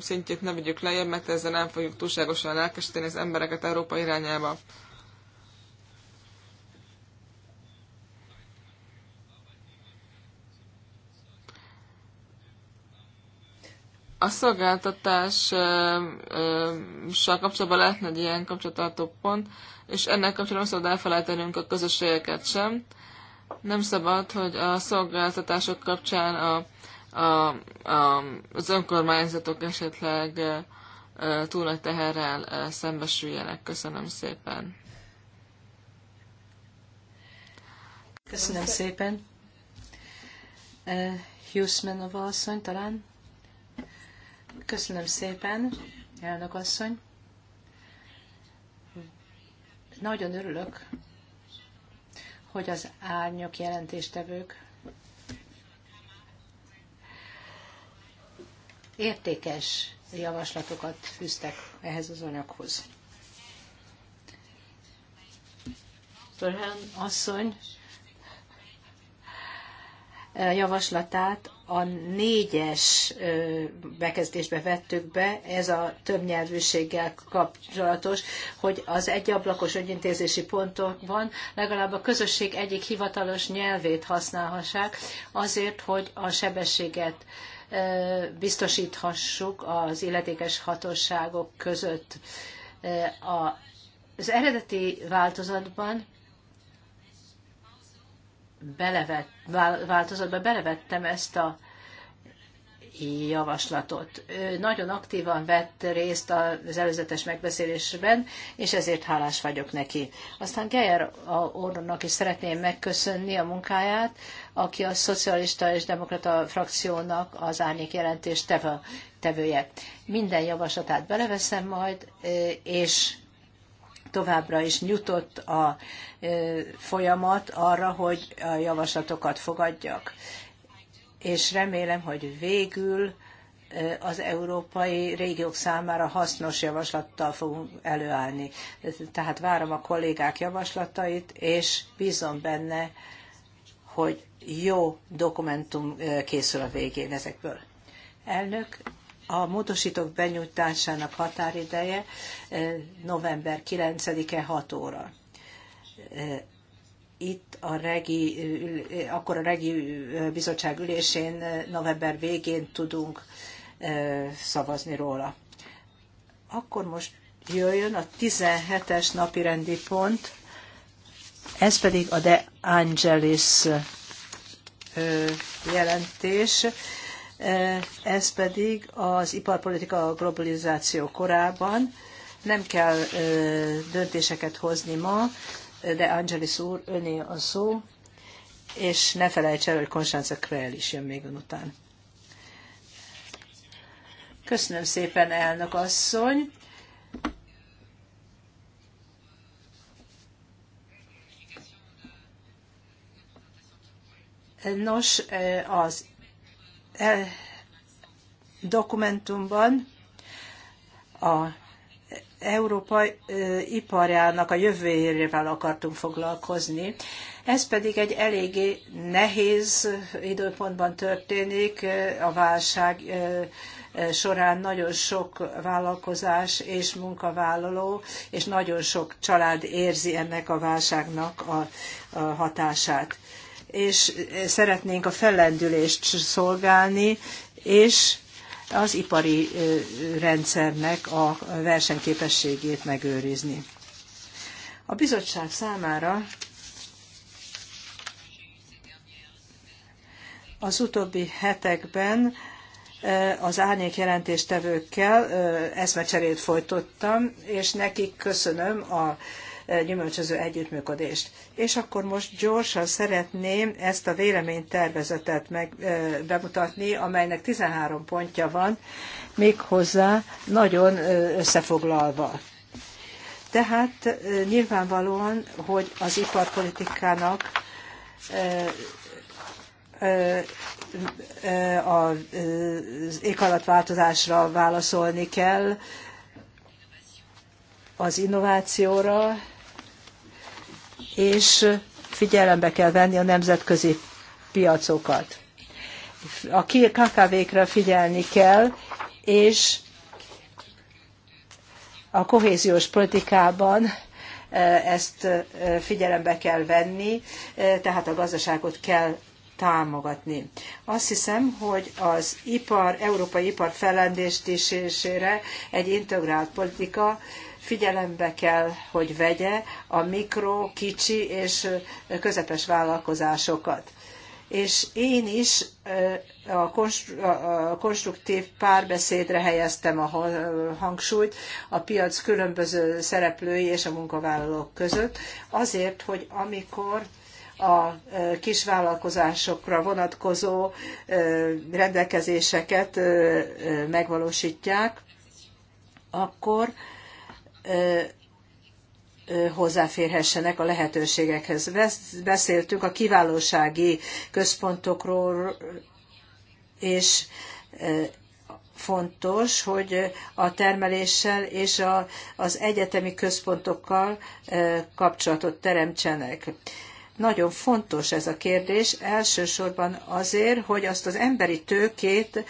szintjét ne vigyük lejjebb, mert ezzel nem fogjuk túlságosan elkesíteni az embereket Európa irányába. A szolgáltatással kapcsolatban lehetne egy ilyen kapcsolatartó pont, és ennek kapcsolatban szabad elfelejtenünk a közösségeket sem. Nem szabad, hogy a szolgáltatások kapcsán a, a, a, az önkormányzatok esetleg túl nagy teherrel szembesüljenek. Köszönöm szépen. Köszönöm szépen. Uh, Hughesman asszony talán. Köszönöm szépen, elnök asszony. Nagyon örülök, hogy az árnyok jelentéstevők értékes javaslatokat fűztek ehhez az anyaghoz. Fölhön asszony javaslatát a négyes bekezdésbe vettük be, ez a többnyelvűséggel kapcsolatos, hogy az egyablakos ügyintézési pontokban legalább a közösség egyik hivatalos nyelvét használhassák, azért, hogy a sebességet biztosíthassuk az illetékes hatóságok között. Az eredeti változatban belevett, változatba belevettem ezt a javaslatot. Ő nagyon aktívan vett részt az előzetes megbeszélésben, és ezért hálás vagyok neki. Aztán Geyer Orronnak is szeretném megköszönni a munkáját, aki a Szocialista és Demokrata frakciónak az árnyék jelentés tevője. Minden javaslatát beleveszem majd, és továbbra is nyitott a e, folyamat arra, hogy a javaslatokat fogadjak. És remélem, hogy végül e, az európai régiók számára hasznos javaslattal fogunk előállni. Tehát várom a kollégák javaslatait, és bízom benne, hogy jó dokumentum e, készül a végén ezekből. Elnök, a módosítók benyújtásának határideje november 9-e 6 óra. Itt a regi, akkor a regi bizottság ülésén november végén tudunk szavazni róla. Akkor most jöjjön a 17-es napi rendi pont, ez pedig a De Angelis jelentés ez pedig az iparpolitika a globalizáció korában. Nem kell döntéseket hozni ma, de Angelis úr, öné a szó, és ne felejts el, hogy Konstanza Kreel is jön még után. Köszönöm szépen, elnök asszony. Nos, az E, dokumentumban a Európa e, iparjának a jövőjével akartunk foglalkozni. Ez pedig egy eléggé nehéz időpontban történik. A válság e, során nagyon sok vállalkozás és munkavállaló, és nagyon sok család érzi ennek a válságnak a hatását és szeretnénk a fellendülést szolgálni, és az ipari rendszernek a versenyképességét megőrizni. A bizottság számára az utóbbi hetekben az árnyék jelentéstevőkkel eszmecserét folytottam, és nekik köszönöm a gyümölcsöző együttműködést. És akkor most gyorsan szeretném ezt a véleménytervezetet meg, bemutatni, amelynek 13 pontja van, méghozzá nagyon összefoglalva. Tehát nyilvánvalóan, hogy az iparpolitikának az éghajlatváltozásra válaszolni kell, az innovációra, és figyelembe kell venni a nemzetközi piacokat. A KKV-kra figyelni kell, és a kohéziós politikában e, ezt e, figyelembe kell venni, e, tehát a gazdaságot kell támogatni. Azt hiszem, hogy az ipar, európai ipar fellendésítésére egy integrált politika figyelembe kell, hogy vegye a mikro, kicsi és közepes vállalkozásokat. És én is a konstruktív párbeszédre helyeztem a hangsúlyt a piac különböző szereplői és a munkavállalók között, azért, hogy amikor a kisvállalkozásokra vonatkozó rendelkezéseket megvalósítják, akkor hozzáférhessenek a lehetőségekhez. Beszéltünk a kiválósági központokról, és fontos, hogy a termeléssel és a, az egyetemi központokkal kapcsolatot teremtsenek. Nagyon fontos ez a kérdés, elsősorban azért, hogy azt az emberi tőkét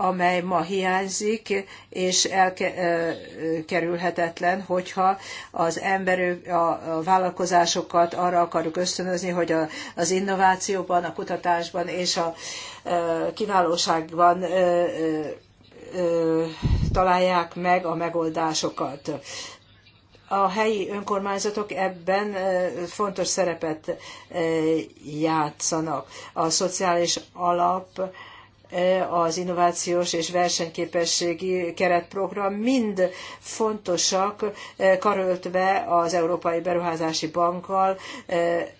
amely ma hiányzik, és elkerülhetetlen, hogyha az emberi a vállalkozásokat arra akarjuk ösztönözni, hogy az innovációban, a kutatásban és a kiválóságban találják meg a megoldásokat. A helyi önkormányzatok ebben fontos szerepet játszanak. A szociális alap E, az innovációs és versenyképességi keretprogram mind fontosak, e, karöltve az Európai Beruházási Bankkal, e,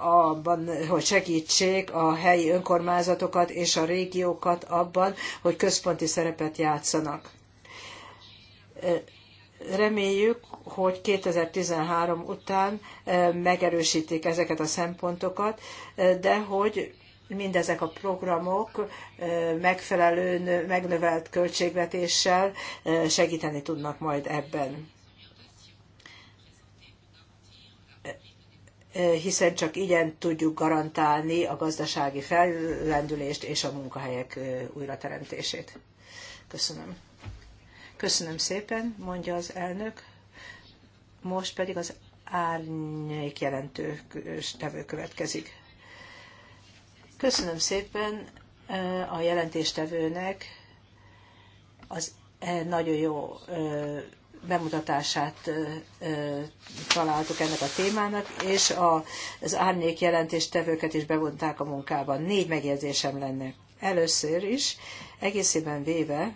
abban, hogy segítsék a helyi önkormányzatokat és a régiókat abban, hogy központi szerepet játszanak. Reméljük, hogy 2013 után megerősítik ezeket a szempontokat, de hogy mindezek a programok megfelelő, megnövelt költségvetéssel segíteni tudnak majd ebben. hiszen csak igen tudjuk garantálni a gazdasági fellendülést és a munkahelyek újrateremtését. Köszönöm. Köszönöm szépen, mondja az elnök. Most pedig az árnyék jelentő tevő következik. Köszönöm szépen a jelentéstevőnek az e, nagyon jó bemutatását találtuk ennek a témának, és az árnyék jelentéstevőket is bevonták a munkában. Négy megjegyzésem lenne. Először is, egészében véve,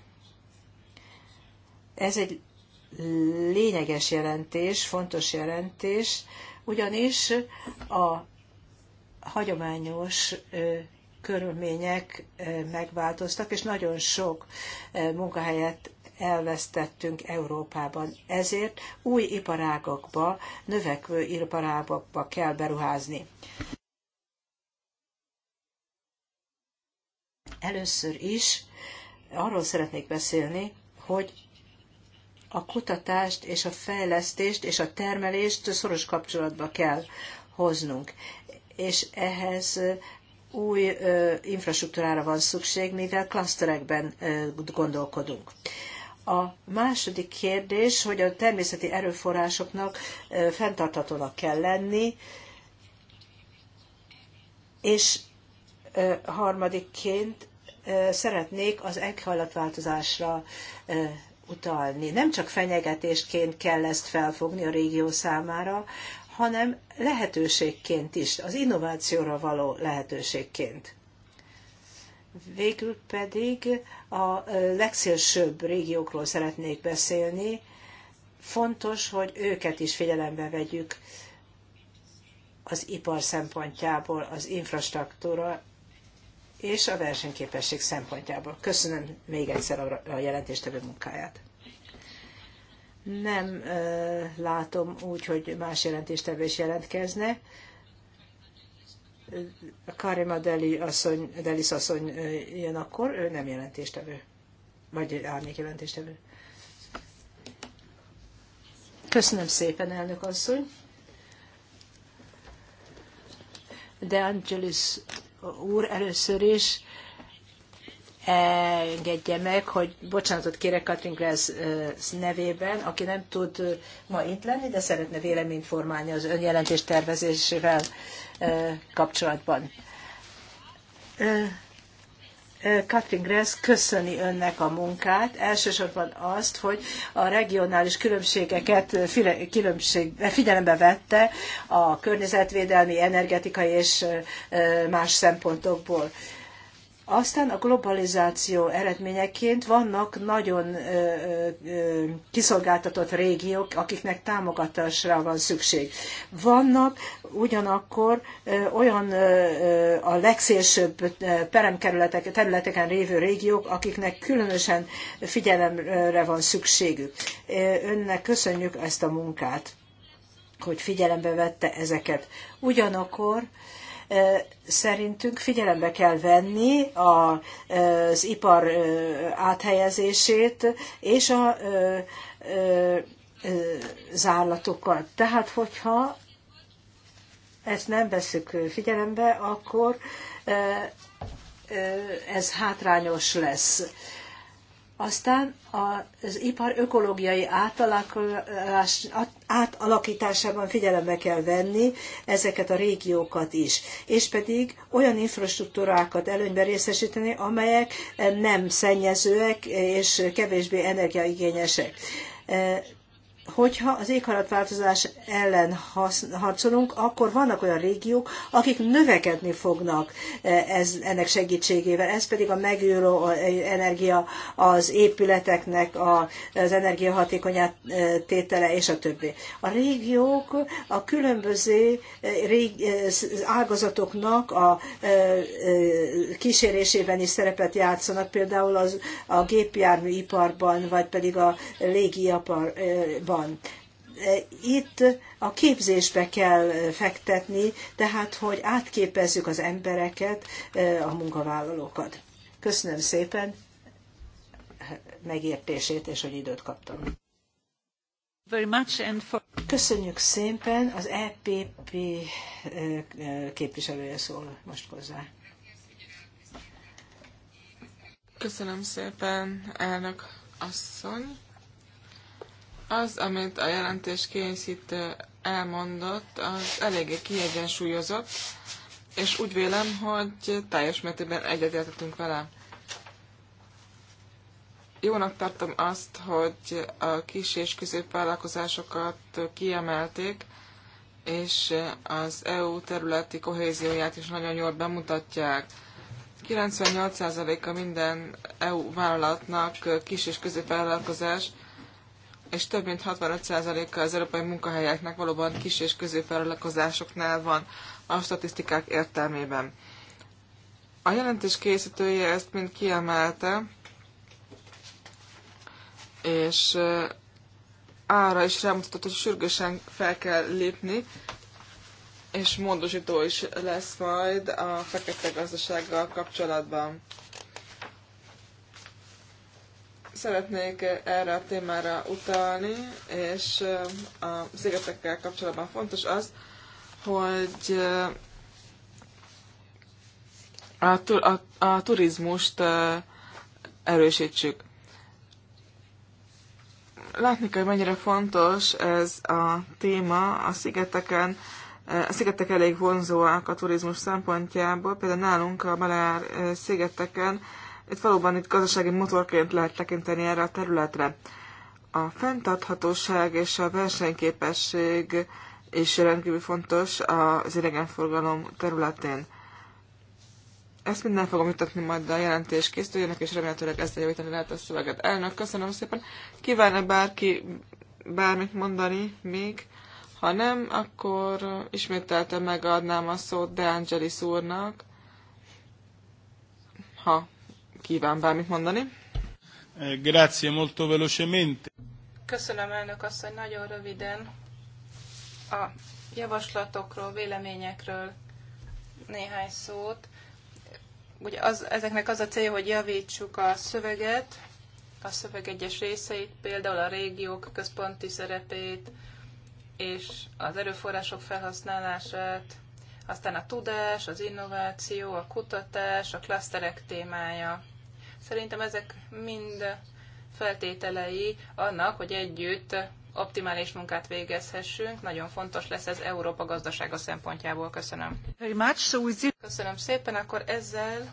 ez egy lényeges jelentés, fontos jelentés, ugyanis a hagyományos körülmények megváltoztak, és nagyon sok munkahelyet elvesztettünk Európában. Ezért új iparágokba, növekvő iparágokba kell beruházni. Először is arról szeretnék beszélni, hogy a kutatást és a fejlesztést és a termelést szoros kapcsolatba kell hoznunk és ehhez új infrastruktúrára van szükség, mivel klaszterekben gondolkodunk. A második kérdés, hogy a természeti erőforrásoknak fenntarthatónak kell lenni, és harmadikként szeretnék az éghajlatváltozásra utalni. Nem csak fenyegetésként kell ezt felfogni a régió számára, hanem lehetőségként is, az innovációra való lehetőségként. Végül pedig a legszélsőbb régiókról szeretnék beszélni. Fontos, hogy őket is figyelembe vegyük az ipar szempontjából, az infrastruktúra és a versenyképesség szempontjából. Köszönöm még egyszer a jelentéstevő munkáját nem látom úgy, hogy más jelentéstevő is jelentkezne. Karima Deli asszony, Delis asszony jön akkor, ő nem jelentéstevő, vagy árnyék jelentéstevő. Köszönöm szépen, elnök asszony. De Angelis úr először is engedje meg, hogy bocsánatot kérek Katrin Grass nevében, aki nem tud ma itt lenni, de szeretne véleményt formálni az önjelentés tervezésével kapcsolatban. Katrin Grass köszöni önnek a munkát, elsősorban azt, hogy a regionális különbségeket figyelembe vette a környezetvédelmi, energetikai és más szempontokból aztán a globalizáció eredményeként vannak nagyon kiszolgáltatott régiók, akiknek támogatásra van szükség. Vannak ugyanakkor olyan a legszélsőbb peremkerületek, területeken révő régiók, akiknek különösen figyelemre van szükségük. Önnek köszönjük ezt a munkát, hogy figyelembe vette ezeket. Ugyanakkor szerintünk figyelembe kell venni az ipar áthelyezését és a zárlatokat. Tehát, hogyha ezt nem veszük figyelembe, akkor ez hátrányos lesz. Aztán az ipar ökológiai átalakításában figyelembe kell venni ezeket a régiókat is, és pedig olyan infrastruktúrákat előnyben részesíteni, amelyek nem szennyezőek és kevésbé energiaigényesek hogyha az éghajlatváltozás ellen harcolunk, akkor vannak olyan régiók, akik növekedni fognak e, ez, ennek segítségével. Ez pedig a megújuló energia, az épületeknek a, az energiahatékonyát tétele és a többi. A régiók a különböző e, e, ágazatoknak a kísérésében is szerepet játszanak, például az, a gépjárműiparban, vagy pedig a légiaparban van. E, itt a képzésbe kell fektetni, tehát hogy átképezzük az embereket, e, a munkavállalókat. Köszönöm szépen megértését, és hogy időt kaptam. Köszönjük szépen, az EPP e, képviselője szól most hozzá. Köszönöm szépen, elnök asszony. Az, amit a jelentés készítő elmondott, az eléggé kiegyensúlyozott, és úgy vélem, hogy teljes mértékben egyetértettünk vele. Jónak tartom azt, hogy a kis és középvállalkozásokat kiemelték, és az EU területi kohézióját is nagyon jól bemutatják. 98%-a minden EU vállalatnak kis és középvállalkozás, és több mint 65%-a az európai munkahelyeknek valóban kis- és középvállalkozásoknál van a statisztikák értelmében. A jelentés készítője ezt mind kiemelte, és ára is rámutatott, hogy sürgősen fel kell lépni, és módosító is lesz majd a fekete gazdasággal kapcsolatban. Szeretnék erre a témára utalni, és a szigetekkel kapcsolatban fontos az, hogy a, a, a turizmust erősítsük. Látni kell, hogy mennyire fontos ez a téma a szigeteken. A szigetek elég vonzóak a turizmus szempontjából. Például nálunk a Balár szigeteken itt valóban itt gazdasági motorként lehet tekinteni erre a területre. A fenntarthatóság és a versenyképesség is rendkívül fontos az idegenforgalom területén. Ezt minden fogom jutatni majd a jelentés készítőjének, és remélhetőleg ezt javítani lehet a szöveget. Elnök, köszönöm szépen. Kívánna bárki bármit mondani még? Ha nem, akkor ismételten megadnám a szót De Angelis úrnak, ha kíván bármit mondani. Eh, grazie, molto velocemente. Köszönöm, elnök hogy nagyon röviden a javaslatokról, véleményekről néhány szót. Ugye az, ezeknek az a célja, hogy javítsuk a szöveget, a szöveg egyes részeit, például a régiók központi szerepét, és az erőforrások felhasználását, aztán a tudás, az innováció, a kutatás, a klaszterek témája. Szerintem ezek mind feltételei annak, hogy együtt optimális munkát végezhessünk. Nagyon fontos lesz ez Európa gazdasága szempontjából. Köszönöm. Köszönöm szépen, akkor ezzel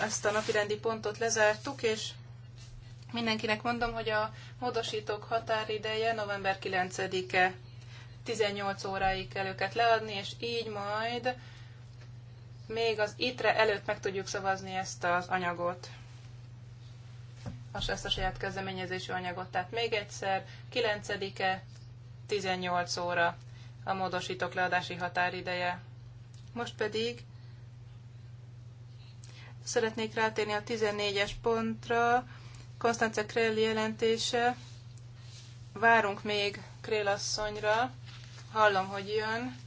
ezt a napirendi pontot lezártuk, és mindenkinek mondom, hogy a módosítók határideje november 9-e 18 óráig kell őket leadni, és így majd még az ITRE előtt meg tudjuk szavazni ezt az anyagot ezt a saját kezdeményezési anyagot. Tehát még egyszer, 9-e, 18 óra a módosítók leadási határideje. Most pedig szeretnék rátérni a 14-es pontra. Konstance Krell jelentése. Várunk még Krél asszonyra. Hallom, hogy jön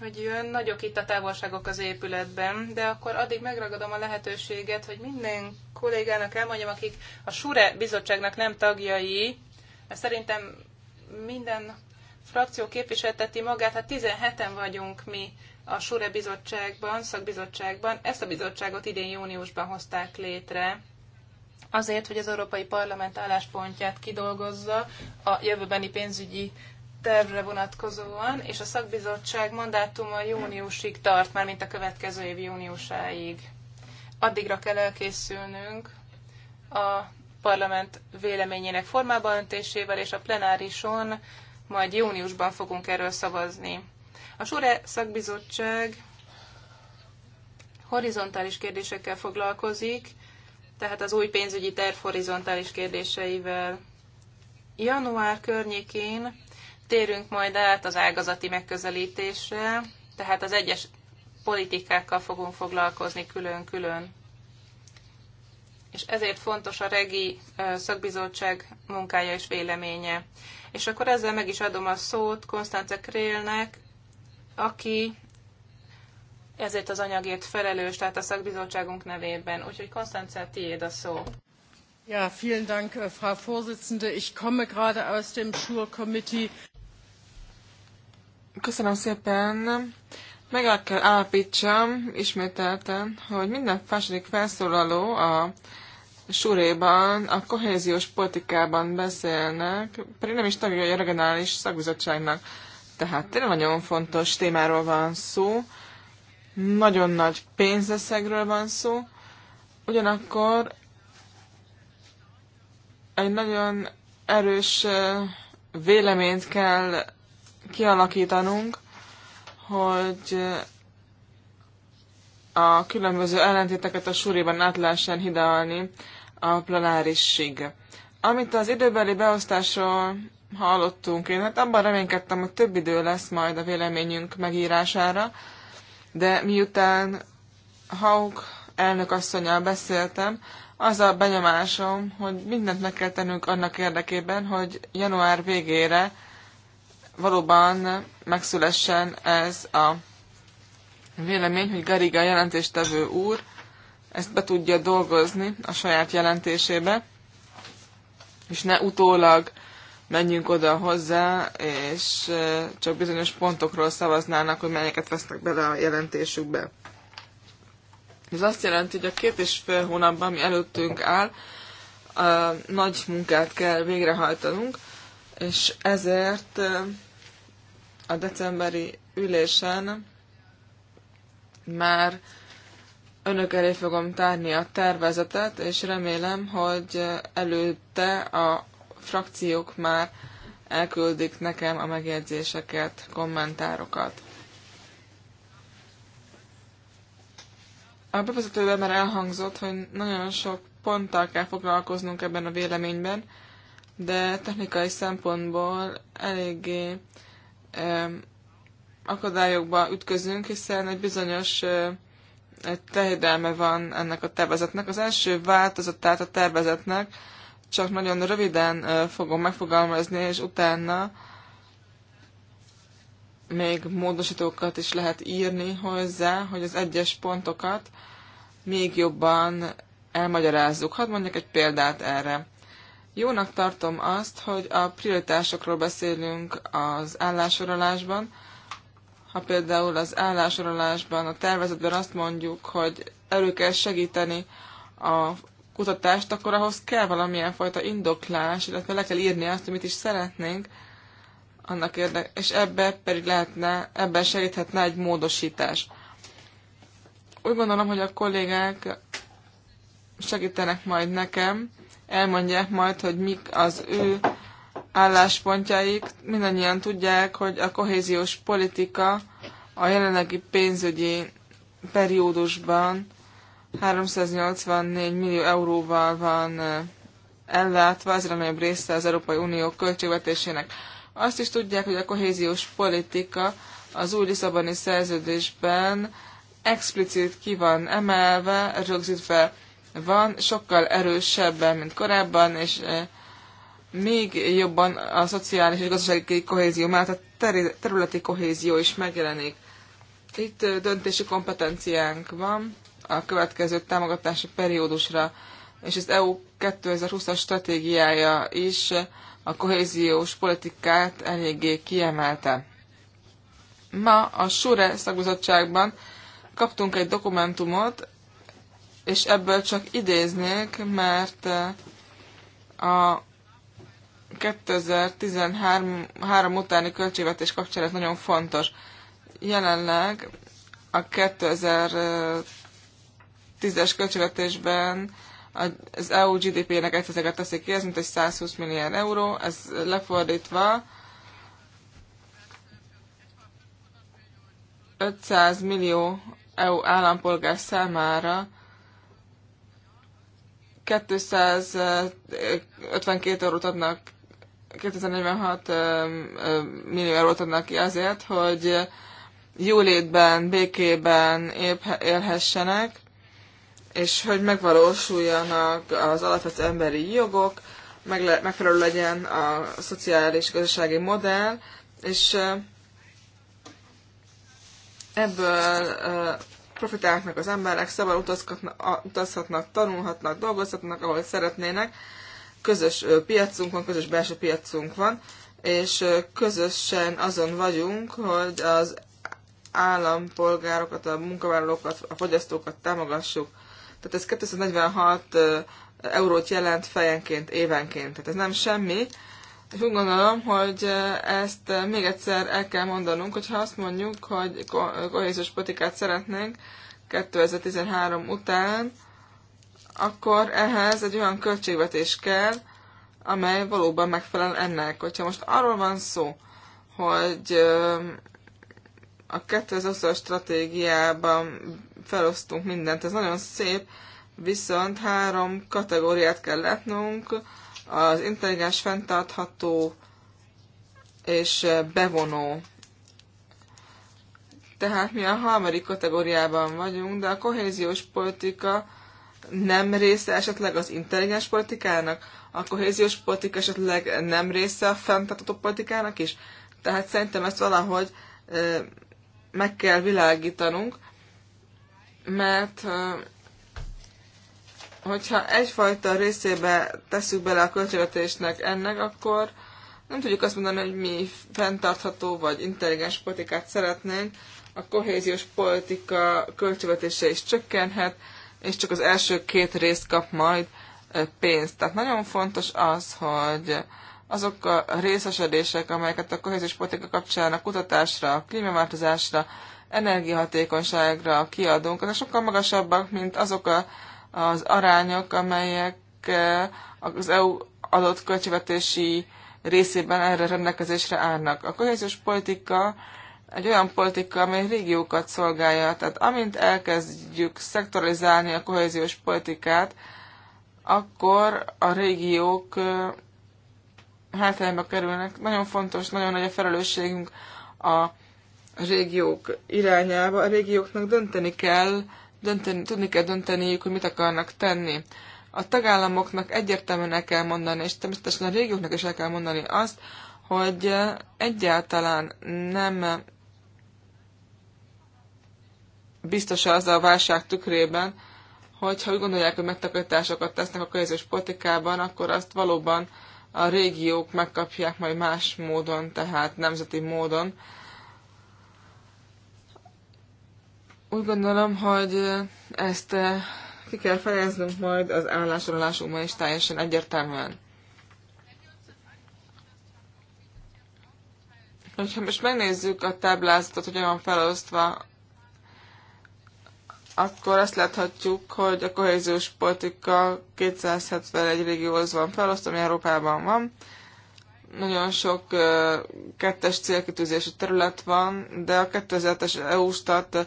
hogy jön, nagyok itt a távolságok az épületben, de akkor addig megragadom a lehetőséget, hogy minden kollégának elmondjam, akik a SURE bizottságnak nem tagjai, szerintem minden frakció képviselteti magát, Ha hát 17-en vagyunk mi a SURE bizottságban, szakbizottságban. Ezt a bizottságot idén júniusban hozták létre, azért, hogy az Európai Parlament álláspontját kidolgozza a jövőbeni pénzügyi tervre vonatkozóan, és a szakbizottság mandátuma júniusig tart, már mint a következő év júniusáig. Addigra kell elkészülnünk a parlament véleményének formában öntésével, és a plenárison majd júniusban fogunk erről szavazni. A Sure szakbizottság horizontális kérdésekkel foglalkozik, tehát az új pénzügyi terv horizontális kérdéseivel. Január környékén térünk majd át az ágazati megközelítésre, tehát az egyes politikákkal fogunk foglalkozni külön-külön. És ezért fontos a regi szakbizottság munkája és véleménye. És akkor ezzel meg is adom a szót Konstance Krélnek, aki ezért az anyagért felelős, tehát a szakbizottságunk nevében. Úgyhogy Konstance, tiéd a szó. Ja, vielen Dank, Frau Vorsitzende. Ich komme gerade aus dem Schur Committee. Köszönöm szépen. Meg kell állapítsam ismételten, hogy minden második felszólaló a suréban, a kohéziós politikában beszélnek, pedig nem is tagja a regionális szakbizottságnak. Tehát tényleg nagyon fontos témáról van szó, nagyon nagy pénzeszegről van szó, ugyanakkor egy nagyon erős véleményt kell kialakítanunk, hogy a különböző ellentéteket a súriban át lehessen hidalni a planárisig. Amit az időbeli beosztásról hallottunk, én hát abban reménykedtem, hogy több idő lesz majd a véleményünk megírására, de miután elnök asszonyal beszéltem, az a benyomásom, hogy mindent meg kell tennünk annak érdekében, hogy január végére valóban megszülessen ez a vélemény, hogy Gariga jelentéstevő úr ezt be tudja dolgozni a saját jelentésébe, és ne utólag menjünk oda hozzá, és csak bizonyos pontokról szavaznának, hogy melyeket vesznek bele a jelentésükbe. Ez azt jelenti, hogy a két és fél hónapban, ami előttünk áll, nagy munkát kell végrehajtanunk, és ezért a decemberi ülésen már önök elé fogom tárni a tervezetet, és remélem, hogy előtte a frakciók már elküldik nekem a megjegyzéseket, kommentárokat. A bevezetőben már elhangzott, hogy nagyon sok ponttal kell foglalkoznunk ebben a véleményben, de technikai szempontból eléggé akadályokba ütközünk, hiszen egy bizonyos tehédelme van ennek a tervezetnek. Az első változatát a tervezetnek csak nagyon röviden fogom megfogalmazni, és utána még módosítókat is lehet írni hozzá, hogy az egyes pontokat még jobban elmagyarázzuk. Hadd mondjak egy példát erre. Jónak tartom azt, hogy a prioritásokról beszélünk az állásorolásban. Ha például az állásorolásban, a tervezetben azt mondjuk, hogy elő kell segíteni a kutatást, akkor ahhoz kell valamilyen fajta indoklás, illetve le kell írni azt, amit is szeretnénk, annak érdek, és ebbe pedig lehetne, ebben segíthetne egy módosítás. Úgy gondolom, hogy a kollégák segítenek majd nekem, elmondják majd, hogy mik az ő álláspontjaik. Mindannyian tudják, hogy a kohéziós politika a jelenlegi pénzügyi periódusban 384 millió euróval van ellátva, ez legnagyobb része az Európai Unió költségvetésének. Azt is tudják, hogy a kohéziós politika az új Lisszaboni szerződésben explicit ki van emelve, rögzítve van, sokkal erősebben, mint korábban, és eh, még jobban a szociális és gazdasági kohézió mellett a területi kohézió is megjelenik. Itt eh, döntési kompetenciánk van a következő támogatási periódusra, és az EU 2020-as stratégiája is a kohéziós politikát eléggé kiemelte. Ma a SURE szakbizottságban kaptunk egy dokumentumot, és ebből csak idéznék, mert eh, a 2013 utáni költségvetés kapcsán ez nagyon fontos. Jelenleg a 2010-es költségvetésben az EU GDP-nek egyszerűen teszik ki, ez mint egy 120 milliárd euró, ez lefordítva 500 millió EU állampolgár számára 252 eurót adnak, 2046 millió eurót adnak ki azért, hogy jólétben, békében épp élhessenek, és hogy megvalósuljanak az alapvető emberi jogok, meg le, megfelelő legyen a szociális gazdasági modell, és ebből profitálnak az emberek, szabad utazhatnak, tanulhatnak, dolgozhatnak, ahol szeretnének. Közös piacunk van, közös belső piacunk van, és közösen azon vagyunk, hogy az állampolgárokat, a munkavállalókat, a fogyasztókat támogassuk. Tehát ez 246 eurót jelent fejenként, évenként. Tehát ez nem semmi, és úgy gondolom, hogy ezt még egyszer el kell mondanunk, hogyha azt mondjuk, hogy kohéziós politikát szeretnénk 2013 után, akkor ehhez egy olyan költségvetés kell, amely valóban megfelel ennek. Hogyha most arról van szó, hogy a 2020-as stratégiában felosztunk mindent, ez nagyon szép, viszont három kategóriát kell látnunk, az intelligens, fenntartható és bevonó. Tehát mi a harmadik kategóriában vagyunk, de a kohéziós politika nem része esetleg az intelligens politikának, a kohéziós politika esetleg nem része a fenntartható politikának is. Tehát szerintem ezt valahogy meg kell világítanunk, mert hogyha egyfajta részébe tesszük bele a költségvetésnek ennek, akkor nem tudjuk azt mondani, hogy mi fenntartható vagy intelligens politikát szeretnénk, a kohéziós politika költségvetése is csökkenhet, és csak az első két részt kap majd pénzt. Tehát nagyon fontos az, hogy azok a részesedések, amelyeket a kohéziós politika kapcsán a kutatásra, a klímaváltozásra, energiahatékonyságra kiadunk, azok sokkal magasabbak, mint azok a az arányok, amelyek eh, az EU adott költségvetési részében erre rendelkezésre állnak. A kohéziós politika egy olyan politika, amely régiókat szolgálja. Tehát amint elkezdjük szektoralizálni a kohéziós politikát, akkor a régiók eh, hátrányba kerülnek. Nagyon fontos, nagyon nagy a felelősségünk a régiók irányába. A régióknak dönteni kell dönteni, tudni kell dönteniük, hogy mit akarnak tenni. A tagállamoknak egyértelműen el kell mondani, és természetesen a régióknak is el kell mondani azt, hogy egyáltalán nem biztos az a válság tükrében, hogyha úgy gondolják, hogy megtakarításokat tesznek a közös politikában, akkor azt valóban a régiók megkapják majd más módon, tehát nemzeti módon, Úgy gondolom, hogy ezt ki kell fejeznünk majd az állásolásunkban is teljesen egyértelműen. Hogyha most megnézzük a táblázatot, hogy van felosztva, akkor azt láthatjuk, hogy a kohéziós politika 271 régióhoz van felosztva, ami Európában van. Nagyon sok kettes célkitűzési terület van, de a 2007-es EU-stat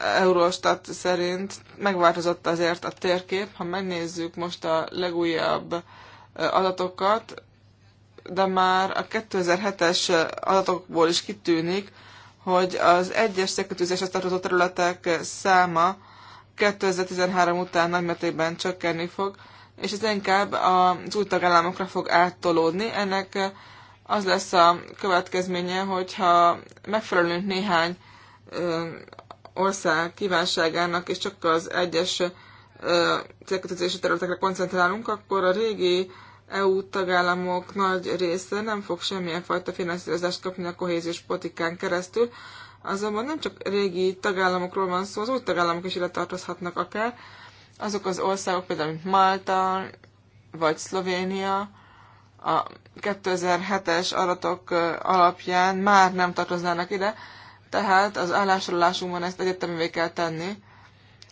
Eurostat szerint megváltozott azért a térkép, ha megnézzük most a legújabb adatokat, de már a 2007-es adatokból is kitűnik, hogy az egyes célkötőzéshez tartozó területek száma 2013 után nagymértékben csökkenni fog, és ez inkább az új tagállamokra fog áttolódni. Ennek az lesz a következménye, hogyha megfelelünk néhány ország kívánságának, és csak az egyes célkötözési területekre koncentrálunk, akkor a régi EU tagállamok nagy része nem fog semmilyen fajta finanszírozást kapni a kohéziós politikán keresztül. Azonban nem csak régi tagállamokról van szó, az új tagállamok is ide tartozhatnak akár. Azok az országok, például mint Málta vagy Szlovénia, a 2007-es adatok alapján már nem tartoznának ide, tehát az állásolásunkban ezt egyetemivé kell tenni,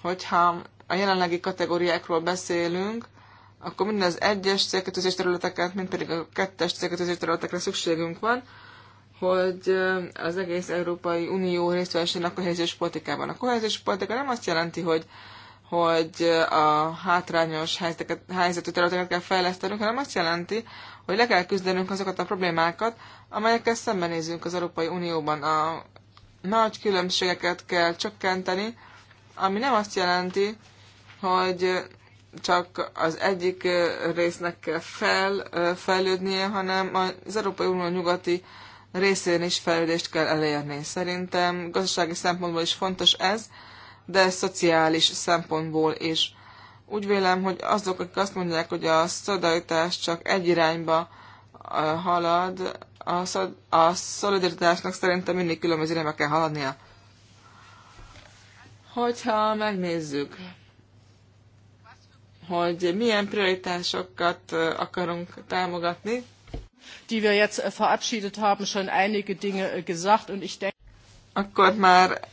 hogyha a jelenlegi kategóriákról beszélünk, akkor minden az egyes célkötözés területeket, mint pedig a kettes célkötözés területekre szükségünk van, hogy az egész Európai Unió részt a kohéziós politikában. A kohéziós politika nem azt jelenti, hogy hogy a hátrányos helyzeteket, helyzetű területeket kell fejlesztenünk, hanem azt jelenti, hogy le kell küzdenünk azokat a problémákat, amelyekkel szembenézünk az Európai Unióban. A nagy különbségeket kell csökkenteni, ami nem azt jelenti, hogy csak az egyik résznek kell fel, fejlődnie, hanem az Európai Unió nyugati részén is fejlődést kell elérni. Szerintem gazdasági szempontból is fontos ez, de szociális szempontból is. Úgy vélem, hogy azok, akik azt mondják, hogy a szodajtás csak egy irányba halad, a, szol- a szolidaritásnak szerintem mindig különböző irányba kell haladnia. Hogyha megnézzük, hogy milyen prioritásokat akarunk támogatni, die wir jetzt äh, verabschiedet haben, schon einige Dinge äh, gesagt und ich denke, akkor már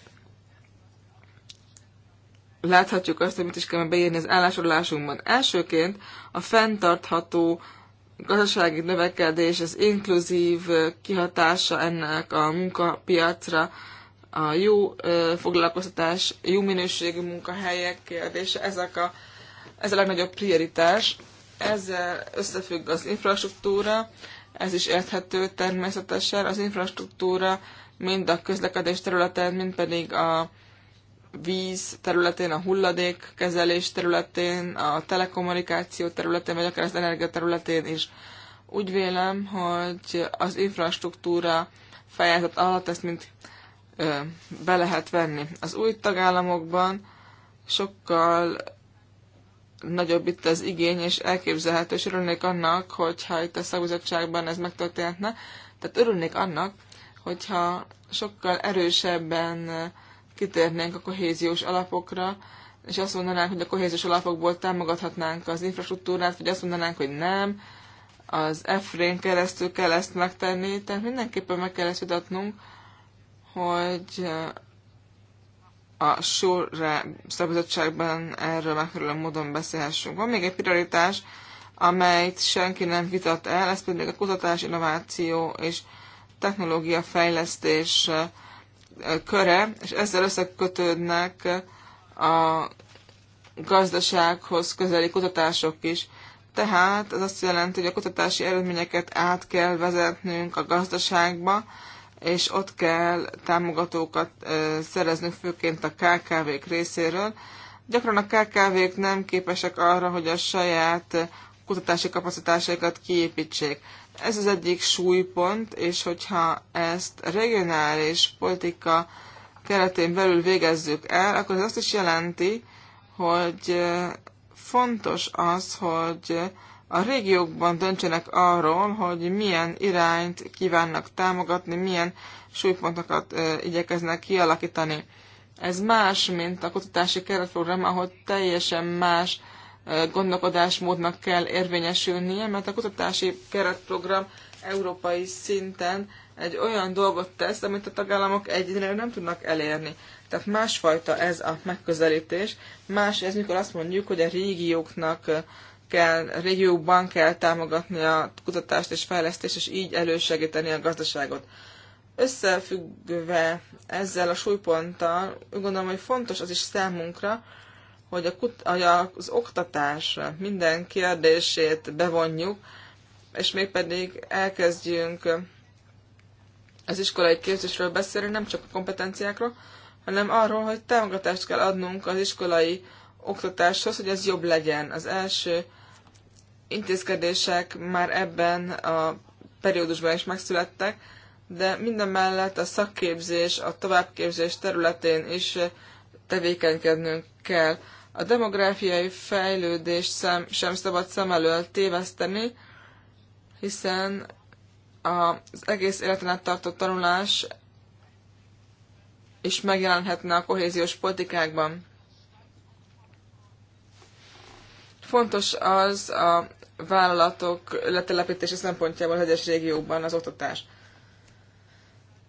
láthatjuk azt, amit is kell beírni az állásolásunkban. Elsőként a fenntartható gazdasági növekedés, az inkluzív kihatása ennek a munkapiacra, a jó foglalkoztatás, jó minőségű munkahelyek kérdése, ezek a, ez a legnagyobb prioritás. Ezzel összefügg az infrastruktúra, ez is érthető természetesen. Az infrastruktúra mind a közlekedés területen, mind pedig a víz területén, a hulladékkezelés területén, a telekommunikáció területén, vagy akár az energia területén is. Úgy vélem, hogy az infrastruktúra fejezet alatt ezt mind ö, be lehet venni. Az új tagállamokban sokkal nagyobb itt az igény, és elképzelhető, és örülnék annak, hogyha itt a szakbizottságban ez megtörténhetne. Tehát örülnék annak, hogyha sokkal erősebben kitérnénk a kohéziós alapokra, és azt mondanánk, hogy a kohéziós alapokból támogathatnánk az infrastruktúrát, vagy azt mondanánk, hogy nem, az EFRÉN keresztül kell ezt megtenni, tehát mindenképpen meg kell ezt vitatnunk, hogy a sorra szabadságban erről megfelelő módon beszélhessünk. Van még egy prioritás, amelyet senki nem vitat el, ez pedig a kutatás, innováció és technológia fejlesztés köre, és ezzel összekötődnek a gazdasághoz közeli kutatások is. Tehát ez azt jelenti, hogy a kutatási eredményeket át kell vezetnünk a gazdaságba, és ott kell támogatókat szereznünk, főként a KKV-k részéről. Gyakran a KKV-k nem képesek arra, hogy a saját kutatási kapacitásaikat kiépítsék. Ez az egyik súlypont, és hogyha ezt regionális politika keretén belül végezzük el, akkor ez azt is jelenti, hogy fontos az, hogy a régiókban döntsenek arról, hogy milyen irányt kívánnak támogatni, milyen súlypontokat igyekeznek kialakítani. Ez más, mint a kutatási keretprogram, ahol teljesen más gondolkodásmódnak kell érvényesülnie, mert a kutatási keretprogram európai szinten egy olyan dolgot tesz, amit a tagállamok egyre nem tudnak elérni. Tehát másfajta ez a megközelítés. Más ez, mikor azt mondjuk, hogy a régióknak kell, a kell támogatni a kutatást és fejlesztést, és így elősegíteni a gazdaságot. Összefüggve ezzel a súlyponttal, úgy gondolom, hogy fontos az is számunkra, hogy, a kut- hogy az oktatás minden kérdését bevonjuk, és mégpedig elkezdjünk az iskolai képzésről beszélni, nem csak a kompetenciákról, hanem arról, hogy támogatást kell adnunk az iskolai oktatáshoz, hogy ez jobb legyen. Az első intézkedések már ebben a periódusban is megszülettek, de minden mellett a szakképzés, a továbbképzés területén is tevékenykednünk kell. A demográfiai fejlődést sem, sem szabad szem elől téveszteni, hiszen az egész életen át tartó tanulás is megjelenhetne a kohéziós politikákban. Fontos az a vállalatok letelepítése szempontjából hegyes régióban az oktatás.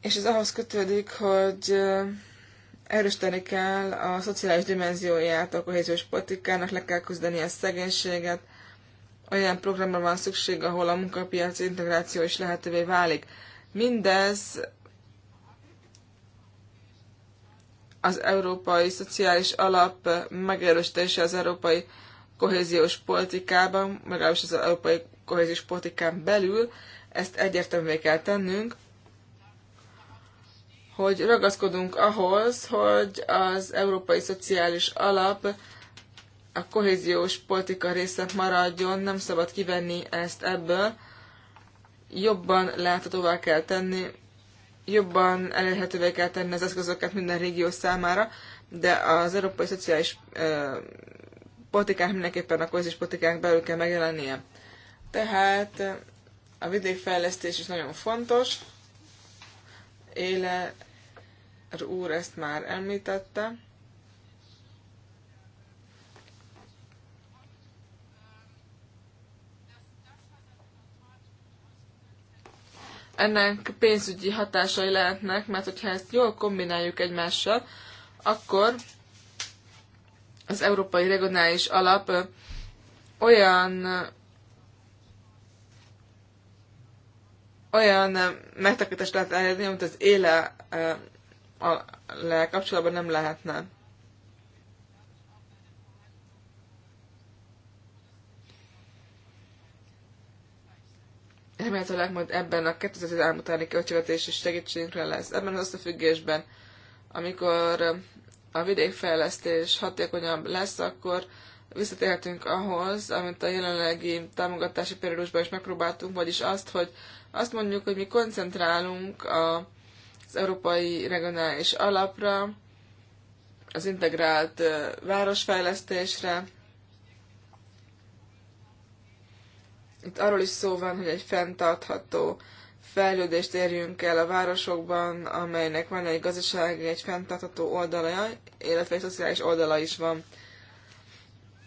És ez ahhoz kötődik, hogy erősíteni kell a szociális dimenzióját a kohéziós politikának, le kell küzdeni a szegénységet, olyan programra van szükség, ahol a munkapiaci integráció is lehetővé válik. Mindez az európai szociális alap megerősítése az európai kohéziós politikában, legalábbis az európai kohéziós politikán belül, ezt egyértelművé kell tennünk, hogy ragaszkodunk ahhoz, hogy az Európai Szociális Alap a kohéziós politika része maradjon, nem szabad kivenni ezt ebből, jobban láthatóvá kell tenni, jobban elérhetővé kell tenni az eszközöket minden régió számára, de az európai szociális ö, politikák mindenképpen a kohéziós politikák belül kell megjelennie. Tehát a vidékfejlesztés is nagyon fontos, Éle úr ezt már említette. Ennek pénzügyi hatásai lehetnek, mert hogyha ezt jól kombináljuk egymással, akkor az Európai Regionális Alap olyan olyan eh, megtakítást lehet elérni, amit az éle eh, a le kapcsolatban nem lehetne. Remélhetőleg majd ebben a 2013 utáni költségvetési segítségünkre lesz. Ebben az összefüggésben, amikor eh, a vidékfejlesztés hatékonyabb lesz, akkor visszatérhetünk ahhoz, amit a jelenlegi támogatási periódusban is megpróbáltunk, vagyis azt, hogy azt mondjuk, hogy mi koncentrálunk a, az európai regionális alapra, az integrált városfejlesztésre. Itt arról is szó van, hogy egy fenntartható fejlődést érjünk el a városokban, amelynek van egy gazdasági, egy fenntartható oldala, illetve egy szociális oldala is van.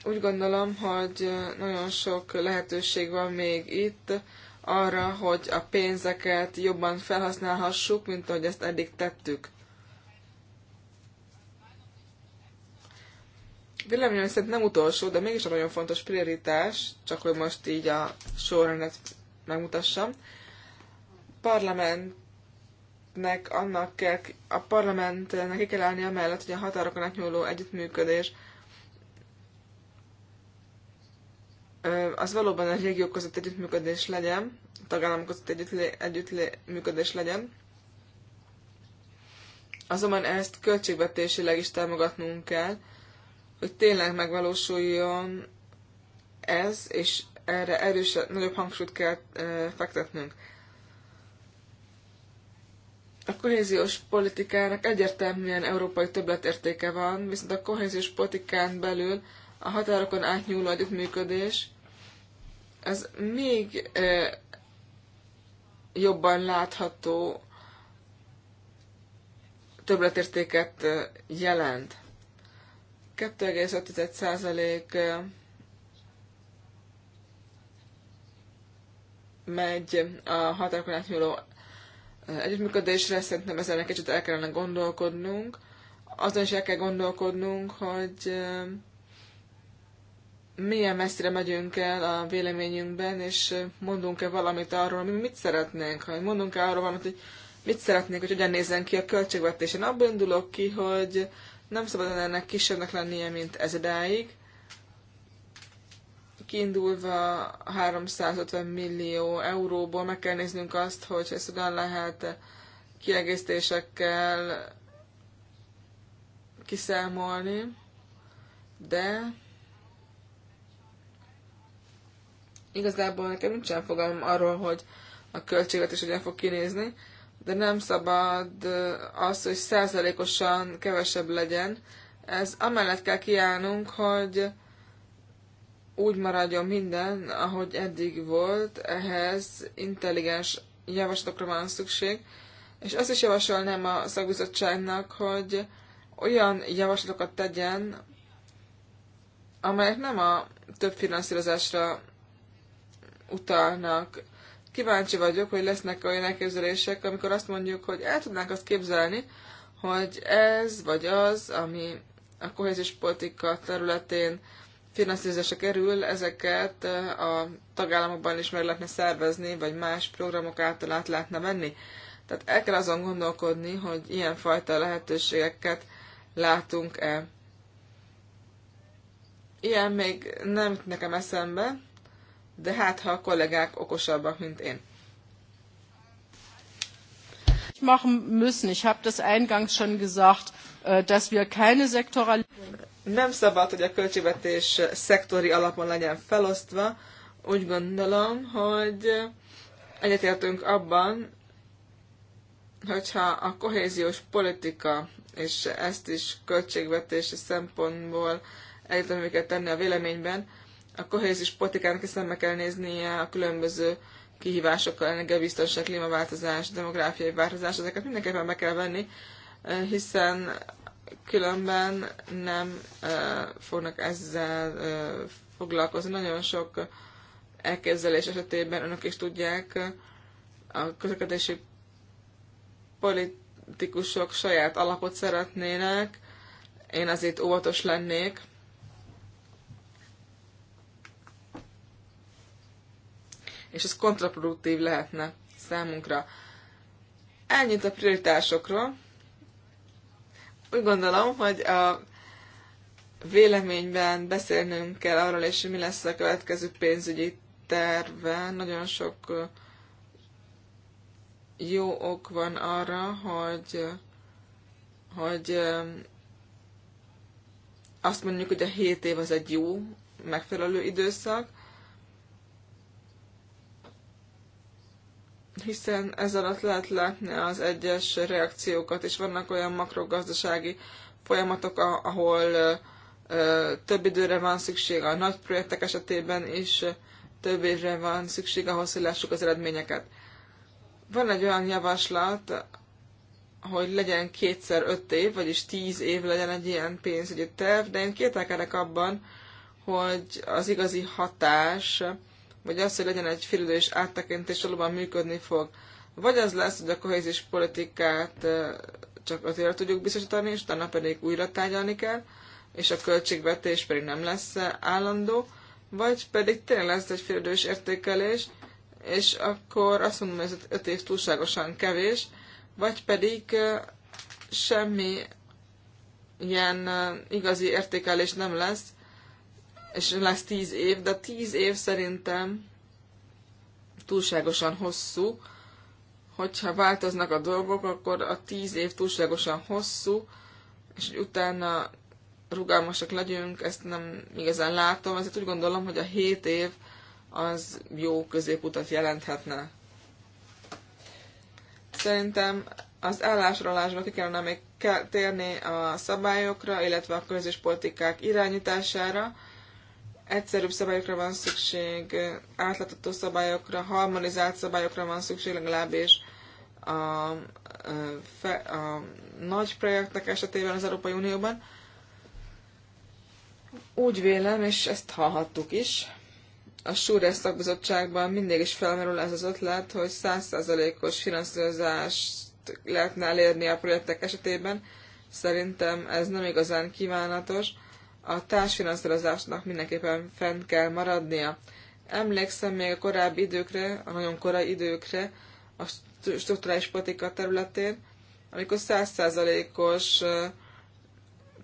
Úgy gondolom, hogy nagyon sok lehetőség van még itt arra, hogy a pénzeket jobban felhasználhassuk, mint ahogy ezt eddig tettük. Véleményem szerint nem utolsó, de mégis a nagyon fontos prioritás, csak hogy most így a sorrendet megmutassam. Parlamentnek annak kell, a parlamentnek ki kell állni amellett, hogy a határokon átnyúló együttműködés az valóban a régiók között együttműködés legyen, a tagállamok között együttműködés legyen, azonban ezt költségvetésileg is támogatnunk kell, hogy tényleg megvalósuljon ez, és erre erősebb, nagyobb hangsúlyt kell fektetnünk. A kohéziós politikának egyértelműen európai többletértéke van, viszont a kohéziós politikán belül a határokon átnyúló együttműködés ez még jobban látható többletértéket jelent. 2,5% megy a határokon átnyúló együttműködésre, szerintem ezzel egy kicsit el kellene gondolkodnunk. Azon is el kell gondolkodnunk, hogy milyen messzire megyünk el a véleményünkben, és mondunk-e valamit arról, mi mit szeretnénk, hogy mondunk-e arról valamit, hogy mit szeretnénk, hogy hogyan nézzen ki a költségvetés. Én abból indulok ki, hogy nem szabad ennek kisebbnek lennie, mint ez idáig. Kiindulva 350 millió euróból meg kell néznünk azt, hogy ezt hogyan lehet kiegészítésekkel kiszámolni, de Igazából nekem nincsen fogalmam arról, hogy a költségvetés hogyan fog kinézni, de nem szabad az, hogy százalékosan kevesebb legyen. Ez amellett kell kiállnunk, hogy úgy maradjon minden, ahogy eddig volt, ehhez intelligens javaslatokra van szükség, és azt is javasolnám a szakbizottságnak, hogy olyan javaslatokat tegyen, amelyek nem a több finanszírozásra utalnak. Kíváncsi vagyok, hogy lesznek olyan elképzelések, amikor azt mondjuk, hogy el tudnánk azt képzelni, hogy ez vagy az, ami a kohéziós politika területén finanszírozásra kerül, ezeket eh, a tagállamokban is meg lehetne szervezni, vagy más programok által át lehetne venni. Tehát el kell azon gondolkodni, hogy ilyenfajta lehetőségeket látunk-e. Ilyen még nem nekem eszembe, de hát ha a kollégák okosabbak, mint én. machen müssen. Ich habe das eingangs schon gesagt, äh, dass wir keine nem szabad, hogy a költségvetés szektori alapon legyen felosztva. Úgy gondolom, hogy egyetértünk abban, hogyha a kohéziós politika, és ezt is költségvetési szempontból egyetemüket tenni a véleményben, a kohézis politikának is szembe kell néznie a különböző kihívásokkal, energiabiztonság, klímaváltozás, demográfiai változás, ezeket mindenképpen be kell venni, hiszen különben nem fognak ezzel foglalkozni. Nagyon sok elképzelés esetében önök is tudják, a közlekedési politikusok saját alapot szeretnének, én azért óvatos lennék, és ez kontraproduktív lehetne számunkra. Ennyit a prioritásokról. Úgy gondolom, hogy a véleményben beszélnünk kell arról és mi lesz a következő pénzügyi terve. Nagyon sok jó ok van arra, hogy, hogy azt mondjuk, hogy a 7 év az egy jó, megfelelő időszak, hiszen ez alatt lehet látni az egyes reakciókat, és vannak olyan makrogazdasági folyamatok, ahol több időre van szükség, a nagy projektek esetében és több évre van szükség ahhoz, hogy lássuk az eredményeket. Van egy olyan javaslat, hogy legyen kétszer öt év, vagyis tíz év legyen egy ilyen pénzügyi terv, de én kételkedek abban, hogy az igazi hatás vagy az, hogy legyen egy félidős áttekintés, valóban működni fog. Vagy az lesz, hogy a kohézis politikát csak azért tudjuk biztosítani, és utána pedig újra tárgyalni kell, és a költségvetés pedig nem lesz állandó, vagy pedig tényleg lesz egy félidős értékelés, és akkor azt mondom, hogy ez öt év túlságosan kevés, vagy pedig semmi ilyen igazi értékelés nem lesz, és lesz tíz év, de tíz év szerintem túlságosan hosszú. Hogyha változnak a dolgok, akkor a tíz év túlságosan hosszú, és utána rugalmasak legyünk, ezt nem igazán látom, ezért úgy gondolom, hogy a hét év az jó középutat jelenthetne. Szerintem az állásrólásba ki kellene még térni a szabályokra, illetve a közös politikák irányítására, egyszerűbb szabályokra van szükség, átlátható szabályokra, harmonizált szabályokra van szükség legalábbis a, a, a nagy projektek esetében az Európai Unióban. Úgy vélem, és ezt hallhattuk is, a Súrás szakbizottságban mindig is felmerül ez az ötlet, hogy 100%-os finanszírozást lehetne elérni a projektek esetében. Szerintem ez nem igazán kívánatos a társfinanszírozásnak mindenképpen fenn kell maradnia. Emlékszem még a korábbi időkre, a nagyon korai időkre, a strukturális politika területén, amikor százszázalékos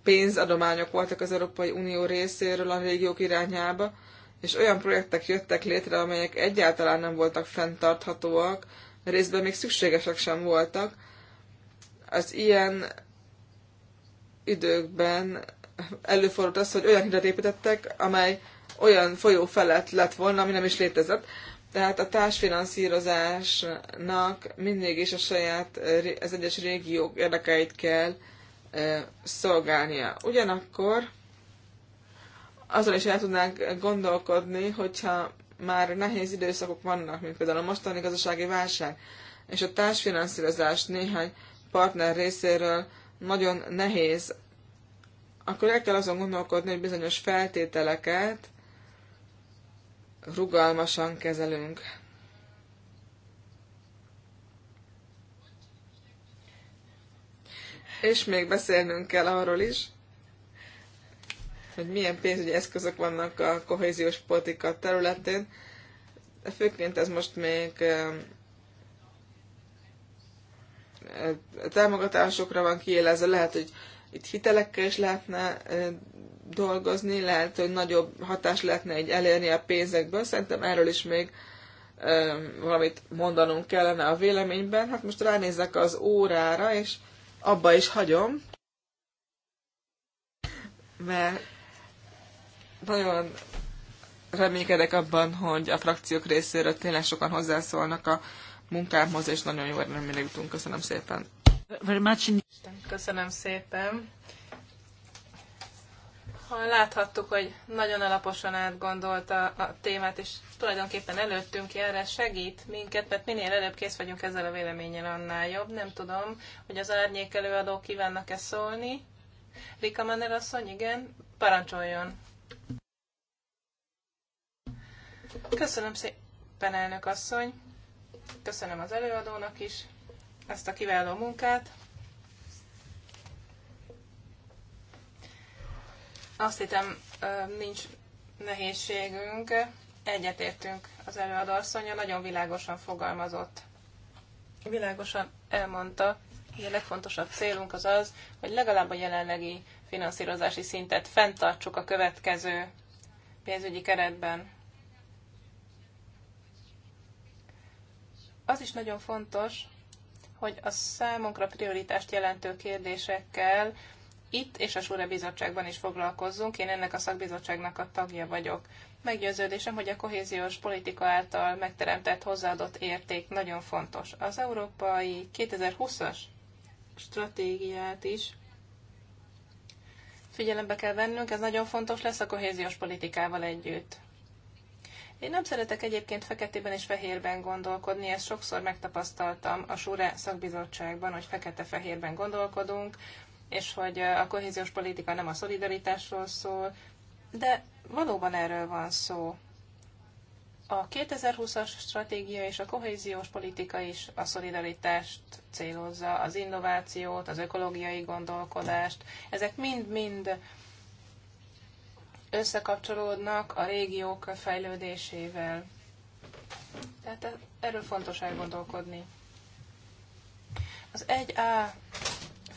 pénzadományok voltak az Európai Unió részéről a régiók irányába, és olyan projektek jöttek létre, amelyek egyáltalán nem voltak fenntarthatóak, részben még szükségesek sem voltak. Az ilyen időkben előfordult az, hogy olyan hidat építettek, amely olyan folyó felett lett volna, ami nem is létezett. Tehát a társfinanszírozásnak mindig is a saját, az egyes régiók érdekeit kell szolgálnia. Ugyanakkor azon is el tudnánk gondolkodni, hogyha már nehéz időszakok vannak, mint például a mostani gazdasági válság, és a társfinanszírozás néhány partner részéről nagyon nehéz akkor el kell azon gondolkodni, hogy bizonyos feltételeket rugalmasan kezelünk. És még beszélnünk kell arról is, hogy milyen pénzügyi eszközök vannak a kohéziós politika területén. De főként ez most még támogatásokra van kiélezve, lehet, hogy itt hitelekkel is lehetne dolgozni, lehet, hogy nagyobb hatást lehetne így elérni a pénzekből. Szerintem erről is még valamit mondanunk kellene a véleményben. Hát most ránézek az órára, és abba is hagyom, mert nagyon reménykedek abban, hogy a frakciók részéről tényleg sokan hozzászólnak a munkámhoz, és nagyon jó eredményre jutunk. Köszönöm szépen! Very much Köszönöm szépen. Ha láthattuk, hogy nagyon alaposan átgondolta a témát, és tulajdonképpen előttünk erre segít minket, mert minél előbb kész vagyunk ezzel a véleménnyel, annál jobb. Nem tudom, hogy az árnyék előadók kívánnak-e szólni. Rika Manner asszony, igen, parancsoljon. Köszönöm szépen, elnök asszony. Köszönöm az előadónak is ezt a kiváló munkát. Azt hittem, nincs nehézségünk, egyetértünk az előadóasszonya, nagyon világosan fogalmazott, világosan elmondta, hogy a legfontosabb célunk az az, hogy legalább a jelenlegi finanszírozási szintet fenntartsuk a következő pénzügyi keretben. Az is nagyon fontos, hogy a számunkra prioritást jelentő kérdésekkel itt és a Súra Bizottságban is foglalkozzunk. Én ennek a szakbizottságnak a tagja vagyok. Meggyőződésem, hogy a kohéziós politika által megteremtett hozzáadott érték nagyon fontos. Az európai 2020-as stratégiát is figyelembe kell vennünk, ez nagyon fontos lesz a kohéziós politikával együtt. Én nem szeretek egyébként feketében és fehérben gondolkodni, ezt sokszor megtapasztaltam a Súre szakbizottságban, hogy fekete-fehérben gondolkodunk, és hogy a kohéziós politika nem a szolidaritásról szól, de valóban erről van szó. A 2020-as stratégia és a kohéziós politika is a szolidaritást célozza, az innovációt, az ökológiai gondolkodást. Ezek mind-mind összekapcsolódnak a régiók fejlődésével. Tehát erről fontos elgondolkodni. Az 1A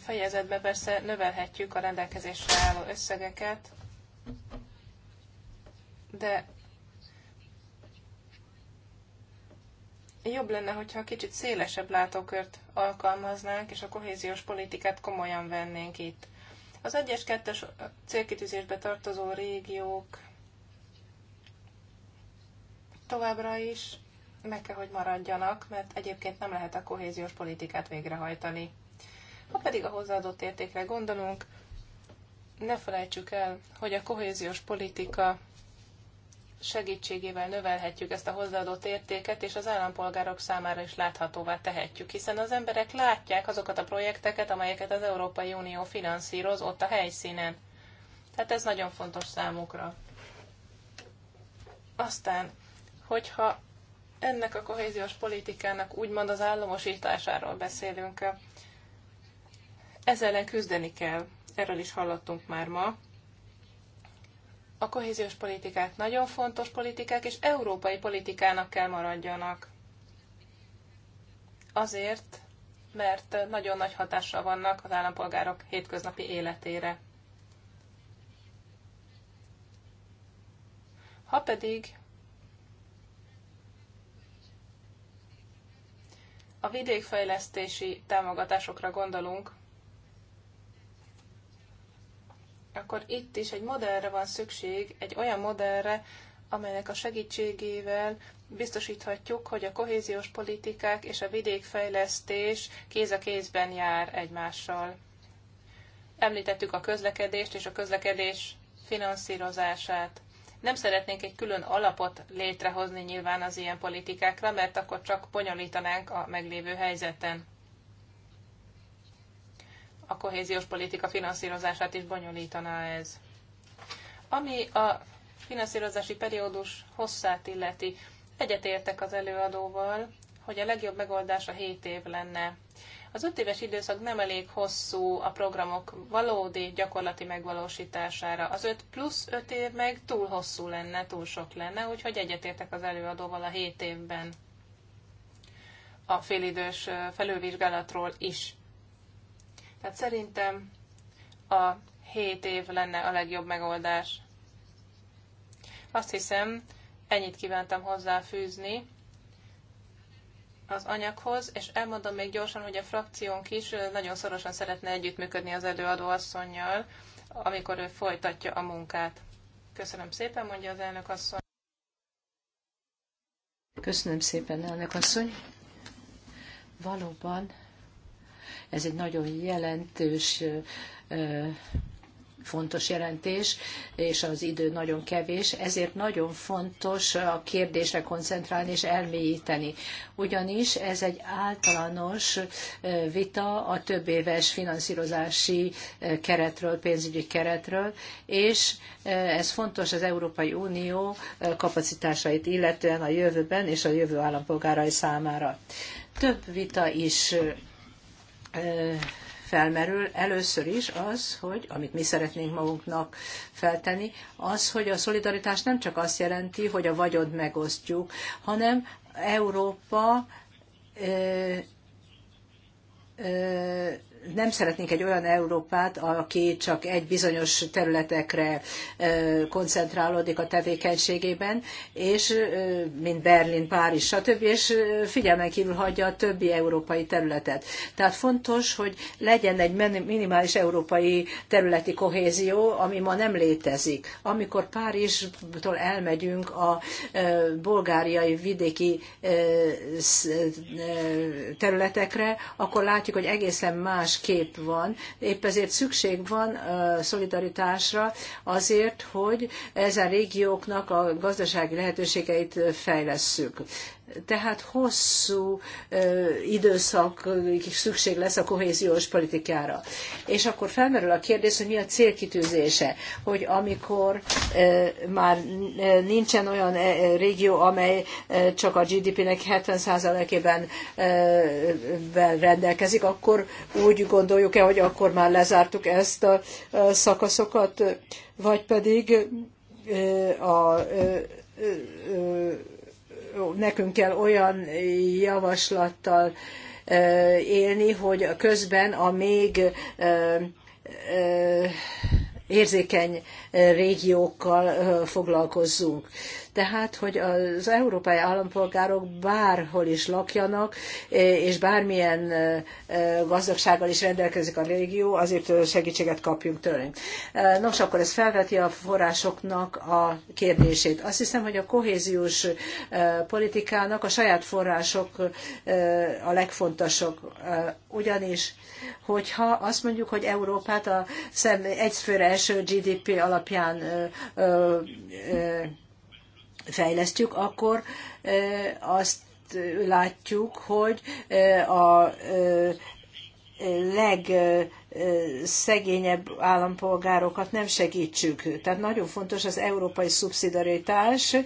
fejezetben persze növelhetjük a rendelkezésre álló összegeket, de jobb lenne, hogyha kicsit szélesebb látókört alkalmaznánk, és a kohéziós politikát komolyan vennénk itt. Az 1-es, 2-es célkitűzésbe tartozó régiók továbbra is meg kell, hogy maradjanak, mert egyébként nem lehet a kohéziós politikát végrehajtani. Ha pedig a hozzáadott értékre gondolunk, ne felejtsük el, hogy a kohéziós politika segítségével növelhetjük ezt a hozzáadott értéket, és az állampolgárok számára is láthatóvá tehetjük, hiszen az emberek látják azokat a projekteket, amelyeket az Európai Unió finanszíroz ott a helyszínen. Tehát ez nagyon fontos számukra. Aztán, hogyha ennek a kohéziós politikának úgymond az államosításáról beszélünk, ezzel ellen küzdeni kell. Erről is hallottunk már ma a kohéziós politikák nagyon fontos politikák, és európai politikának kell maradjanak. Azért, mert nagyon nagy hatással vannak az állampolgárok hétköznapi életére. Ha pedig a vidékfejlesztési támogatásokra gondolunk, akkor itt is egy modellre van szükség, egy olyan modellre, amelynek a segítségével biztosíthatjuk, hogy a kohéziós politikák és a vidékfejlesztés kéz a kézben jár egymással. Említettük a közlekedést és a közlekedés finanszírozását. Nem szeretnénk egy külön alapot létrehozni nyilván az ilyen politikákra, mert akkor csak bonyolítanánk a meglévő helyzeten a kohéziós politika finanszírozását is bonyolítaná ez. Ami a finanszírozási periódus hosszát illeti, egyetértek az előadóval, hogy a legjobb megoldás a 7 év lenne. Az öt éves időszak nem elég hosszú a programok valódi gyakorlati megvalósítására. Az 5 plusz 5 év meg túl hosszú lenne, túl sok lenne, úgyhogy egyetértek az előadóval a 7 évben a félidős felülvizsgálatról is Hát szerintem a 7 év lenne a legjobb megoldás. Azt hiszem, ennyit kívántam hozzáfűzni az anyaghoz, és elmondom még gyorsan, hogy a frakciónk is nagyon szorosan szeretne együttműködni az előadó asszonynal, amikor ő folytatja a munkát. Köszönöm szépen, mondja az elnök asszony. Köszönöm szépen, elnök asszony. Valóban ez egy nagyon jelentős, fontos jelentés, és az idő nagyon kevés, ezért nagyon fontos a kérdésre koncentrálni és elmélyíteni. Ugyanis ez egy általános vita a több éves finanszírozási keretről, pénzügyi keretről, és ez fontos az Európai Unió kapacitásait illetően a jövőben és a jövő állampolgárai számára. Több vita is felmerül először is az, hogy amit mi szeretnénk magunknak feltenni, az, hogy a szolidaritás nem csak azt jelenti, hogy a vagyont megosztjuk, hanem Európa ö, ö, nem szeretnénk egy olyan Európát, aki csak egy bizonyos területekre koncentrálódik a tevékenységében, és mint Berlin, Párizs, stb., és figyelmen kívül hagyja a többi európai területet. Tehát fontos, hogy legyen egy minimális európai területi kohézió, ami ma nem létezik. Amikor Párizstól elmegyünk a bulgáriai vidéki területekre, akkor látjuk, hogy egészen más kép van. Épp ezért szükség van szolidaritásra azért, hogy ezen régióknak a gazdasági lehetőségeit fejlesszük. Tehát hosszú ö, időszakig szükség lesz a kohéziós politikára. És akkor felmerül a kérdés, hogy mi a célkitűzése, hogy amikor ö, már nincsen olyan régió, amely ö, csak a GDP-nek 70%-ében rendelkezik, akkor úgy gondoljuk-e, hogy akkor már lezártuk ezt a, a szakaszokat, vagy pedig a, a nekünk kell olyan javaslattal élni, hogy közben a még érzékeny régiókkal foglalkozzunk tehát, hogy az európai állampolgárok bárhol is lakjanak, eh, és bármilyen eh, eh, gazdagsággal is rendelkezik a régió, azért segítséget kapjunk tőlünk. Nos, akkor ez felveti a forrásoknak a kérdését. Azt hiszem, hogy a kohéziós politikának a saját források a legfontosabb. Ugyanis, hogyha azt mondjuk, hogy Európát a egyfőre eső GDP alapján fejlesztjük, akkor azt látjuk, hogy a legszegényebb állampolgárokat nem segítsük. Tehát nagyon fontos az európai szubszidaritás,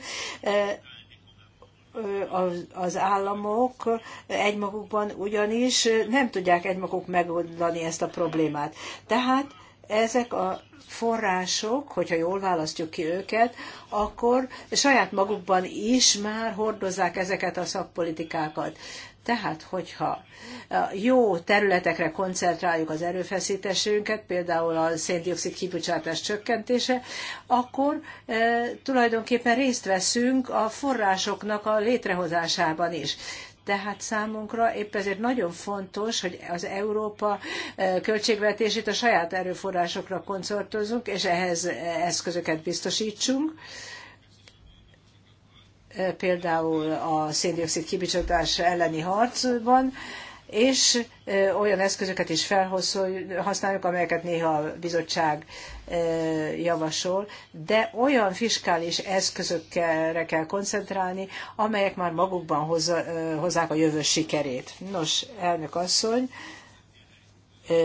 az államok egymagukban ugyanis nem tudják egymaguk megoldani ezt a problémát. Tehát ezek a források, hogyha jól választjuk ki őket, akkor saját magukban is már hordozzák ezeket a szakpolitikákat. Tehát, hogyha jó területekre koncentráljuk az erőfeszítésünket, például a széndiokszid kibocsátás csökkentése, akkor e, tulajdonképpen részt veszünk a forrásoknak a létrehozásában is. Tehát számunkra épp ezért nagyon fontos, hogy az Európa e, költségvetését a saját erőforrásokra koncertozunk, és ehhez eszközöket biztosítsunk e, például a széndiokszid kibicsotás elleni harcban, és e, olyan eszközöket is felhasználjuk, amelyeket néha a bizottság javasol, de olyan fiskális eszközökre kell koncentrálni, amelyek már magukban hozzák a jövő sikerét. Nos, elnök asszony,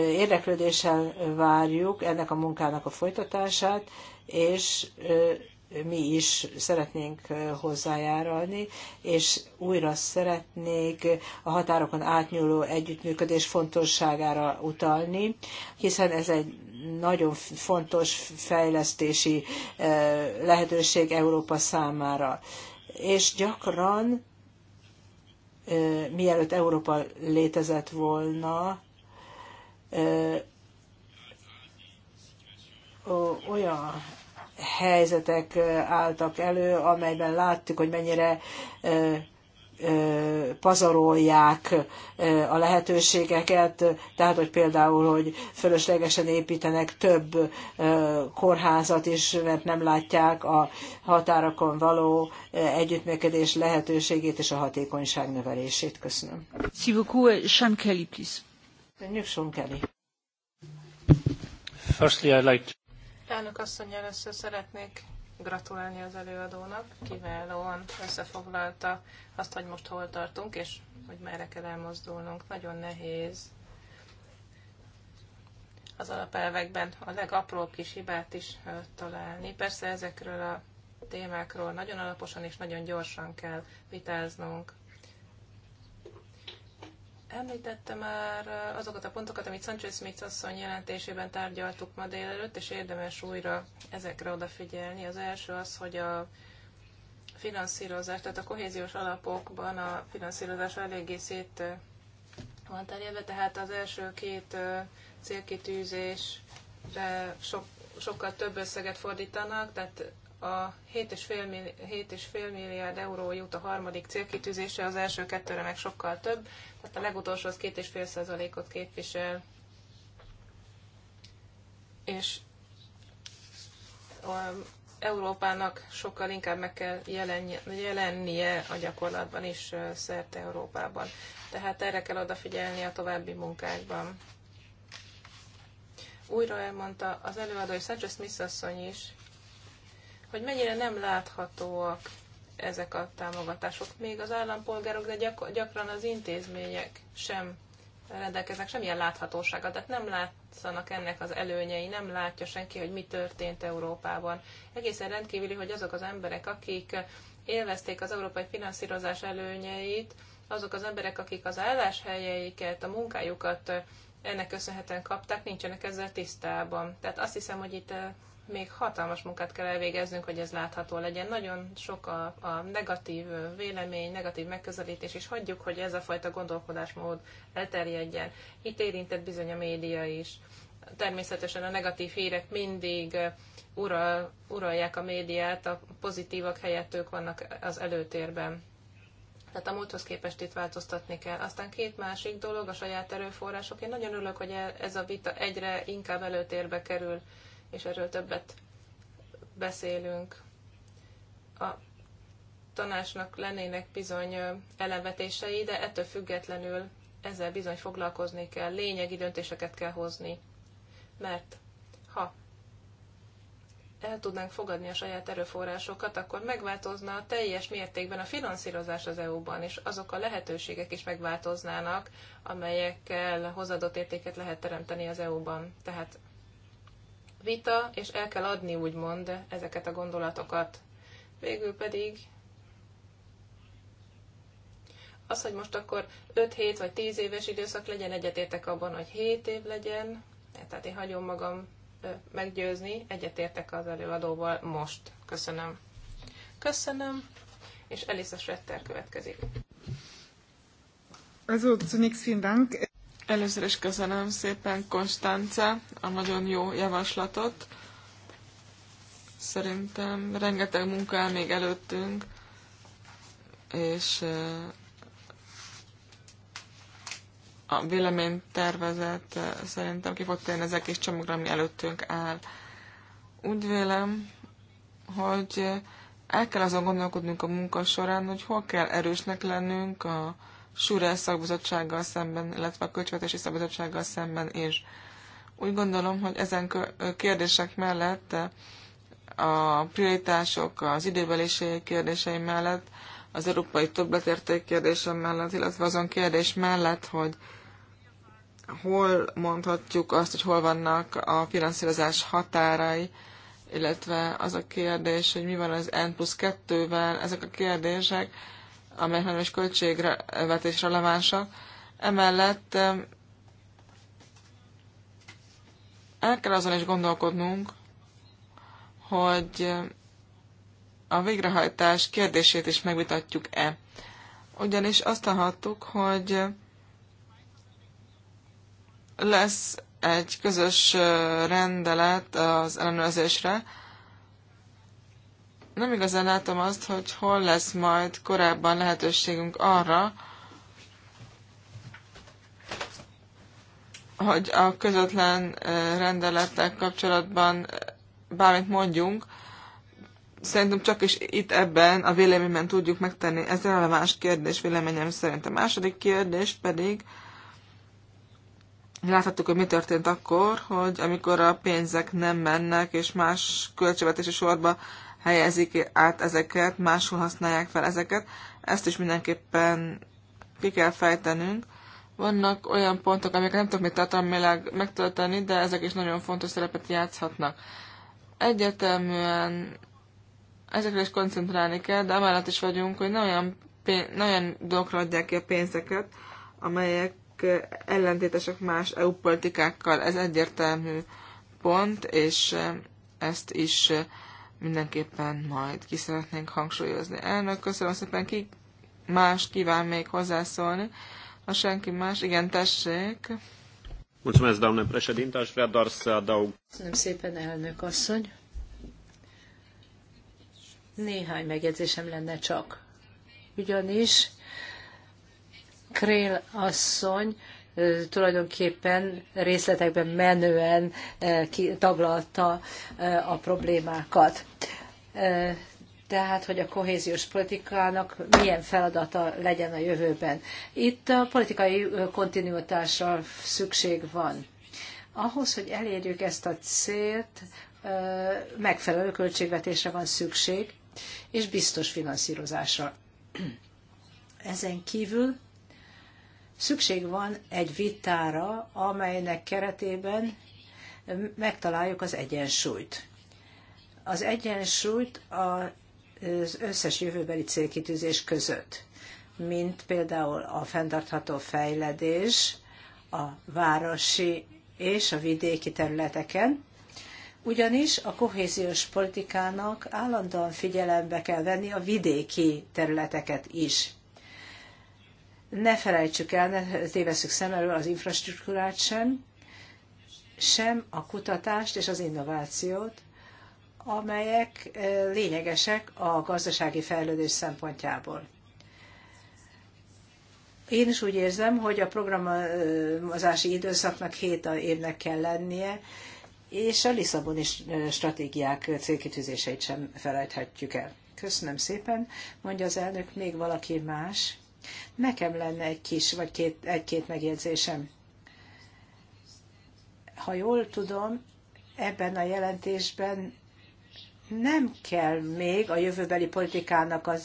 érdeklődéssel várjuk ennek a munkának a folytatását, és mi is szeretnénk hozzájárulni, és újra szeretnék a határokon átnyúló együttműködés fontosságára utalni, hiszen ez egy nagyon fontos fejlesztési lehetőség Európa számára. És gyakran, mielőtt Európa létezett volna, olyan helyzetek álltak elő, amelyben láttuk, hogy mennyire pazarolják a lehetőségeket, tehát hogy például, hogy fölöslegesen építenek több kórházat is, mert nem látják a határokon való együttműködés lehetőségét és a hatékonyság növelését. Köszönöm. Euh, Köszönjük, Sean Kelly. Firstly, I'd like to... Elnök asszony, először szeretnék gratulálni az előadónak. Kiválóan összefoglalta azt, hogy most hol tartunk, és hogy merre kell elmozdulnunk. Nagyon nehéz az alapelvekben a legapróbb kis hibát is találni. Persze ezekről a témákról nagyon alaposan és nagyon gyorsan kell vitáznunk. Említette már eh, azokat a pontokat, amit Sanchez Smith asszony jelentésében tárgyaltuk ma délelőtt, és érdemes újra ezekre odafigyelni. Az első az, hogy a finanszírozás, tehát a kohéziós alapokban a finanszírozás eléggé szét eh, van terjedve, tehát az első két eh, célkitűzésre sok, sokkal több összeget fordítanak, tehát a 7,5 milliárd euró jut a harmadik célkitűzésre, az első kettőre meg sokkal több, tehát a legutolsó az 2,5 százalékot képvisel. És Európának sokkal inkább meg kell jelennie a gyakorlatban is szerte Európában. Tehát erre kell odafigyelni a további munkákban. Újra elmondta az előadó, és Sanchez Smith asszony is, hogy mennyire nem láthatóak ezek a támogatások. Még az állampolgárok, de gyak- gyakran az intézmények sem rendelkeznek semmilyen láthatósággal, tehát nem látszanak ennek az előnyei, nem látja senki, hogy mi történt Európában. Egészen rendkívüli, hogy azok az emberek, akik élvezték az európai finanszírozás előnyeit, azok az emberek, akik az álláshelyeiket, a munkájukat ennek köszönhetően kapták, nincsenek ezzel tisztában. Tehát azt hiszem, hogy itt még hatalmas munkát kell elvégeznünk, hogy ez látható legyen. Nagyon sok a, a negatív vélemény, negatív megközelítés, és hagyjuk, hogy ez a fajta gondolkodásmód elterjedjen. Itt érintett bizony a média is. Természetesen a negatív hírek mindig eh, ural, uralják a médiát, a pozitívak helyett ők vannak az előtérben. Tehát a múlthoz képest itt változtatni kell. Aztán két másik dolog, a saját erőforrások. Én nagyon örülök, hogy e- ez a vita egyre inkább előtérbe kerül és erről többet beszélünk. A tanácsnak lennének bizony elevetései, de ettől függetlenül ezzel bizony foglalkozni kell, lényegi döntéseket kell hozni. Mert ha el tudnánk fogadni a saját erőforrásokat, akkor megváltozna a teljes mértékben a finanszírozás az EU-ban, és azok a lehetőségek is megváltoznának, amelyekkel hozadott értéket lehet teremteni az EU-ban. Tehát vita, és el kell adni úgymond ezeket a gondolatokat. Végül pedig az, hogy most akkor 5-7 vagy 10 éves időszak legyen, egyetértek abban, hogy 7 év legyen, tehát én hagyom magam meggyőzni, egyetértek az előadóval most. Köszönöm. Köszönöm, és Elisa Schretter következik. Also zunächst vielen Dank. Először is köszönöm szépen Konstance a nagyon jó javaslatot. Szerintem rengeteg munka el még előttünk, és eh, a véleménytervezet eh, szerintem ki fog térni ezek is csomagra, ami előttünk áll. Úgy vélem, hogy eh, el kell azon gondolkodnunk a munka során, hogy hol kell erősnek lennünk a Súre szakbizottsággal szemben, illetve a költségvetési szakbizottsággal szemben is. Úgy gondolom, hogy ezen kérdések mellett a prioritások, az időbeliség kérdései mellett, az európai többletérték kérdése mellett, illetve azon kérdés mellett, hogy hol mondhatjuk azt, hogy hol vannak a finanszírozás határai, illetve az a kérdés, hogy mi van az N plusz 2-vel, ezek a kérdések amelyek nem is költségre relevánsa. Emellett el kell azon is gondolkodnunk, hogy a végrehajtás kérdését is megvitatjuk-e. Ugyanis azt hallhattuk, hogy lesz egy közös rendelet az ellenőrzésre, nem igazán látom azt, hogy hol lesz majd korábban lehetőségünk arra, hogy a közvetlen rendelettel kapcsolatban bármit mondjunk, szerintem csak is itt ebben a véleményben tudjuk megtenni. Ez releváns kérdés véleményem szerint. A második kérdés pedig, láthattuk, hogy mi történt akkor, hogy amikor a pénzek nem mennek, és más költségvetési sorba helyezik át ezeket, máshol használják fel ezeket. Ezt is mindenképpen ki kell fejtenünk. Vannak olyan pontok, amiket nem tudok még tartalmilag megtölteni, de ezek is nagyon fontos szerepet játszhatnak. Egyeteműen ezekre is koncentrálni kell, de amellett is vagyunk, hogy ne olyan, pénz, ne olyan dolgokra adják ki a pénzeket, amelyek ellentétesek más EU politikákkal. Ez egyértelmű pont, és eh, ezt is eh, mindenképpen majd ki szeretnénk hangsúlyozni. Elnök, köszönöm szépen, ki más kíván még hozzászólni? Ha senki más, igen, tessék. Mulțumesc, doamnă președinte, aș vrea doar să adaug. Köszönöm szépen, elnök asszony. Néhány megjegyzésem lenne csak. Ugyanis Krél asszony tulajdonképpen részletekben menően taglalta a problémákat. Tehát, hogy a kohéziós politikának milyen feladata legyen a jövőben. Itt a politikai kontinuitásra szükség van. Ahhoz, hogy elérjük ezt a célt, megfelelő költségvetésre van szükség, és biztos finanszírozásra. Ezen kívül szükség van egy vitára, amelynek keretében megtaláljuk az egyensúlyt. Az egyensúlyt az összes jövőbeli célkitűzés között, mint például a fenntartható fejledés, a városi és a vidéki területeken, ugyanis a kohéziós politikának állandóan figyelembe kell venni a vidéki területeket is ne felejtsük el, ne tévesszük szem elől az infrastruktúrát sem, sem a kutatást és az innovációt, amelyek eh, lényegesek a gazdasági fejlődés szempontjából. Én is úgy érzem, hogy a programozási időszaknak 7 évnek kell lennie, és a Lisszaboni eh, stratégiák célkitűzéseit sem felejthetjük el. Köszönöm szépen, mondja az elnök, még valaki más Nekem lenne egy kis, vagy két, egy-két megjegyzésem. Ha jól tudom, ebben a jelentésben nem kell még a jövőbeli politikának az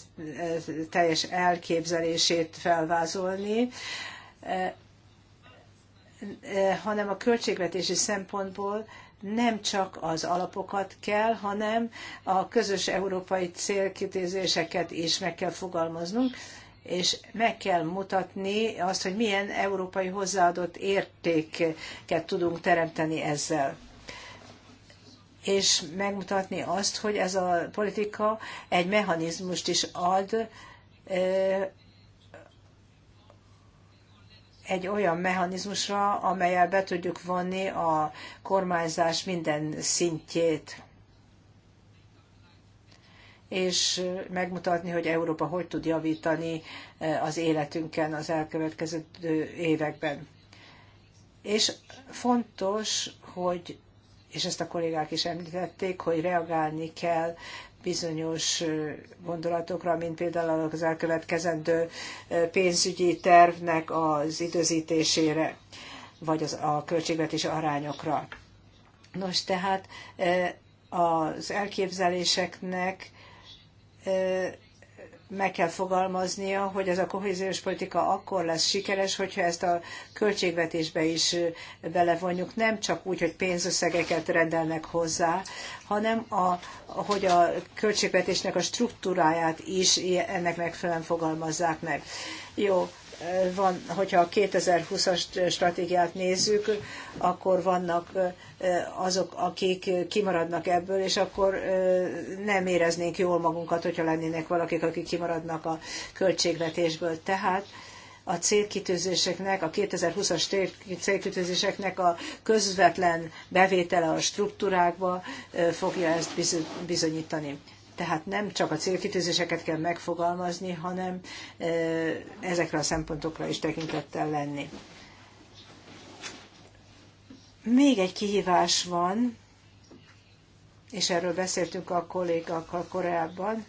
teljes elképzelését felvázolni, e, e, hanem a költségvetési szempontból nem csak az alapokat kell, hanem a közös európai célkitézéseket is meg kell fogalmaznunk, és meg kell mutatni azt, hogy milyen európai hozzáadott értéket tudunk teremteni ezzel és megmutatni azt, hogy ez a politika egy mechanizmust is ad, egy olyan mechanizmusra, amelyel be tudjuk vonni a kormányzás minden szintjét és megmutatni, hogy Európa hogy tud javítani eh, az életünken az elkövetkező években. És fontos, hogy, és ezt a kollégák is említették, hogy reagálni kell bizonyos eh, gondolatokra, mint például az elkövetkezendő eh, pénzügyi tervnek az időzítésére, vagy az, a költségvetési arányokra. Nos, tehát az elképzeléseknek meg kell fogalmaznia, hogy ez a kohéziós politika akkor lesz sikeres, hogyha ezt a költségvetésbe is belevonjuk. Nem csak úgy, hogy pénzösszegeket rendelnek hozzá, hanem a, hogy a költségvetésnek a struktúráját is ennek megfelelően fogalmazzák meg. Jó, van, hogyha a 2020-as stratégiát nézzük, akkor vannak azok, akik kimaradnak ebből, és akkor nem éreznénk jól magunkat, hogyha lennének valakik, akik kimaradnak a költségvetésből. Tehát a célkitűzéseknek, a 2020-as célkitűzéseknek a közvetlen bevétele a struktúrákba fogja ezt bizonyítani. Tehát nem csak a célkitűzéseket kell megfogalmazni, hanem ezekre a szempontokra is tekintettel lenni. Még egy kihívás van, és erről beszéltünk a kollégákkal korábban,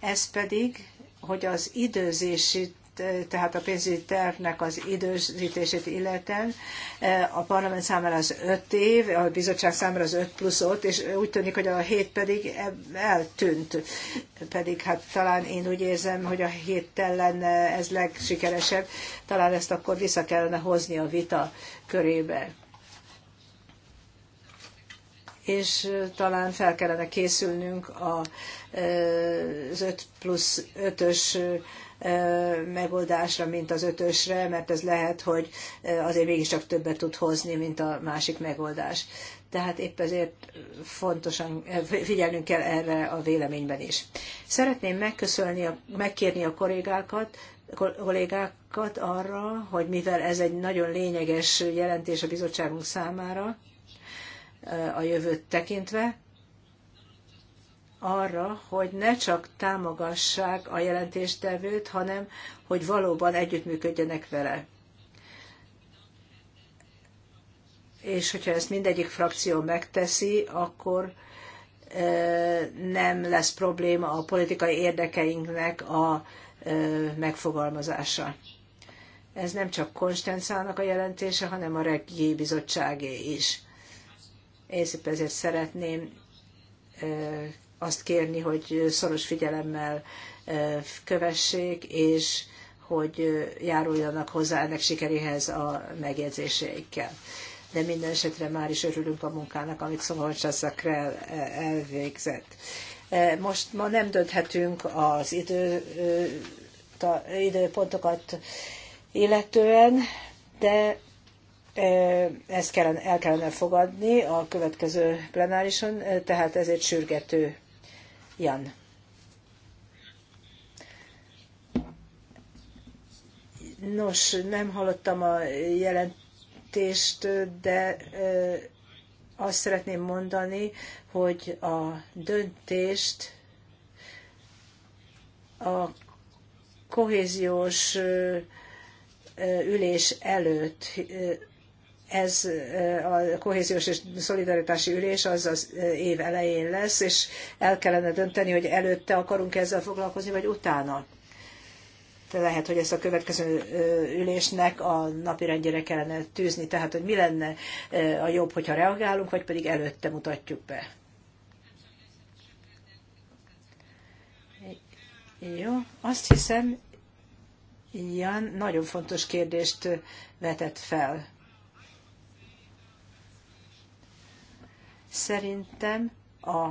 ez pedig, hogy az időzési Eh, tehát a pénzügyi tervnek az időzítését illeten. Eh, a parlament számára az öt év, a bizottság számára az öt plusz ott, és úgy tűnik, hogy a hét pedig eltűnt. Pedig hát talán én úgy érzem, hogy a héttel lenne ez legsikeresebb. Talán ezt akkor vissza kellene hozni a vita körébe és eh, talán fel kellene készülnünk az 5 plusz 5-ös megoldásra, mint az ötösre, mert ez lehet, hogy azért mégiscsak többet tud hozni, mint a másik megoldás. Tehát épp ezért fontosan figyelnünk kell erre a véleményben is. Szeretném megköszönni, megkérni a kollégákat, kollégákat arra, hogy mivel ez egy nagyon lényeges jelentés a bizottságunk számára, a jövőt tekintve, arra, hogy ne csak támogassák a jelentéstevőt, hanem hogy valóban együttműködjenek vele. És hogyha ezt mindegyik frakció megteszi, akkor e, nem lesz probléma a politikai érdekeinknek a e, megfogalmazása. Ez nem csak Konstancának a jelentése, hanem a Regi Bizottságé is. Én ezért szeretném e, azt kérni, hogy szoros figyelemmel kövessék, és hogy járuljanak hozzá ennek sikeréhez a megjegyzéseikkel. De minden esetre már is örülünk a munkának, amit Szomorcsasszak elvégzett. Most ma nem dönthetünk az idő, ta, időpontokat illetően, de ezt kellene, el kellene fogadni a következő plenárison, tehát ezért sürgető Jan. Nos, nem hallottam a jelentést, de azt szeretném mondani, hogy a döntést a kohéziós ülés előtt ez eh, a kohéziós és szolidaritási ülés az az eh, év elején lesz, és el kellene dönteni, hogy előtte akarunk ezzel foglalkozni, vagy utána. De lehet, hogy ezt a következő eh, ülésnek a napirendjére kellene tűzni, tehát hogy mi lenne a jobb, hogyha reagálunk, vagy pedig előtte mutatjuk be. Jó, azt hiszem, Jan nagyon fontos kérdést vetett fel Szerintem a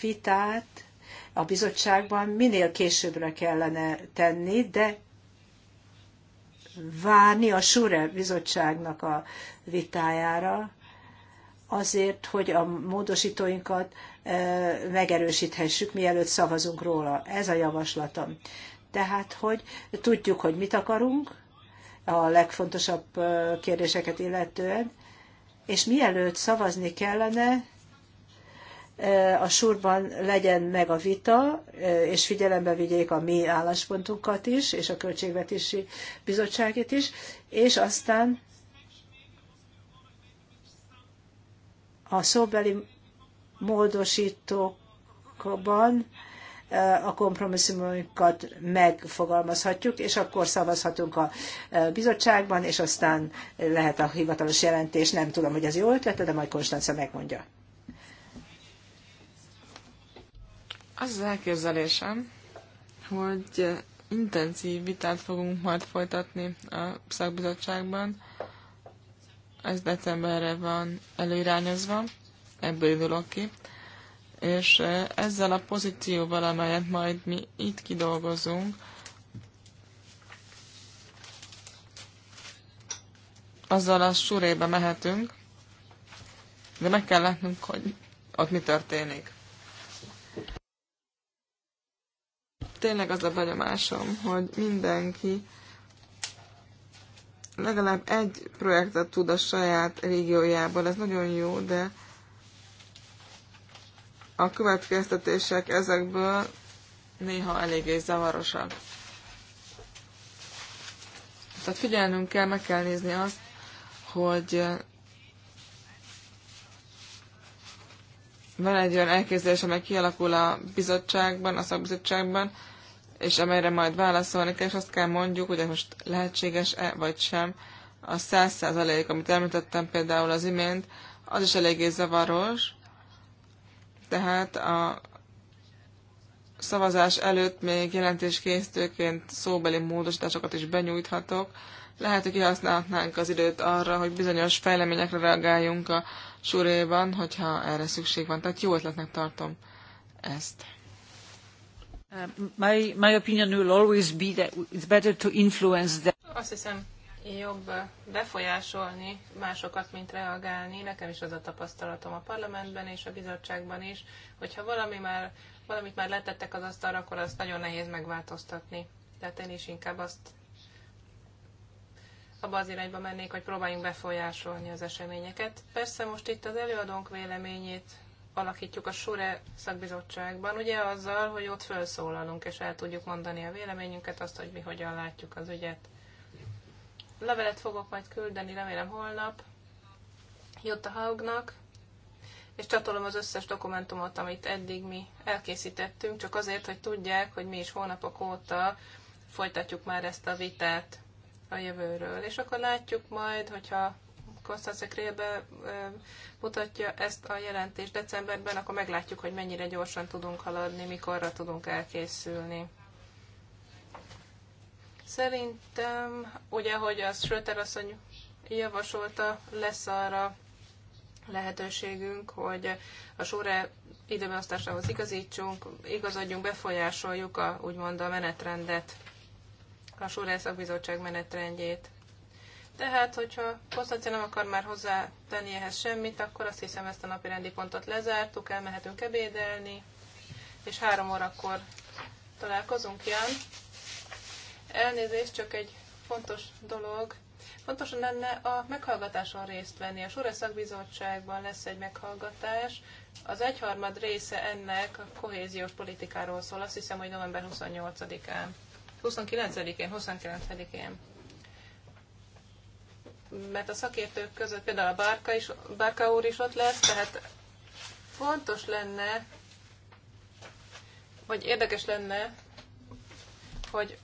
vitát a bizottságban minél későbbre kellene tenni, de várni a Sure bizottságnak a vitájára, azért, hogy a módosítóinkat e, megerősíthessük, mielőtt szavazunk róla. Ez a javaslatom. Tehát, hogy tudjuk, hogy mit akarunk, a legfontosabb e, kérdéseket illetően, és mielőtt szavazni kellene, a surban legyen meg a vita, és figyelembe vigyék a mi álláspontunkat is, és a Költségvetési Bizottságét is, és aztán a szóbeli módosítókban a kompromisszumokat megfogalmazhatjuk, és akkor szavazhatunk a bizottságban, és aztán lehet a hivatalos jelentés. Nem tudom, hogy ez jó ötlet, de majd Konstanca megmondja. Az az elképzelésem, hogy intenzív vitát fogunk majd folytatni a szakbizottságban. Ez decemberre van előirányozva, ebből indulok ki és eh, ezzel a pozícióval, amelyet majd mi itt kidolgozunk, azzal a surébe mehetünk, de meg kell látnunk, hogy ott mi történik. Tényleg az a benyomásom, hogy mindenki legalább egy projektet tud a saját régiójából, ez nagyon jó, de a következtetések ezekből néha eléggé zavarosak. Tehát figyelnünk kell, meg kell nézni azt, hogy van egy olyan elképzelés, amely kialakul a bizottságban, a szakbizottságban, és amelyre majd válaszolni kell, és azt kell mondjuk, hogy most lehetséges-e vagy sem. A száz százalék, amit említettem például az imént, az is eléggé zavaros, tehát a szavazás előtt még jelentéskészítőként szóbeli módosításokat is benyújthatok. Lehet, hogy kihasználhatnánk az időt arra, hogy bizonyos fejleményekre reagáljunk a suréban, hogyha erre szükség van. Tehát jó ötletnek tartom ezt. Uh, my, my opinion will always be that it's better to influence the... Azt hiszem, jobb befolyásolni másokat, mint reagálni. Nekem is az a tapasztalatom a parlamentben és a bizottságban is, hogyha valami már, valamit már letettek az asztalra, akkor azt nagyon nehéz megváltoztatni. Tehát én is inkább azt abba az irányba mennék, hogy próbáljunk befolyásolni az eseményeket. Persze most itt az előadónk véleményét alakítjuk a SURE szakbizottságban, ugye azzal, hogy ott felszólalunk, és el tudjuk mondani a véleményünket, azt, hogy mi hogyan látjuk az ügyet levelet fogok majd küldeni, remélem holnap, a Haugnak, és csatolom az összes dokumentumot, amit eddig mi elkészítettünk, csak azért, hogy tudják, hogy mi is hónapok óta folytatjuk már ezt a vitát a jövőről. És akkor látjuk majd, hogyha Konstantin Krélbe mutatja ezt a jelentést decemberben, akkor meglátjuk, hogy mennyire gyorsan tudunk haladni, mikorra tudunk elkészülni. Szerintem, ugye, hogy a Schröter asszony javasolta, lesz arra lehetőségünk, hogy a sorra időbeosztásához igazítsunk, igazodjunk, befolyásoljuk a, úgymond a menetrendet, a sorra szakbizottság menetrendjét. Tehát, hogyha Konstantin nem akar már hozzá tenni ehhez semmit, akkor azt hiszem ezt a napi rendi pontot lezártuk, elmehetünk ebédelni, és három órakor találkozunk, Jan. Elnézést, csak egy fontos dolog. Fontos lenne a meghallgatáson részt venni. A Sure szakbizottságban lesz egy meghallgatás. Az egyharmad része ennek a kohéziós politikáról szól. Azt hiszem, hogy november 28-án. 29-én, 29-én mert a szakértők között például a Bárka, is, Bárka úr is ott lesz, tehát fontos lenne, vagy érdekes lenne, hogy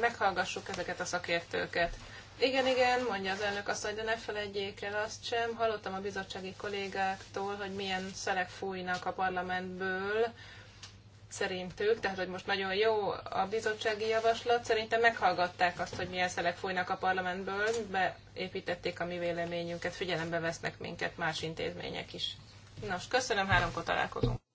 meghallgassuk ezeket a szakértőket. Igen, igen, mondja az elnök azt, hogy de ne felejtjék el azt sem. Hallottam a bizottsági kollégáktól, hogy milyen szelek fújnak a parlamentből szerintük, tehát hogy most nagyon jó a bizottsági javaslat, szerintem meghallgatták azt, hogy milyen szelek fújnak a parlamentből, beépítették a mi véleményünket, figyelembe vesznek minket más intézmények is. Nos, köszönöm, háromkor találkozunk.